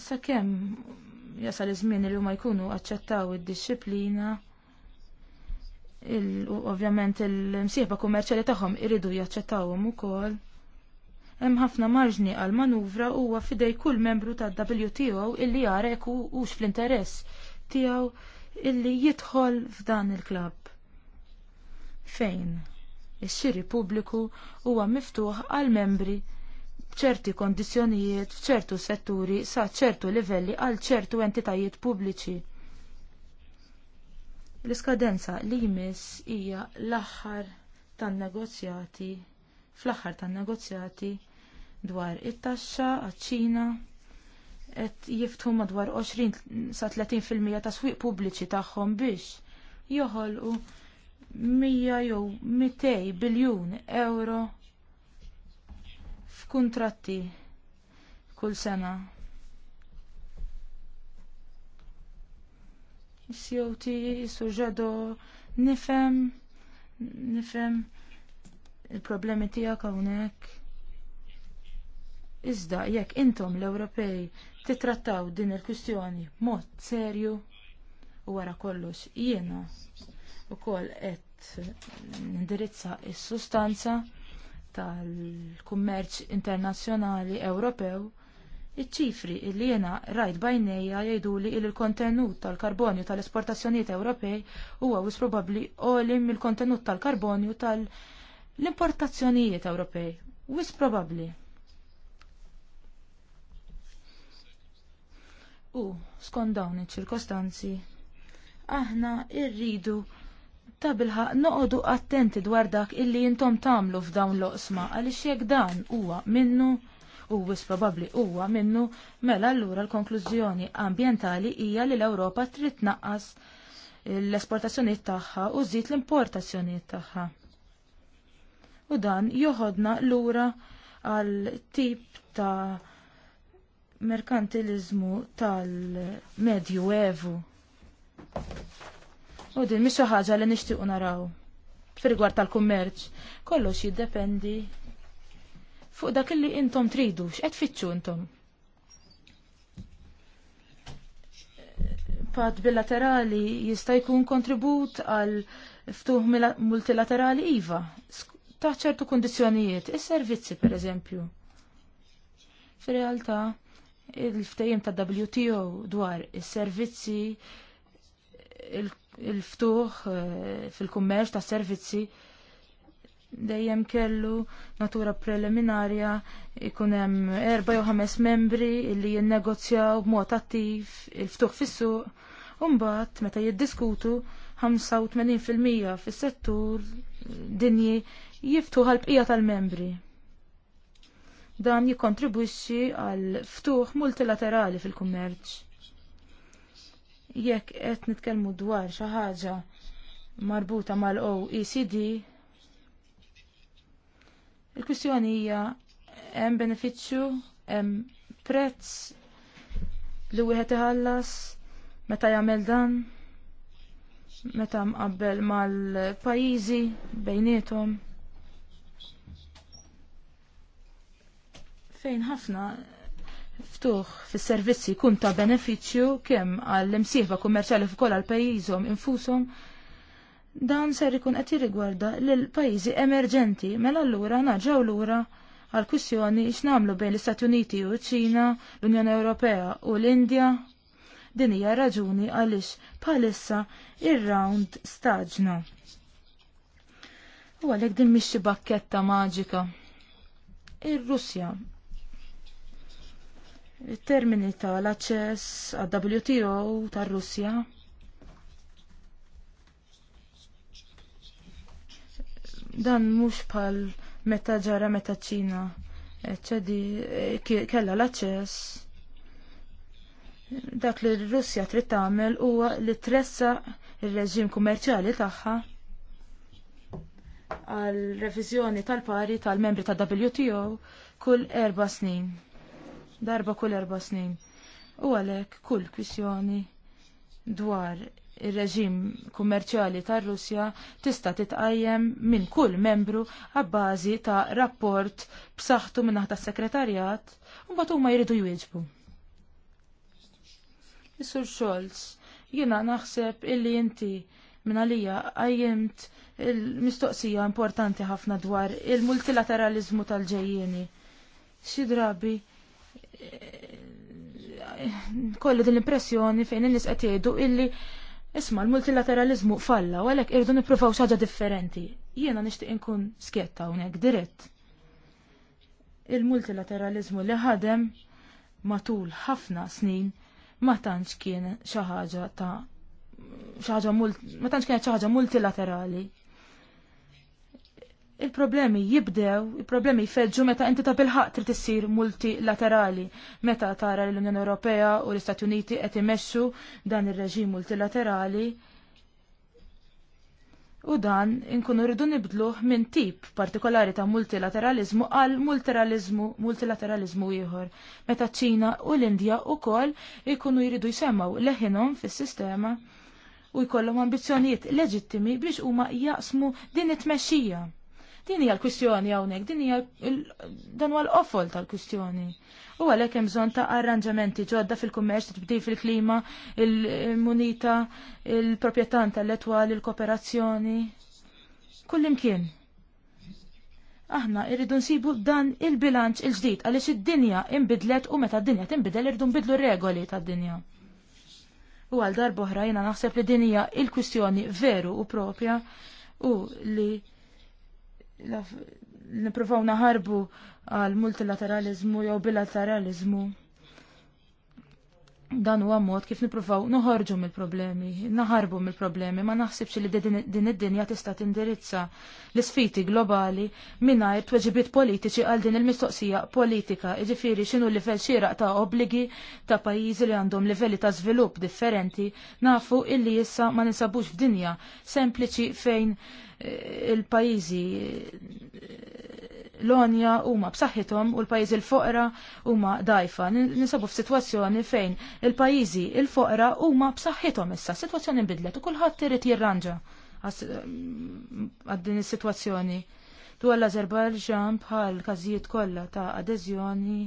issa kemm jasal iż-żmien li huma jkunu aċċettaw id-dixxiplina ovvjament il-msieħba kummerċali tagħhom iridu jaċċettawhom ukoll. Hemm ħafna marġni għal manuvra huwa fidej kull membru tad-WTO illi jara jekk hux fl-interess tiegħu illi jidħol f'dan il-klabb. Fejn? Ix-xiri pubbliku huwa miftuħ għal membri b'ċerti kondizjonijiet f'ċertu setturi sa ċertu livelli għal ċertu entitajiet pubbliċi L-iskadenza li jmiss hija l-aħħar tan-negozjati fl-aħħar tan-negozjati dwar it-taxxa għaċ-Ċina qed jiftħu madwar 20 sa 30% ta' swieq pubbliċi tagħhom biex joħolqu 100 jew 200 biljun euro f'kuntratti kull sena Sjoti, suġġado, nifem, nifem il-problemi tiegħek hawnhekk. Iżda, jekk intom l-Ewropej titrattaw din il-kwistjoni mod serju u wara kollox jiena wkoll qed nindirizza s sustanza tal-kummerċ internazzjonali Ewropew Iċ-ċifri illi jena rajt bajnejja jgħiduli li il-kontenut tal-karbonju tal-esportazzjonijiet Ewropej huwa wis probabbli olim mill-kontenut tal-karbonju tal-importazzjonijiet Ewropej. Wis probabbli. U skont dawn iċ-ċirkostanzi, aħna rridu ta' noqogħdu attenti dwar dak illi intom tagħmlu f'dawn l-oqsma għaliex jekk dan huwa minnu u wis probabbli huwa minnu, mela allura l-konklużjoni ambjentali hija li l-Ewropa trid tnaqqas l-esportazzjonijiet tagħha u żid l-importazzjonijiet tagħha. U dan joħodna lura għal tip ta' merkantilizmu tal-medju evu. U din mhix xi ħaġa li nixtiequ naraw. fir tal-kummerċ, kollox jiddependi fuq dak li intom tridu, x'qed fitxu intom? Pat bilaterali jista' jkun kontribut għal ftuħ multilaterali iva, ta' ċertu kundizzjonijiet, is-servizzi pereżempju. Fir-realtà, il-ftejjem ta' WTO dwar is-servizzi il-ftuħ eh, fil kummerċ ta' servizzi dejjem kellu natura preliminarja ikun hemm erba' jew ħames membri li jinnegozjaw b'mod attiv il-ftuħ fis-suq u mbagħad meta jiddiskutu 85% fis-settur dinji jiftuħ għal bqija tal-membri. Dan jikkontribwixxi għal ftuħ multilaterali fil-kummerċ. Jekk qed nitkellmu dwar xi ħaġa marbuta mal-OECD Il-kwistjoni hija hemm benefiċċju, hemm prezz li wieħed iħallas meta jagħmel dan meta mqabbel mal-pajjiżi bejniethom. Fejn ħafna ftuħ fis-servizzi kun ta' benefiċċju kemm għall-imsieħba kummerċjali f'kol għal pajjiżhom infushom dan ser ikun qed jirrigwarda lil pajjiżi emerġenti mela allura naġġaw lura għal kwissjoni x'namlu bejn l-Istati Uniti u ċ-Ċina, l-Unjoni Ewropea u l-Indja. Din hija raġuni għaliex bħalissa ir-round staġna. U għalhekk din mhix xi bakketta maġika. Ir-Russja it-termini tal-aċċess għad-WTO tar-Russja Dan mhux bħal meta ġara meta ċina ċedi e, kellha l-aċċess. Dak li r-Russja trid tagħmel huwa li tressa ir-reġim kummerċjali tagħha għal reviżjoni tal-pari tal-membri ta' WTO kull erba' snin. Darba kull erba' snin. U għalhekk kull kwissjoni dwar ir-reġim kummerċjali tar-Russja tista' titqajjem minn kull membru għabbażi ta' rapport b'saħħtu minn tas sekretarjat u mbagħad huma jridu jwieġbu. is Scholz, jiena naħseb illi inti minn għalija għajjemt il-mistoqsija importanti ħafna dwar il-multilateralizmu tal-ġejjeni. Xi drabi eh, kolli din l-impressjoni fejn in-nies qed jgħidu illi Isma, l-multilateralizmu falla, u għalek irdu niprofaw xaġa differenti. Jiena nishtiq inkun skjetta unek, dirett. Il-multilateralizmu li ħadem matul ħafna snin ma tantx kien xaħġa ħaġa ta' xaħġa ma tantx kienet ħaġa multilaterali il-problemi jibdew, il-problemi jfedġu meta inti ta' bilħaq trid issir multilaterali, meta tara l-Unjoni Ewropea u l-Istati Uniti qed imexxu dan ir-reġim multilaterali. U dan inkunu rridu nibdluh minn tip partikolari ta' multilateralizmu għal multilateralizmu multilateralizmu ieħor. Meta ċina u l-Indja wkoll ikunu jridu jsemmaw leħinhom fis-sistema u jkollhom ambizzjonijiet leġittimi biex huma jaqsmu din it-tmexxija. Din hija l-kwistjoni hawnhekk, din hija dan huwa l-qofol tal-kwistjoni. U għalhekk hemm bżonn ta' arranġamenti ġodda fil-kummerċ tibdil fil-klima, il-munita, il-proprjetà intellettwali, il-kooperazzjoni. Kullimkien. Aħna irridu nsibu dan il-bilanċ il-ġdid għaliex id-dinja inbidlet u meta d-dinja tinbidel irridu nbidlu regoli tad-dinja. U għal darboħra jiena naħseb li din hija il-kwistjoni veru u propja u li niprofaw naħarbu għal multilateralizmu jew bilateralizmu dan huwa mod kif nippruvaw noħorġu mill-problemi, naħarbu mill-problemi, ma naħsibx li din id-dinja tista' tindirizza l-isfiti globali mingħajr tweġibiet politiċi għal din il-mistoqsija politika, jiġifieri x'inhu l-livell xieraq ta' obbligi ta' pajjiżi li għandhom livelli ta' żvilupp differenti, nafu illi issa ma nisabux f'dinja sempliċi fejn eh, il-pajjiżi l-onja huma b'saħħithom u l-pajjiżi l-foqra huma dajfa. Nisabu f'sitwazzjoni fejn il-pajjiżi l-foqra huma b'saħħithom issa, sitwazzjoni bidlet u kulħadd irid jirranġa għad din is-sitwazzjoni. Tu għall-Azerbajġan bħal każijiet kollha ta' adeżjoni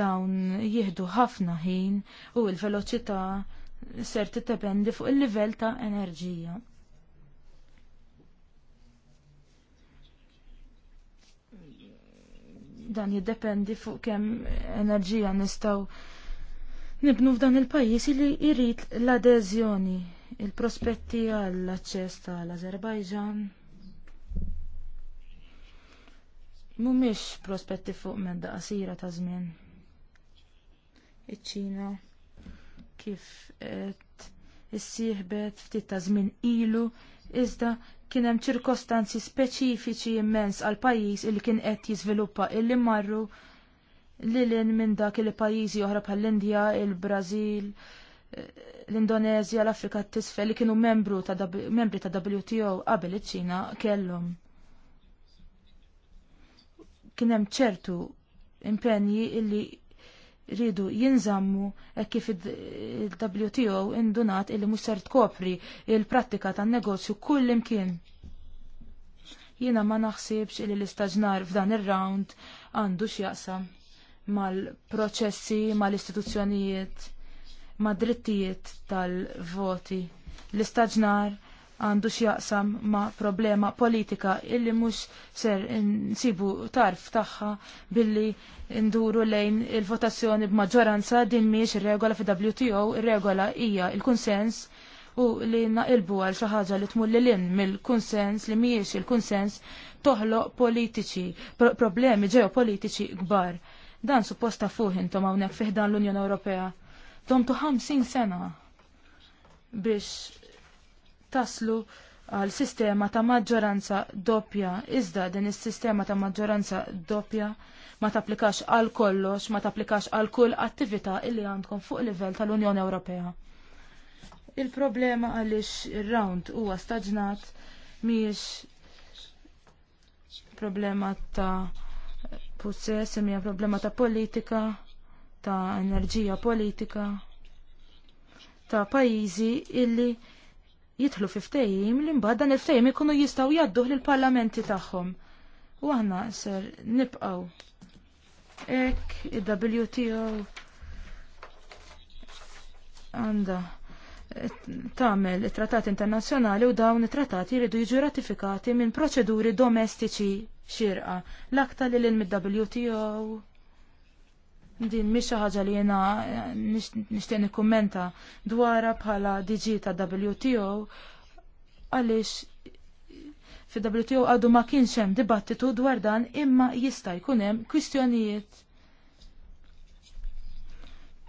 dawn jieħdu ħafna ħin u l-veloċità ser titependi fuq il-livell ta' enerġija. dan jiddependi fuq kemm enerġija nistgħu nibnu f'dan il-pajjiż li jrid l-adeżjoni, il-prospetti għall-aċċess tal-Azerbajġan. Mhumiex prospetti fuq medda qasira ta' żmien. Iċ-Ċina kif qed issieħbet ftit ta' żmien ilu iżda kien hemm ċirkostanzi speċifiċi immens għal pajjiż li kien qed jiżviluppa illi marru lilin minn dak il pajjiżi oħra bħall-Indja, il-Brażil, eh, l-Indonezja, l-Afrika t-tisfel li kienu membru ta' membri ta' WTO qabel iċ-Ċina kellhom. Kien hemm ċertu impenji illi rridu jinżammu hekk kif il-WTO indunat illi mhux ser tkopri il-prattika tan-negozju kull imkien. Jiena ma naħsibx illi l-istaġnar f'dan ir-round għandu x'jaqsam mal-proċessi, mal-istituzzjonijiet, mad drittijiet tal-voti. L-istaġnar għandu x'jaqsam ma' problema politika illi mhux ser nsibu tarf tagħha billi nduru lejn il-votazzjoni b'maġġoranza din miex ir-regola fi WTO, ir-regola hija il-kunsens u li naqilbu għal xi ħaġa li tmulli lin mill-kunsens li mhijiex il-kunsens toħloq politiċi, problemi ġeopolitiċi kbar. Dan supposta fuq intom hawnhekk fiħdan l-Unjoni Ewropea. Domtu 50 sena biex taslu għal sistema ta' maġġoranza doppja. Iżda din is-sistema ta' maġġoranza doppja ma tapplikax għal kollox, ma tapplikax għal kull attività illi għandkom fuq livell tal-Unjoni Ewropea. Il-problema għaliex ir-round huwa staġnat miex problema ta' possess, mija problema ta' politika, ta' enerġija politika, ta' pajjiżi illi jitħlu fi ftejim li mbagħad dan il-ftehim ikunu jistgħu jadduh lill parlamenti tagħhom. U aħna ser nibqgħu Ek, il-WTO għandha tagħmel it trattat internazzjonali u dawn it-trattati jridu jiġu ratifikati minn proċeduri domestiċi xirqa l-aktar li l-WTO Din mhix xi ħaġa li jiena eh, nixtieq nikkummenta dwarha bħala DG ta' WTO għaliex fi WTO għadu ma kienx hemm dibattitu dwar dan imma jista' jkun hemm kwistjonijiet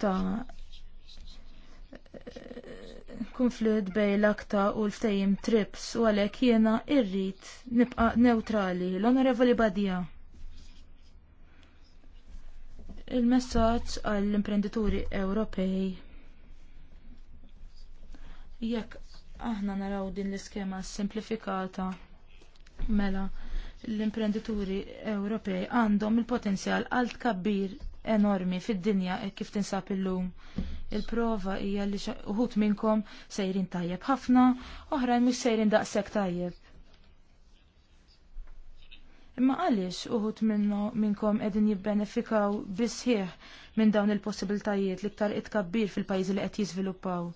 ta' konflitt bej l-akta u l-ftejim trips u għalhekk jiena irrid nibqa' neutrali l-Onorevoli Badija. Il-messaġġ għall-imprenditori Ewropej jekk aħna naraw din l-iskema simplifikata mela l-imprenditori Ewropej għandhom il-potenzjal għal tkabbir enormi fid-dinja e kif tinsab illum. Il-prova hija li uħut minnkom sejrin tajjeb ħafna, oħrajn mhux sejrin daqshekk tajjeb. Imma għaliex uħut minnkom edin jibbenefikaw bisħieħ minn dawn il-possibiltajiet liktar itkabbir fil-pajjiżi li qed jiżviluppaw.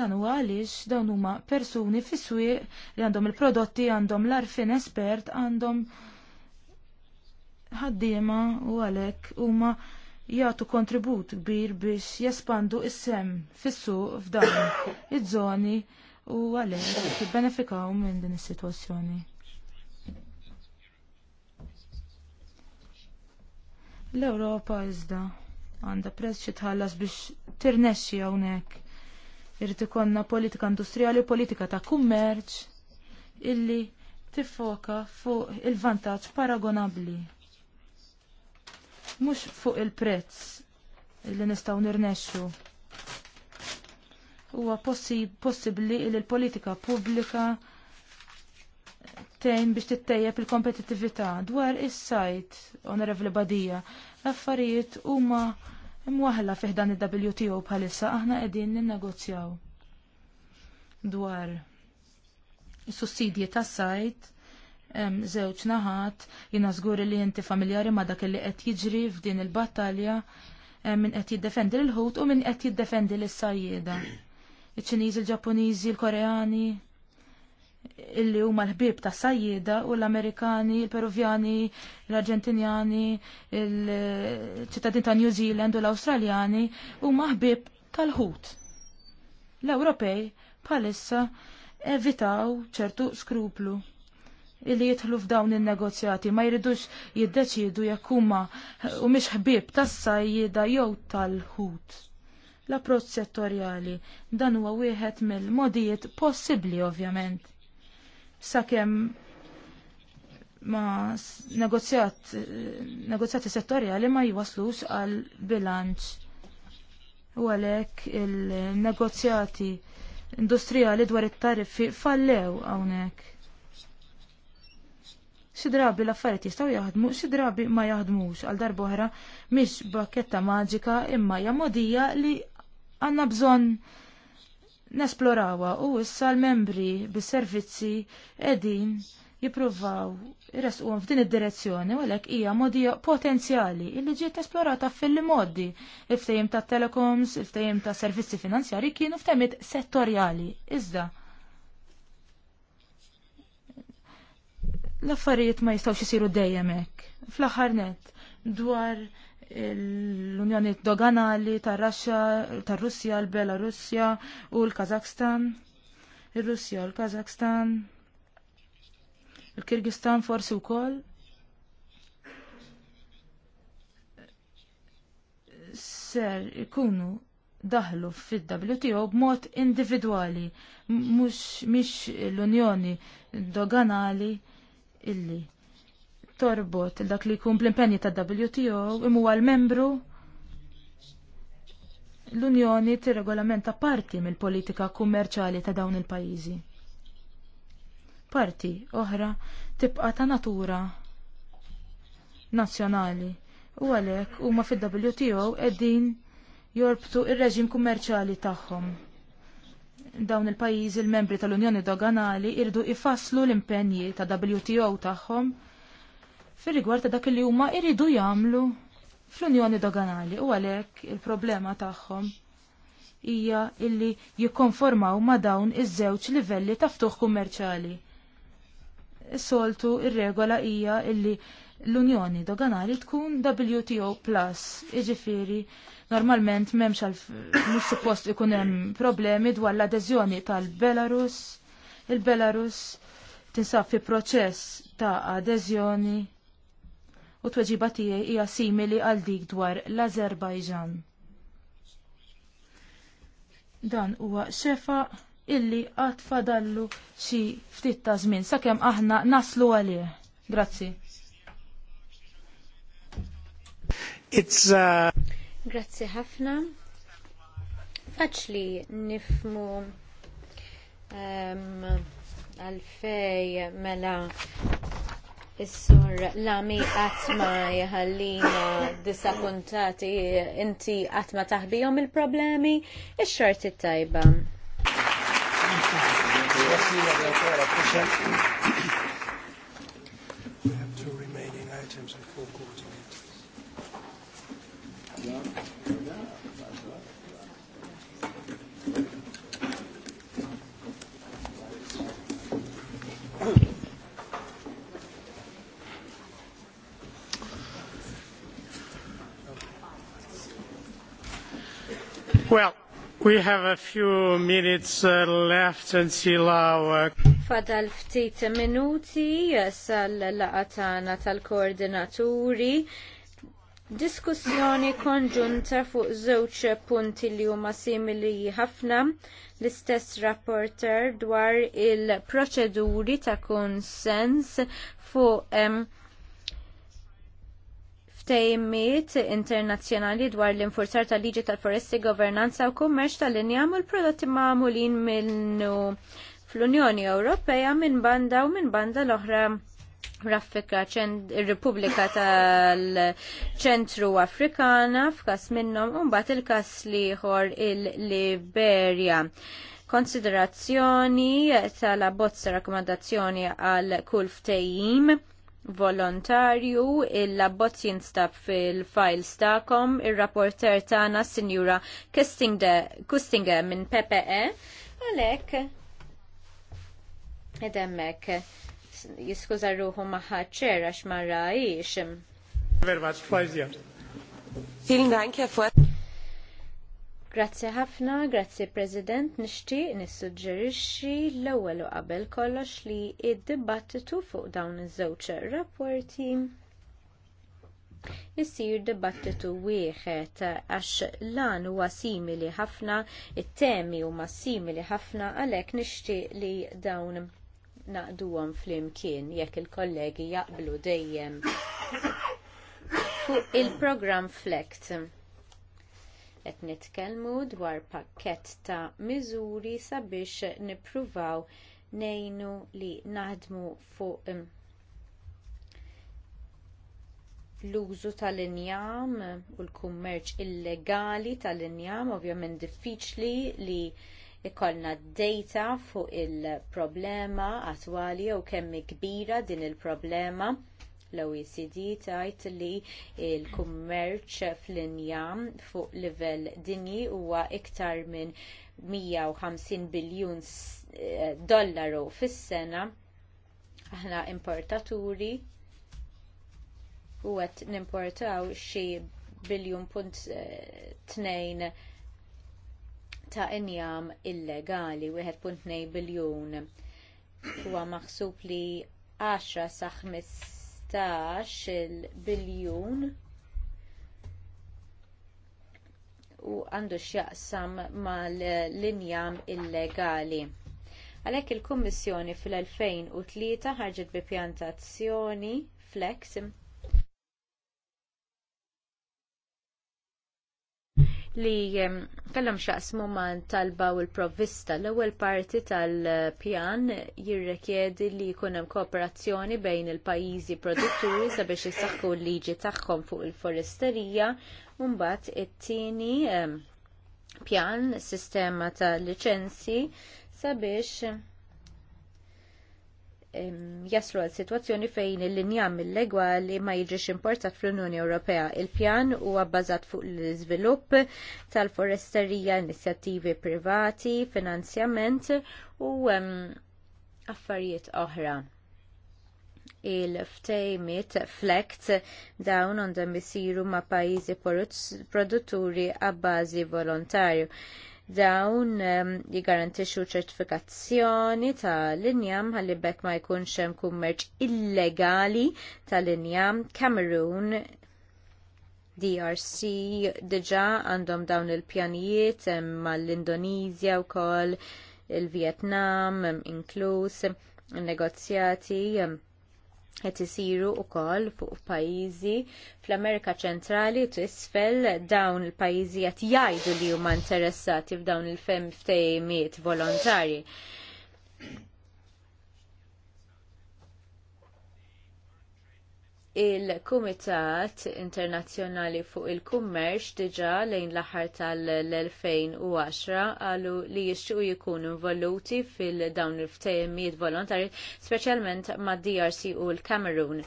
Dan huwa għaliex dawn huma persuni fis-swieq li għandhom il-prodotti, għandhom l-arfin espert, għandhom ħaddiema u għalhekk huma jagħtu kontribut kbir biex jespandu is-sem fis-suq f'dawn iż-żoni u għalhekk jibbenefikaw minn din is-sitwazzjoni. L-Ewropa iżda għandha prezz xi tħallas biex tirnexxi hawnhekk. Irid ikollna politika industrijali, politika ta' kummerċ illi tiffoka fuq il-vantaġġ paragonabbli. Mhux fuq il-prezz illi nistgħu nirnexxu huwa possibbli li l-politika pubblika tejn biex tittejjeb il-kompetittività dwar is-sajt, onorevli Badija, l-affarijiet huma imwaħla fih dan il-WTO bħalissa aħna qegħdin ninnegozjaw dwar is-sussidji tas-sajt żewġ naħat jiena żgur li inti familjari ma' dak li qed jiġri f'din il-battalja eh, min qed jiddefendi l-ħut u min qed jiddefendi l-sajjieda. Iċ-Ċiniżi, il-Ġappuniżi, il-Koreani, illi huma l-ħbib ta' sajjida u l-Amerikani, l-Peruvjani, l-Arġentinjani, l-ċittadin ta' New Zealand u l-Awstraljani huma ħbib tal-ħut. L-Ewropej bħalissa evitaw ċertu skruplu illi jidħlu f'dawn in-negozjati ma jridux jiddeċidu jekk huma u mhix ħbieb tas-sajjida jew tal-ħut. L-approċċ settorjali dan huwa wieħed mill-modijiet possibbli ovvjament sakemm ma negozjat negozjati settorjali ma jwaslux għal bilanċ u għalhekk il-negozjati industrijali dwar it-tariffi fallew hawnhekk. Xi drabi l-affarijiet jistgħu jaħdmu, xi drabi ma jaħdmux għal darb'oħra mhix bakketta maġika imma hija modija li għandna bżonn nesplorawa u issa l-membri bis-servizzi edin jipruvaw irresquhom f'din id-direzzjoni u għalhekk hija modija potenzjali illi ġiet esplorata fil-modi il-ftehim ta' telecoms, il-ftehim ta' servizzi finanzjari kienu f'temiet settorjali. Iżda l-affarijiet ma jistgħux isiru dejjem hekk. Fl-aħħar net dwar l-Unjoni Doganali tar-Russja, l-Belarusja u l-Kazakstan, il russja u l-Kazakstan, il-Kirgistan forsi wkoll. Ser ikunu daħlu fil-WTO b'mod individwali, mhux mhix l-Unjoni Doganali illi torbot il-dak li jkun bl-impenji ta' WTO imu għal-membru l-Unjoni tirregolamenta parti mill-politika kummerċali ta' dawn il-pajjiżi. Parti oħra tibqa ta' natura nazzjonali u għalhekk huma fil wto qegħdin jorbtu il reġim kummerċali tagħhom. Dawn il-pajjiżi l-membri tal-Unjoni Doganali irdu ifasslu l-impenji ta' WTO tagħhom fir rigward ta' dak li huma jridu jagħmlu fl-Unjoni Doganali u għalhekk il-problema tagħhom hija illi jikkonformaw ma' dawn iż-żewġ livelli ta' ftuħ kummerċjali. Is-soltu ir-regola hija illi l-Unjoni Doganali tkun WTO plus, iġifieri normalment memx għal mux suppost ikun hemm problemi dwar l-adeżjoni tal-Belarus. Il-Belarus tinsab fi proċess ta' adeżjoni u tweġiba tiegħi hija simili għal dik dwar l-Azerbajġan. Dan huwa xefa illi għad fadallu xi ftit ta' żmien sakemm aħna naslu għalih. Grazzi. It's uh... Grazzi ħafna. Faċli nifmu um, għalfej mela Is-sur Lami qatt ma jħallina disappuntati inti qatt ma taħbihom il-problemi ix-xorti tajba. We have a few minutes uh, left see our... Fadal ftit minuti sal-laqatana tal-koordinaturi. Diskussjoni konġunta fuq żewġ punti li huma simili ħafna l-istess rapporter dwar il-proċeduri ta' konsens fuq ftejmiet internazzjonali dwar l-infurzar tal-liġi tal-foresti governanza u kummerċ tal-injam u l-prodotti mamulin minnu fl-Unjoni Ewropea minn banda u minn banda l-oħra Rafika il-Repubblika tal-ċentru Afrikana, f'kas minnom, un-bat il-kas liħor il-Liberia konsiderazzjoni tal abbozza rakkomandazzjoni għal kull ftejjim volontarju, il-labbozz jinstab fil-files ta'kom, il-rapporter ta'na sinjura Kustinga minn PPE, għalek, edemmek, jiskuza ruħu maħħaċċer għax marra ix. Vielen Dank, Herr Grazzi ħafna, grazzi President, nixtieq nissuġġerixxi l-ewwel u qabel kollox li id-dibattitu fuq dawn iż-żewġ rapporti Issir dibattitu wieħed għax lan huwa simili ħafna, it-temi huma simili ħafna għalhekk nixtieq li dawn naqduhom flimkien jekk il-kollegi jaqblu dejjem [coughs] fuq il-programm Flect qed nitkellmu dwar pakkett ta' miżuri sabiex nippruvaw ngħinu li naħdmu fuq l-użu tal-injam u l-kummerċ illegali tal-injam ovvjament diffiċli li ikollna d-dejta fuq il-problema attwali jew kemm kbira din il-problema L-OECD tgħid li l-kummerċ fl injam fuq livell dinji huwa iktar minn 150 biljun eh, dollaru fis-sena. Aħna importaturi u għet nimportaw xi biljun punt eh, tnejn ta' injam illegali, 1.2 biljun. Huwa maħsub li 10 sa' il biljun u għandu x'jaqsam mal-linjam illegali. Għalhekk il-Kummissjoni fil-2003 ħarġet bi pjantazzjoni flex li kellhom xaqsmu man talba u l-provvista. L-ewwel parti tal-pjan jirrikjedi li jkun hemm kooperazzjoni bejn il-pajjiżi produtturi sabiex isaħħu l-liġi tagħhom fuq il-foresterija u mbagħad it-tieni pjan sistema ta' liċenzji sabiex jaslu għal situazzjoni fejn il-linjam illegali ma jiġix importat fl-Unjoni Ewropea. Il-pjan huwa bbażat fuq l-iżvilupp tal-foresterija, inizjattivi privati, finanzjament u affarijiet oħra il-ftejmit flekt dawn għandhom isiru ma' pajjiżi produtturi għabbażi volontarju. volontarju dawn jiggarantixxu ċertifikazzjoni ta' linjam ħalli bekk ma jkunx hemm kummerċ illegali ta' linjam Cameroon DRC diġà għandhom dawn il-pjanijiet mal-Indonizja wkoll il-Vietnam inkluż in-negozjati qed isiru wkoll fuq pajjiżi fl-Amerika ċentrali u t'isfel dawn il-pajjiżi qed jgħidu li huma interessati f'dawn il-fem volontarji. Il-Kumitat Internazzjonali fuq il-Kummerċ diġà lejn l-aħħar tal-2010 għalu li jixtiequ jkunu involuti fil-dawn il-ftehimiet volontarji, speċjalment mad DRC u l-Kamerun.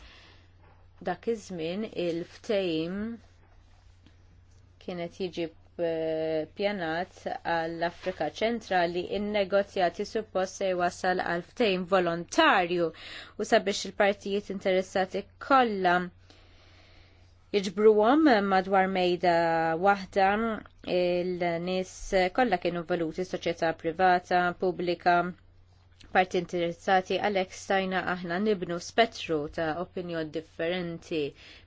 Dak iż-żmien il-ftehim kienet jiġi pjanat għall-Afrika ċentrali in-negozjati suppost se jwassal għal ftehim volontarju u sabiex il-partijiet interessati kollha jiġbruhom madwar mejda waħda il-nies kollha kienu valuti soċjetà privata, pubblika, parti interessati għalhekk stajna aħna nibnu spettru ta' opinjon differenti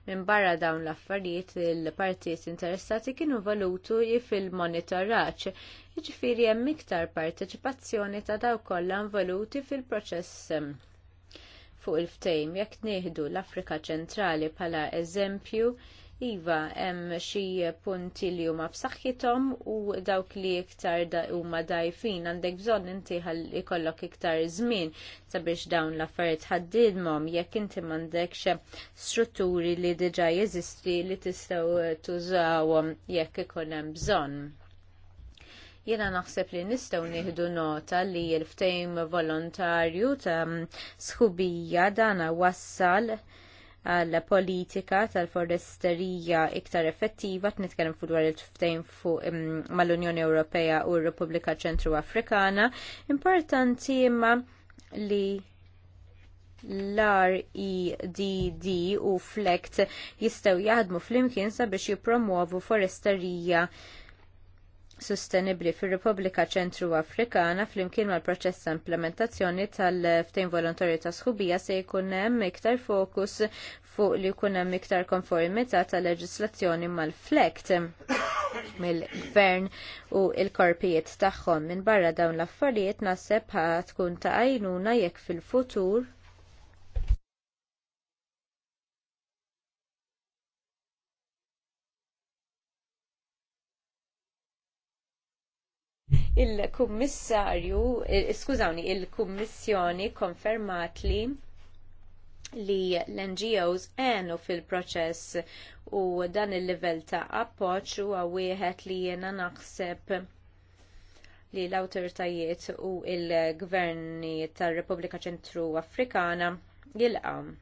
minn barra dawn l-affarijiet il-partijiet interessati kienu valutu fil-monitoraġġ. Jiġifieri hemm iktar parteċipazzjoni ta' dawk kollha valuti fil-proċess ehm, fuq il-ftejm jekk nieħdu l-Afrika ċentrali bħala eżempju Iva, hemm xi punti li huma b'saħħithom u dawk li iktar huma dajfin għandek bżonn inti ikollok iktar żmien sabiex dawn l-affarijiet ħaddidhom jekk inti m'għandekx strutturi li diġà jeżisti li tistgħu tużawhom jekk ikun hemm bżonn. Jiena naħseb li nistgħu nieħdu nota li l-ftejm volontarju ta' sħubija dana wassal għal politika tal-foresterija iktar effettiva t-nitkellem fuq dwar il tftejn fuq mm, mal-Unjoni Ewropea u r-Repubblika Ċentru Afrikana. Importanti imma li l-REDD u FLECT jistgħu jaħdmu flimkien sabiex jippromuovu foresterija Sostenibbli fir repubblika Ċentru Afrikana flimkien mal-proċess ta' implementazzjoni tal-ftejn Volontarju ta' sħubija se jkun hemm iktar fokus fuq li jkun hemm iktar konformità tal-leġislazzjoni mal-flekt [coughs] mill-gvern u l korpijiet tagħhom. Minbarra dawn l-affarijiet naħseb ħa tkun ta' għajnuna jekk fil-futur il-kummissarju, skużawni, il-kummissjoni konfermat li li l-NGOs għenu fil-proċess u dan il-level ta' appoċ u għawieħed li jena naħseb li l-autoritajiet u il-gverni tar repubblika Ċentru Afrikana jilqaw.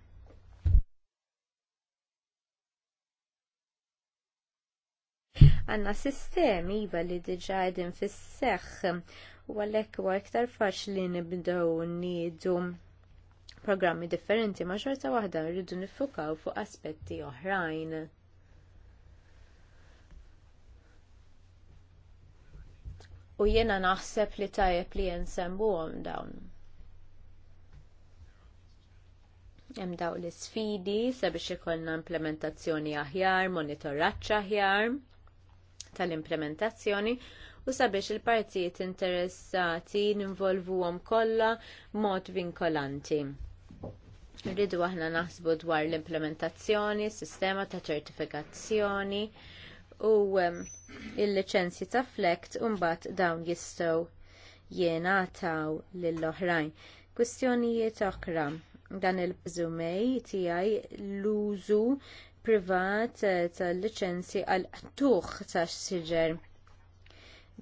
Għanna sistemi iva li diġa għedin fis-seħħ u għalhekk huwa iktar faċli nibdew niedu programmi differenti ma' xorta waħda rridu nifukaw fuq aspetti oħrajn. U jiena naħseb li tajjeb li jensembuhom dawn. hemm dawn l isfidi sabiex ikollna implementazzjoni aħjar, monitoraġġ aħjar tal-implementazzjoni u sabiex il-partijiet interessati ninvolvuhom kollha mod vinkolanti. Rridu aħna naħsbu dwar l-implementazzjoni, sistema ta' ċertifikazzjoni u ehm, il-licenzji ta' flekt umbat dawn jistgħu jingħataw lill-oħrajn. Kwistjonijiet oħra dan il-bżumej tiegħi l-użu privat eh, tal-liċenzji għal tuħ tax siġer.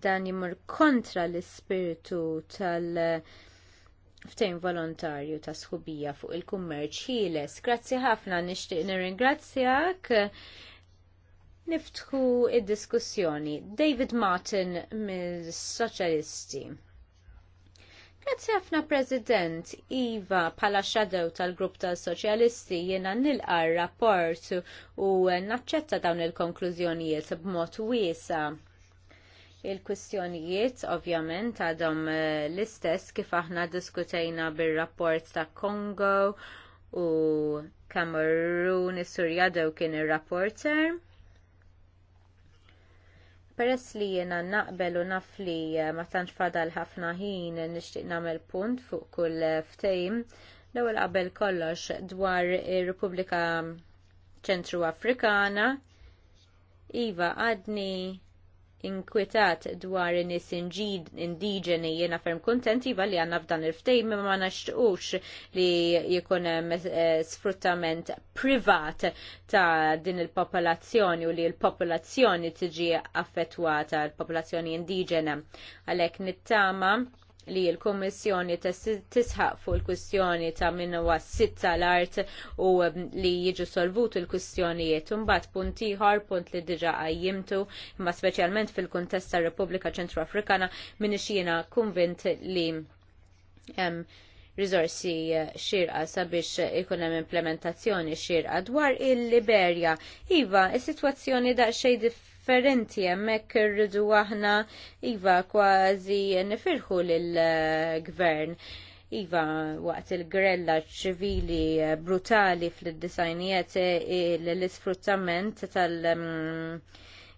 Dan jimur kontra l-ispiritu tal- ftejn volontarju ta' sħubija fuq il-kummerċ ħieles. Grazzi ħafna nixtieq nirringrazzjak. Niftħu id-diskussjoni. David Martin mill-Soċjalisti. Grazzi ħafna President Iva pala xadew tal-grupp tal-Soċjalisti jiena nilqa rapport u naċċetta dawn il-konklużjonijiet b'mod wiesa. Il-kwistjonijiet ovvjament għadhom eh, l-istess kif aħna diskutejna bir-rapport ta' Kongo u Kamerun is-Surjadew kien ir-rapporter. Peress li jiena naqbel u naf li eh, ma tantx fadal ħafna ħin nixtieq nagħmel punt fuq kull ftejm l-ewwel qabel kollox dwar ir-Repubblika Ċentru Afrikana. Iva, għadni inkwetat dwar in-nies indiġeni jiena ferm kuntenti iva, li għandna f'dan il-ftejm ma naxtiequx li jkun hemm eh, sfruttament privat ta' din il-popolazzjoni u li l-popolazzjoni tiġi affettwata l-popolazzjoni indiġena. Għalhekk nittama li l-Kommissjoni tisħaq fuq il-kwistjoni ta' minn huwa sitt tal-art u um, li jiġu solvutu l-kwistjonijiet. Imbagħad punt ieħor punt li diġà għajjimtu, imma speċjalment fil-kuntest tar-Repubblika Ċentru Afrikana minn jiena kunvint li hemm um, rizorsi eh, xirqa sabiex ikun hemm implementazzjoni xirqa dwar il-Liberja. Iva, is-sitwazzjoni xej differenti hemmhekk irridu aħna iva kważi nifirħu lill-gvern. Iva, waqt il-grella ċivili brutali fl-disajnijiet eh, l-isfruttament tal- mm,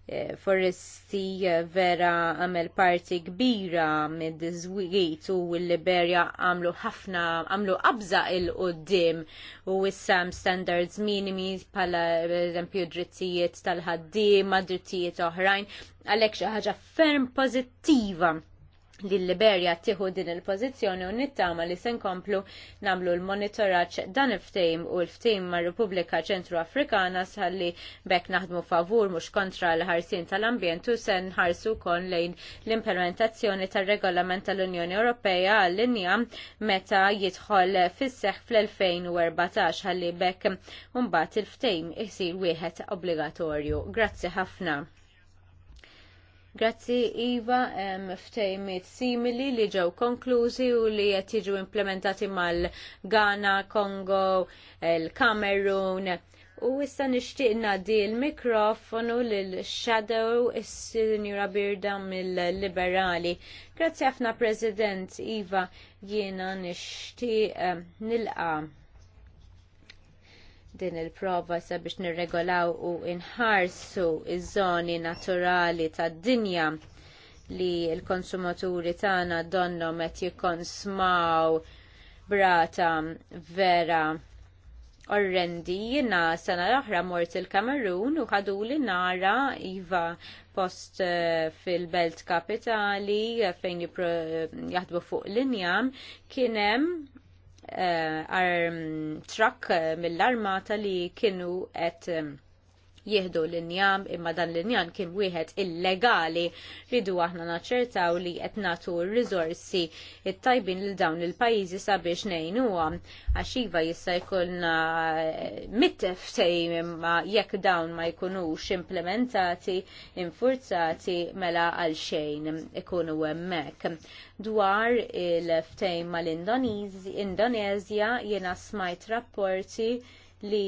Eh, foresti eh, vera għamel parti kbira mid żwiet u l-Liberja għamlu ħafna għamlu qabża il-qoddim u wissam standards minimi pala eżempju drittijiet tal-ħaddiema, drittijiet oħrajn għalhekk xi ħaġa ferm pożittiva li l-Liberja tieħu din il-pożizzjoni u nittama li se nkomplu nagħmlu l-monitoraġġ dan il-ftejm u l-ftejm mar Repubblika Ċentru Afrikana salli bekk naħdmu favur mhux kontra l-ħarsin tal-ambjent u se nħarsu wkoll lejn l-implementazzjoni tar-regolament tal-Unjoni Ewropea għall-linja meta jidħol fis-seħħ fl-2014 ħalli bekk mbagħad il-ftejm isir wieħed obbligatorju. Grazzi ħafna. Grazzi Iva ftejmiet simili li ġew konklużi u li qed jiġu implementati mal-Ghana, Kongo, il-Kamerun. U issa nixtieq ngħaddi l-mikrofonu lil Shadow is-Sinjura Birda mill-Liberali. Grazzi ħafna President Iva jiena nixtieq nilqa' din il-prova sabiex nirregolaw u inħarsu iż-żoni naturali tad-dinja li l-konsumaturi tagħna donnom qed jikkonsmaw brata vera orrendi jiena sena l-oħra mort il-Kamerun u ħaduli nara iva post eh, fil-Belt Kapitali eh, fejn eh, jaħdmu fuq linjam kien hemm uh, truck eh, mill-armata li kienu qed mm, jieħdu l-injam imma dan l-injam kien wieħed illegali ridu aħna naċċertaw li qed nagħtu r-riżorsi it-tajbin lil dawn il-pajjiżi sabiex ngħinuhom għax iva jista' jkollna eh, mittef imma jekk dawn ma jkunux implementati, infurzati mela għal xejn ikunu hemmhekk. Dwar il-ftejn mal-Indonezja jiena smajt rapporti li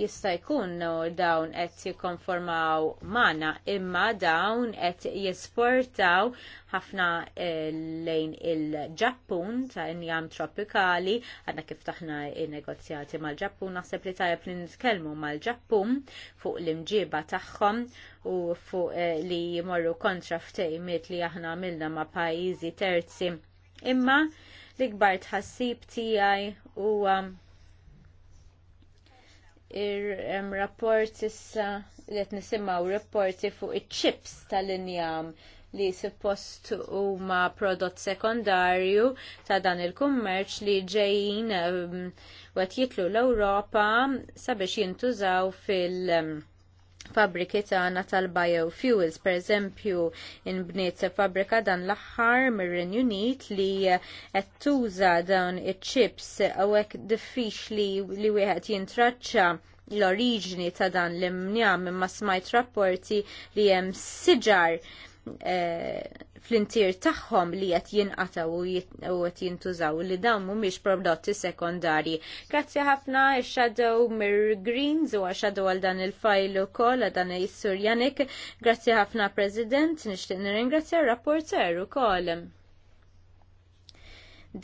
jista' jkun dawn qed jikkonformaw mana, imma dawn qed jisportaw ħafna eh, lejn il-Ġappun ta' injam tropikali, għadna kif taħna negozjati mal-Ġappun, naħseb li tajab li nitkellmu mal-Ġappun fuq l-imġiba tagħhom u fuq eh, li jmorru kontra ftejmiet li aħna għamilna ma' pajjiżi terzi. Imma l-ikbar tħassib tiegħi huwa um, ir rapport issa qed nisimgħu rapporti fuq iċ-chips tal-injam li suppost huma prodott sekondarju ta' dan il-kummerċ li ġejjin um, jitlu l-Ewropa sabiex jintużaw fil- um, fabbriki tagħna tal-biofuels, pereżempju inbniet fabbrika dan l-aħħar mir-Renju Unit li qed tuża dawn iċ-chips hekk diffiċli li wieħed jintraċċa l-oriġini ta' dan l-imnjam imma smajt rapporti li hemm siġar Eh, fl-intir tagħhom li qed jinqataw u qed jintużaw li dawn mhumiex prodotti sekondarji. Grazzi ħafna il shadow mir Greens u shadow għal dan il-fajl ukoll għal dan il sur Janik. Grazzi ħafna President, nixtieq nirringrazzja r-rapporter ukoll.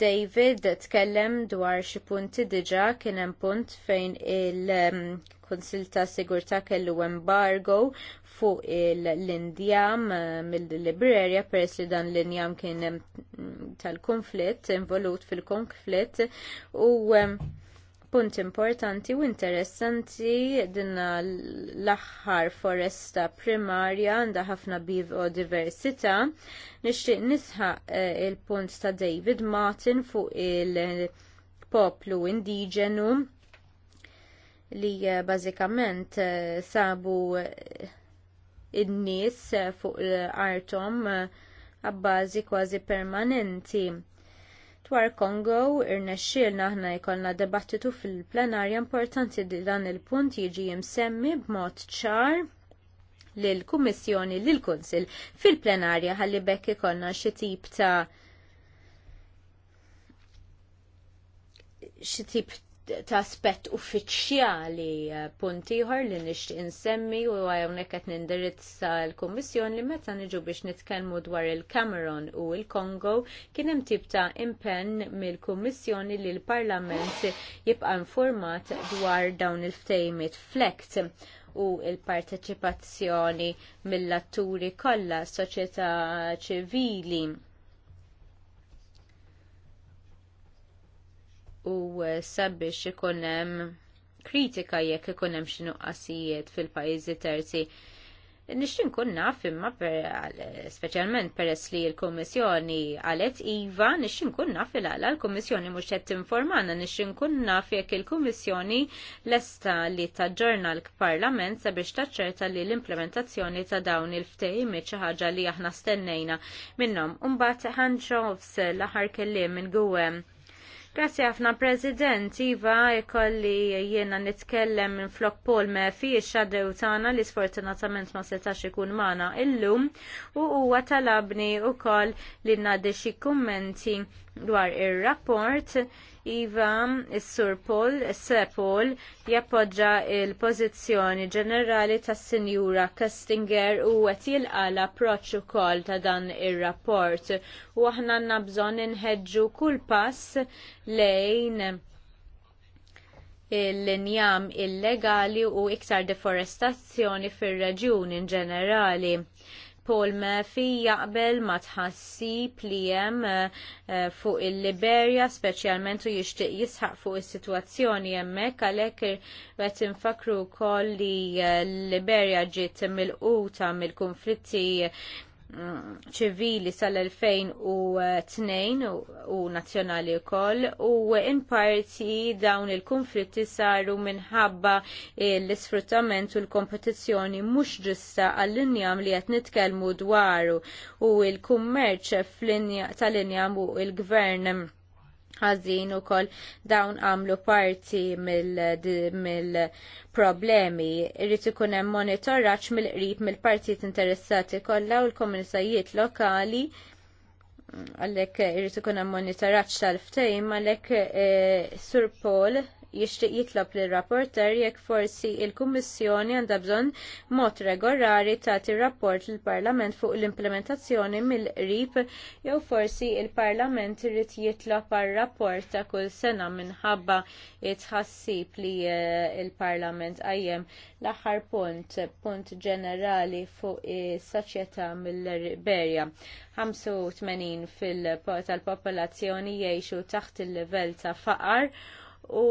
David tkellem dwar xi punti diġà kien hemm punt fejn il- il-Kunsil ta' Sigurta' kellu embargo fuq l-indjam eh, mill-Liberia peress li dan l-indjam kien mm, tal-konflitt, involut fil-konflitt u eh, punt importanti u interessanti dinna l-aħħar foresta primarja għandha ħafna biodiversità. Nixtieq nisħaq eh, il-punt ta' David Martin fuq il- poplu indiġenu li eh, bażikament eh, sabu eh, in-nies fuq artom għabbażi kważi permanenti. Dwar Kongo, irnexxielna aħna jkollna debattitu fil-plenarja importanti li dan il-punt jiġi msemmi b'mod ċar lill kummissjoni lill kunsill fil-plenarja ħalli bekk ikollna xi tip ta' xi tip ta' aspet uffiċjali eh, puntiħor li nixtieq insemmi u hawnhekk qed nindirizza l-Kummissjoni li meta niġu biex nitkellmu dwar il-Cameron u l-Kongo kien hemm tip ta' impenn mill-Kummissjoni li l-Parlament jibqa' informat dwar dawn il ftejmit flekt u l-parteċipazzjoni mill-atturi kollha soċjetà ċivili u eh, sabiex ikun hemm kritika jekk ikun hemm xi nuqqasijiet fil-pajjiżi terzi. Nixtin inkun naf imma speċjalment peress li l-Kummissjoni qalet iva, nixtin nkun naf il għala l-Kummissjoni mhux qed tinformana, nixtin nkun naf jekk il-Kummissjoni lesta li taġġorna l-Parlament sabiex taċċerta li l-implementazzjoni ta' dawn il-ftehimiet xi ħaġa li aħna stennejna minnhom. Imbagħad ħanġovs l-aħħar kelliem minn Gwem Grazie ħafna President, Iva, ikolli jiena nitkellem minn flok Paul Murphy, il-xadew tana li sfortunatament ma setax ikun mana illum u huwa talabni u koll li nadi xi kummenti dwar ir rapport Iva, is-Sur Paul, Sepol, jappoġġa il-pożizzjoni ġenerali tas sinjura Kastinger u qed jilqa l-approċċ ukoll ta' dan ir-rapport u aħna għandna bżonn inħeġġu kull pass lejn il-linjam illegali u iktar deforestazzjoni fir-reġjun in ġenerali. Paul Murphy jaqbel ma tħassib li hemm eh, eh, fuq il-Liberja speċjalment u jixtieq jisħaq fuq is-sitwazzjoni hemmhekk għalhekk għet infakru wkoll li eh, l-Liberja ġiet mil quta mill-konflitti ċivili sal-2002 u nazzjonali wkoll u in parti dawn il-konflitti saru minħabba l-isfruttament u l-kompetizzjoni mhux ġusta għall-injam li qed nitkellmu dwaru u l-kummerċ tal-injam u l-gvern ħażin ukoll dawn għamlu parti mill-problemi. Mil ikun hemm monitoraġġ mill-qrib mill-partijiet interessati kollha u l-komunitajiet lokali għalhekk irrid ikun hemm monitoraġġ tal-ftehim għalhekk e, Sur Paul jixtieq jitlob lir rapporter jekk forsi l kummissjoni għandha bżonn mod regolari tagħti rapport lill parlament fuq l-implementazzjoni mill-qrib jew forsi l parlament irid jitlob ar rapport ta' kull sena minħabba tħassib li eh, l parlament qajjem l-aħħar punt, punt ġenerali fuq is-soċjetà mill-Berja. 85 fil-popolazzjoni jgħixu taħt il-livell ta' faqar u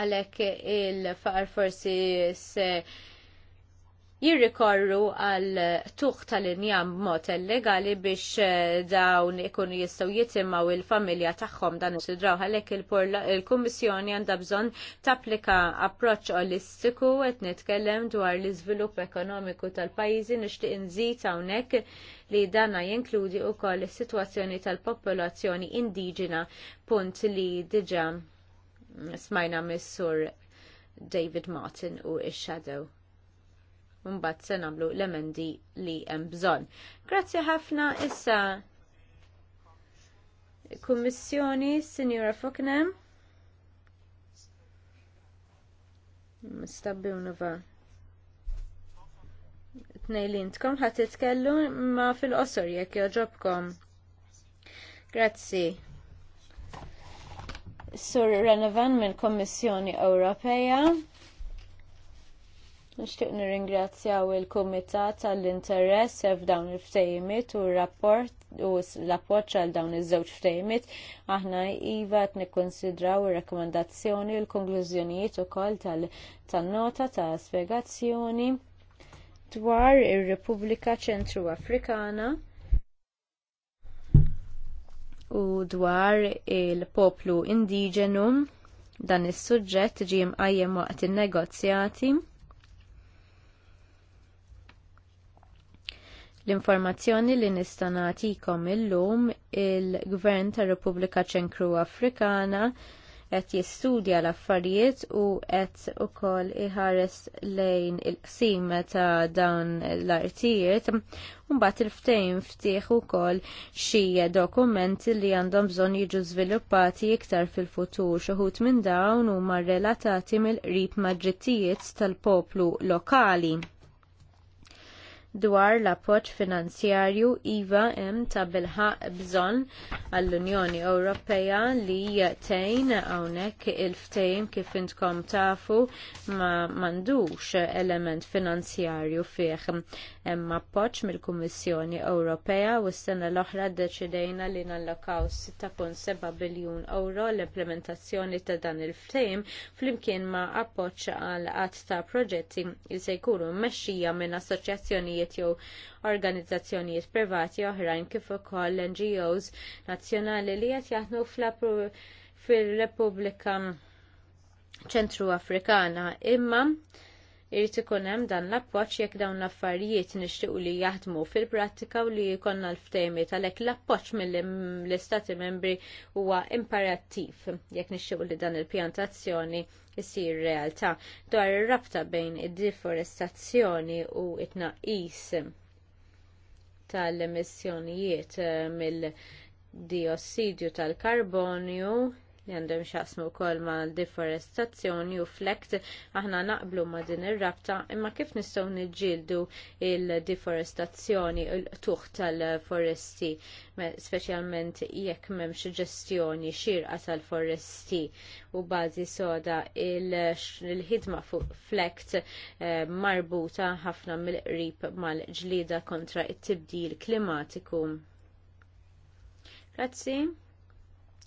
għalek il-faqar forsi se jirrikorru għal tuħ tal-injam mod illegali biex eh, dawn ikunu jistgħu jitimaw il-familja tagħhom dan usidraw għalhekk il-Kummissjoni għandha bżonn tapplika approċċ olistiku qed nitkellem dwar l-iżvilupp ekonomiku tal-pajjiżi nixtieq inżid hawnhekk li danna jinkludi wkoll is-sitwazzjoni tal-popolazzjoni Indiġina punt li diġà smajna mis-sur David Martin u ix-Shadow mbagħad se nagħmlu l-emendi li hemm bżonn. Grazzi ħafna issa Kummissjoni Sinjura Foknem. Mistabbi unuva. Tnejlintkom ħat titkellu ma fil-qosor jekk joġobkom. Grazzi. Sur Renovan mill-Kommissjoni Ewropea. Nixtieq nirringrazzjaw il-Kumitat għall-interess f'dawn il ftejmit u rapport u l-appoġġ għal dawn iż-żewġ ftejmit. aħna iva qed nikkonsidraw ir-rakkomandazzjoni u l-konklużjonijiet ukoll tan-nota ta' spjegazzjoni dwar ir-Repubblika Ċentru Afrikana u dwar il-poplu indiġenu dan is-suġġett ġie mqajjem waqt in-negozjati. L-informazzjoni li nista' nagħtikom illum il-Gvern tar-Repubblika Ċentru Afrikana qed jistudja l-affarijiet u qed ukoll iħares lejn il qsima ta' dawn l-artijiet mbagħad il-ftehim ftieħ ukoll xi dokumenti li għandhom bżonn jiġu żviluppati iktar fil-futur xi minn dawn huma relatati mill-qrib ma' drittijiet tal-poplu lokali dwar l-appoġġ finanzjarju iva hemm ta' bilħaq bżonn għall-Unjoni Ewropea li tgħin hawnhekk il-ftehim kif intkom tafu ma m'għandux element finanzjarju fih. Hemm appoġġ mill-Kummissjoni Ewropea u s-sena l-oħra ddeċidejna li nallokaw 6.7 biljun euro l-implementazzjoni ta' dan il-ftehim flimkien ma' appoġġ għal qatt ta' proġetti li se jkunu mmexxija minn assoċjazzjonijiet partijiet jew organizzazzjonijiet privati oħrajn kif ukoll NGOs nazzjonali li qed jaħdmu fil-Repubblika Ċentru Afrikana. Imma irrid ikun hemm dan l-appoġġ jekk dawn l-affarijiet nixtiequ li jaħdmu fil-prattika u li jkollna l-ftehmiet għalhekk l-appoġġ mill-istati membri huwa imperattiv jekk nixtiequ li dan il-pjantazzjoni isir realtà dwar ir-rabta bejn id-deforestazzjoni u t tnaqqis tal-emissjonijiet mill-diossidju tal-karbonju li xasmu kol wkoll ma' deforestazzjoni u flekt aħna naqblu ma' din ir-rabta imma kif nistgħu niġġieldu il-deforestazzjoni il tuħ tal-foresti speċjalment jekk m'hemmx ġestjoni xirqa tal-foresti u bażi soda il-ħidma fuq flekt eh, marbuta ħafna mill-qrib mal-ġlieda kontra t tibdil klimatiku. Grazzi.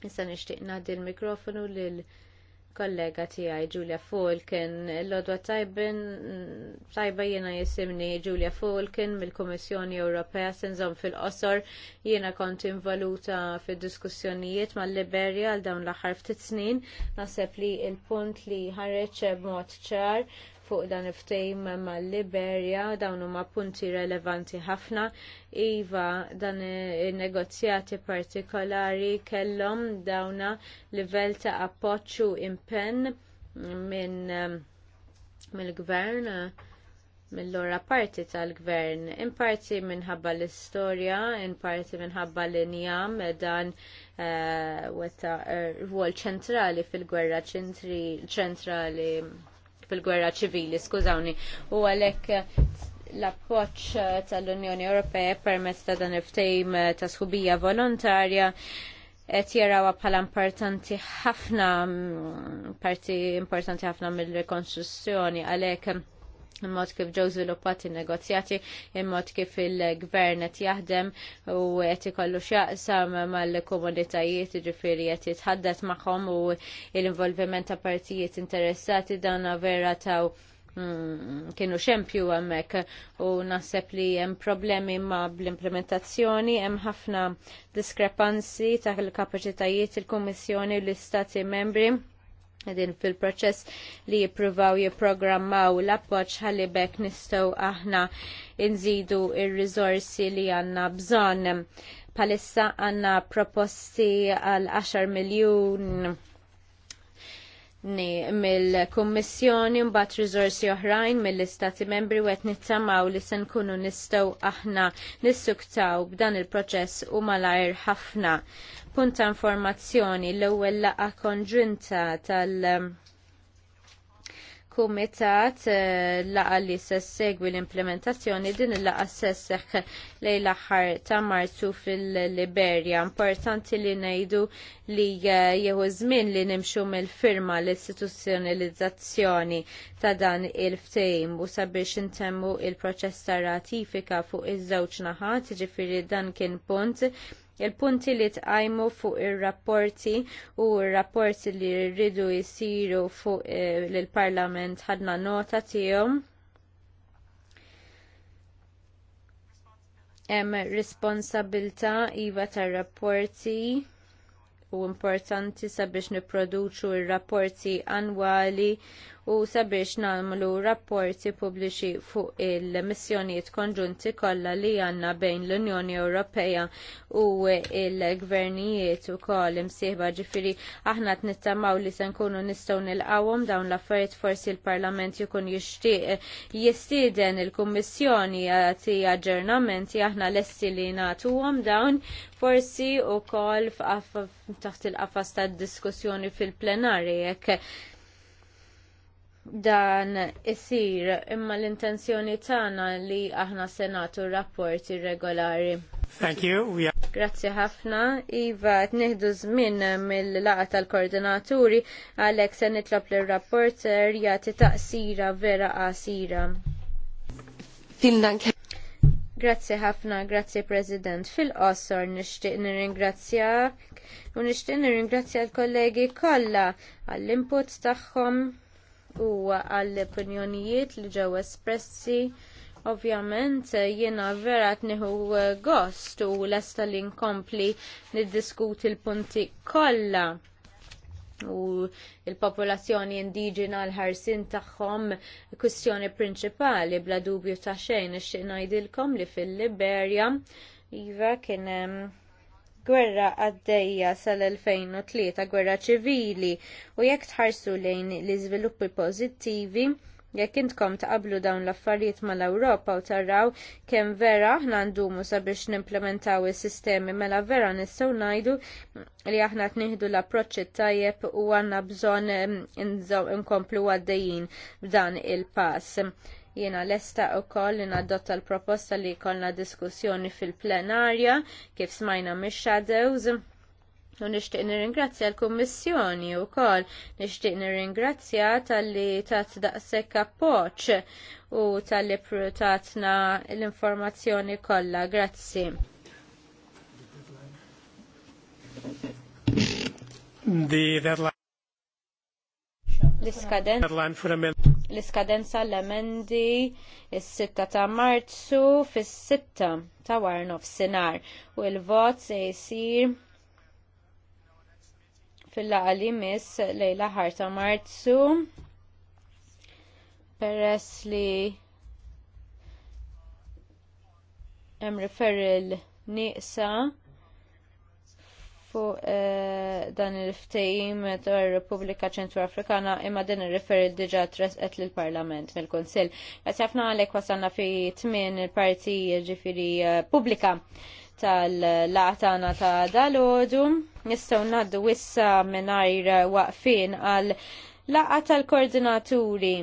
Issa nixtieq naħdi l-mikrofonu lil kollega tiegħi Julia Fulkin. L-odwa tajben tajba jiena jisimni Julia Fulkin mill-Kummissjoni Ewropea senżom fil-qosor jiena kont involuta fid-diskussjonijiet mal-Liberja għal dawn l-aħħar ftit snin. Naħseb li l punt li ħareġ b'mod ċar fuq dan il-ftejm mal-Liberja, dawn huma punti relevanti ħafna. Iva, dan il-negozjati partikolari kellhom dawna livell ta' appoċċu impenn minn um, mill-gvern mill-lora parti tal-gvern, in parti minħabba l istorja in parti minħabba l-injam, dan uh, wetta er, rwol ċentrali fil-gwerra ċentrali fil gwerra ċivili, skużawni, u għalhekk eh, l-appoċ eh, tal-Unjoni Ewropea permezz ta' dan il-ftejm eh, ta' sħubija volontarja qed jaraw bħala importanti ħafna mm, parti importanti ħafna mill-rekonstruzzjoni għalhekk il-mod kif ġew żviluppati negozjati, il-mod kif il-gvern qed jaħdem u qed ikollu x'jaqsam mal-komunitajiet ġifieri qed jitħaddat magħhom u l-involviment ta' partijiet interessati dan vera taw mm, kienu xempju għamek u naħseb li hemm problemi ma bl-implementazzjoni, hemm ħafna diskrepanzi ta' l-kapacitajiet il-Kummissjoni u l-Istati membri Għedin fil-proċess li jipruvaw jiprogrammaw l-appoċ ħalli bekk nistow aħna inżidu il-rizorsi li għanna bżon. Palissa għanna proposti għal 10 miljon Ni mill-Kummissjoni mbagħad riżorsi oħrajn mill-Istati Membri u nittamaw li se nkunu nistgħu aħna nissuktaw b'dan il-proċess u malajr ħafna. Punta informazzjoni l-ewwel laqgħa konġunta tal- kumitat eh, laqa li se segwi l-implementazzjoni din il-laqa sseħħ lej l aħħar ta' marzu fil-Liberia. Importanti li ngħidu li eh, jew żmien li nimxu mill-firma l-istituzzjonalizzazzjoni ta' dan il-ftejm u sabiex intemmu il-proċess ta' ratifika fuq iż-żewġ naħat, ġifiri dan kien punt Il-punti li tqajmu fuq ir-rapporti u r-rapporti li rridu jisiru fuq eh, l-Parlament ħadna nota tiegħu. Hemm responsabilta iva tar-rapporti u importanti sabiex nipproduċu r rapporti annwali u sabiex nagħmlu rapporti pubbliċi fuq il-missjonijiet konġunti kollha li għandna bejn l-Unjoni Ewropea u l gvernijiet ukoll imsieħba ġifieri aħna qed nittamaw li se nkunu nistgħu nilqawhom dawn l-affarijiet forsi l-Parlament jkun jixtieq jistieden il-Kummissjoni jagħti aġġornamenti aħna lesti li nagħtuhom dawn forsi wkoll taħt il-qafas tad diskussjoni fil-plenari jekk dan isir imma l-intenzjoni tagħna li aħna senatu rapport irregolari. Thank you. We are... Grazzi ħafna. Iva, tnieħdu żmien mill-laqa tal-koordinaturi għalhekk se nitlob lir-rapporter jagħti taqsira vera qasira. Grazzi ħafna, grazzi President. Fil-qosor nixtieq nirringrazzjak u nixtieq nirringrazzja l-kollegi kollha għall-input tagħhom u għall opinjonijiet li ġew espressi. Ovvjament jiena vera tniħu uh, gost u lesta li nkompli niddiskuti l-punti kollha u l popolazzjoni indiġena l-ħarsin tagħhom kwistjoni prinċipali bla dubju ta' xejn ix-xi ngħidilkom li fil-Liberja iva kien hemm gwerra għaddejja sal-2003 gwerra ċivili u jekk tħarsu lejn l-iżviluppi pożittivi jekk intkom taqablu dawn l-affarijiet mal-Ewropa u taraw kemm vera aħna ndumu sabiex nimplementaw is-sistemi mela vera nistgħu ngħidu li aħna tnieħdu l-approċċ tajjeb u għandna bżonn nkomplu għaddejjin b'dan il-pass Jiena lesta wkoll li nadotta l-proposta li jkollna diskussjoni fil-plenarja kif smajna mix-shadows. U nixtieq nirringrazzja l-Kummissjoni wkoll, nixtieq nirringrazzja talli tat daqshekk appoġġ u talli prutatna l-informazzjoni kollha. Grazzi. The deadline l-iskadenza l-emendi is-6 ta' Marzu fis-6 ta' war nofsinhar u l-vot se jsir fil laqgħa li miss lejla ħar ta' Marzu peress li hemm referil nieqsa Fu eh, dan il-ftejim tar Repubblika Ċentru Afrikana imma din il-referi diġà tresqet lill parlament mill-Kunsill. Qed ħafna għalhekk wasanna fi tmien il-parti ġifieri eh, pubblika tal-laqtana ta' dalodu. Nistgħu ngħaddu wissa mingħajr waqfien għal laqgħa tal-koordinaturi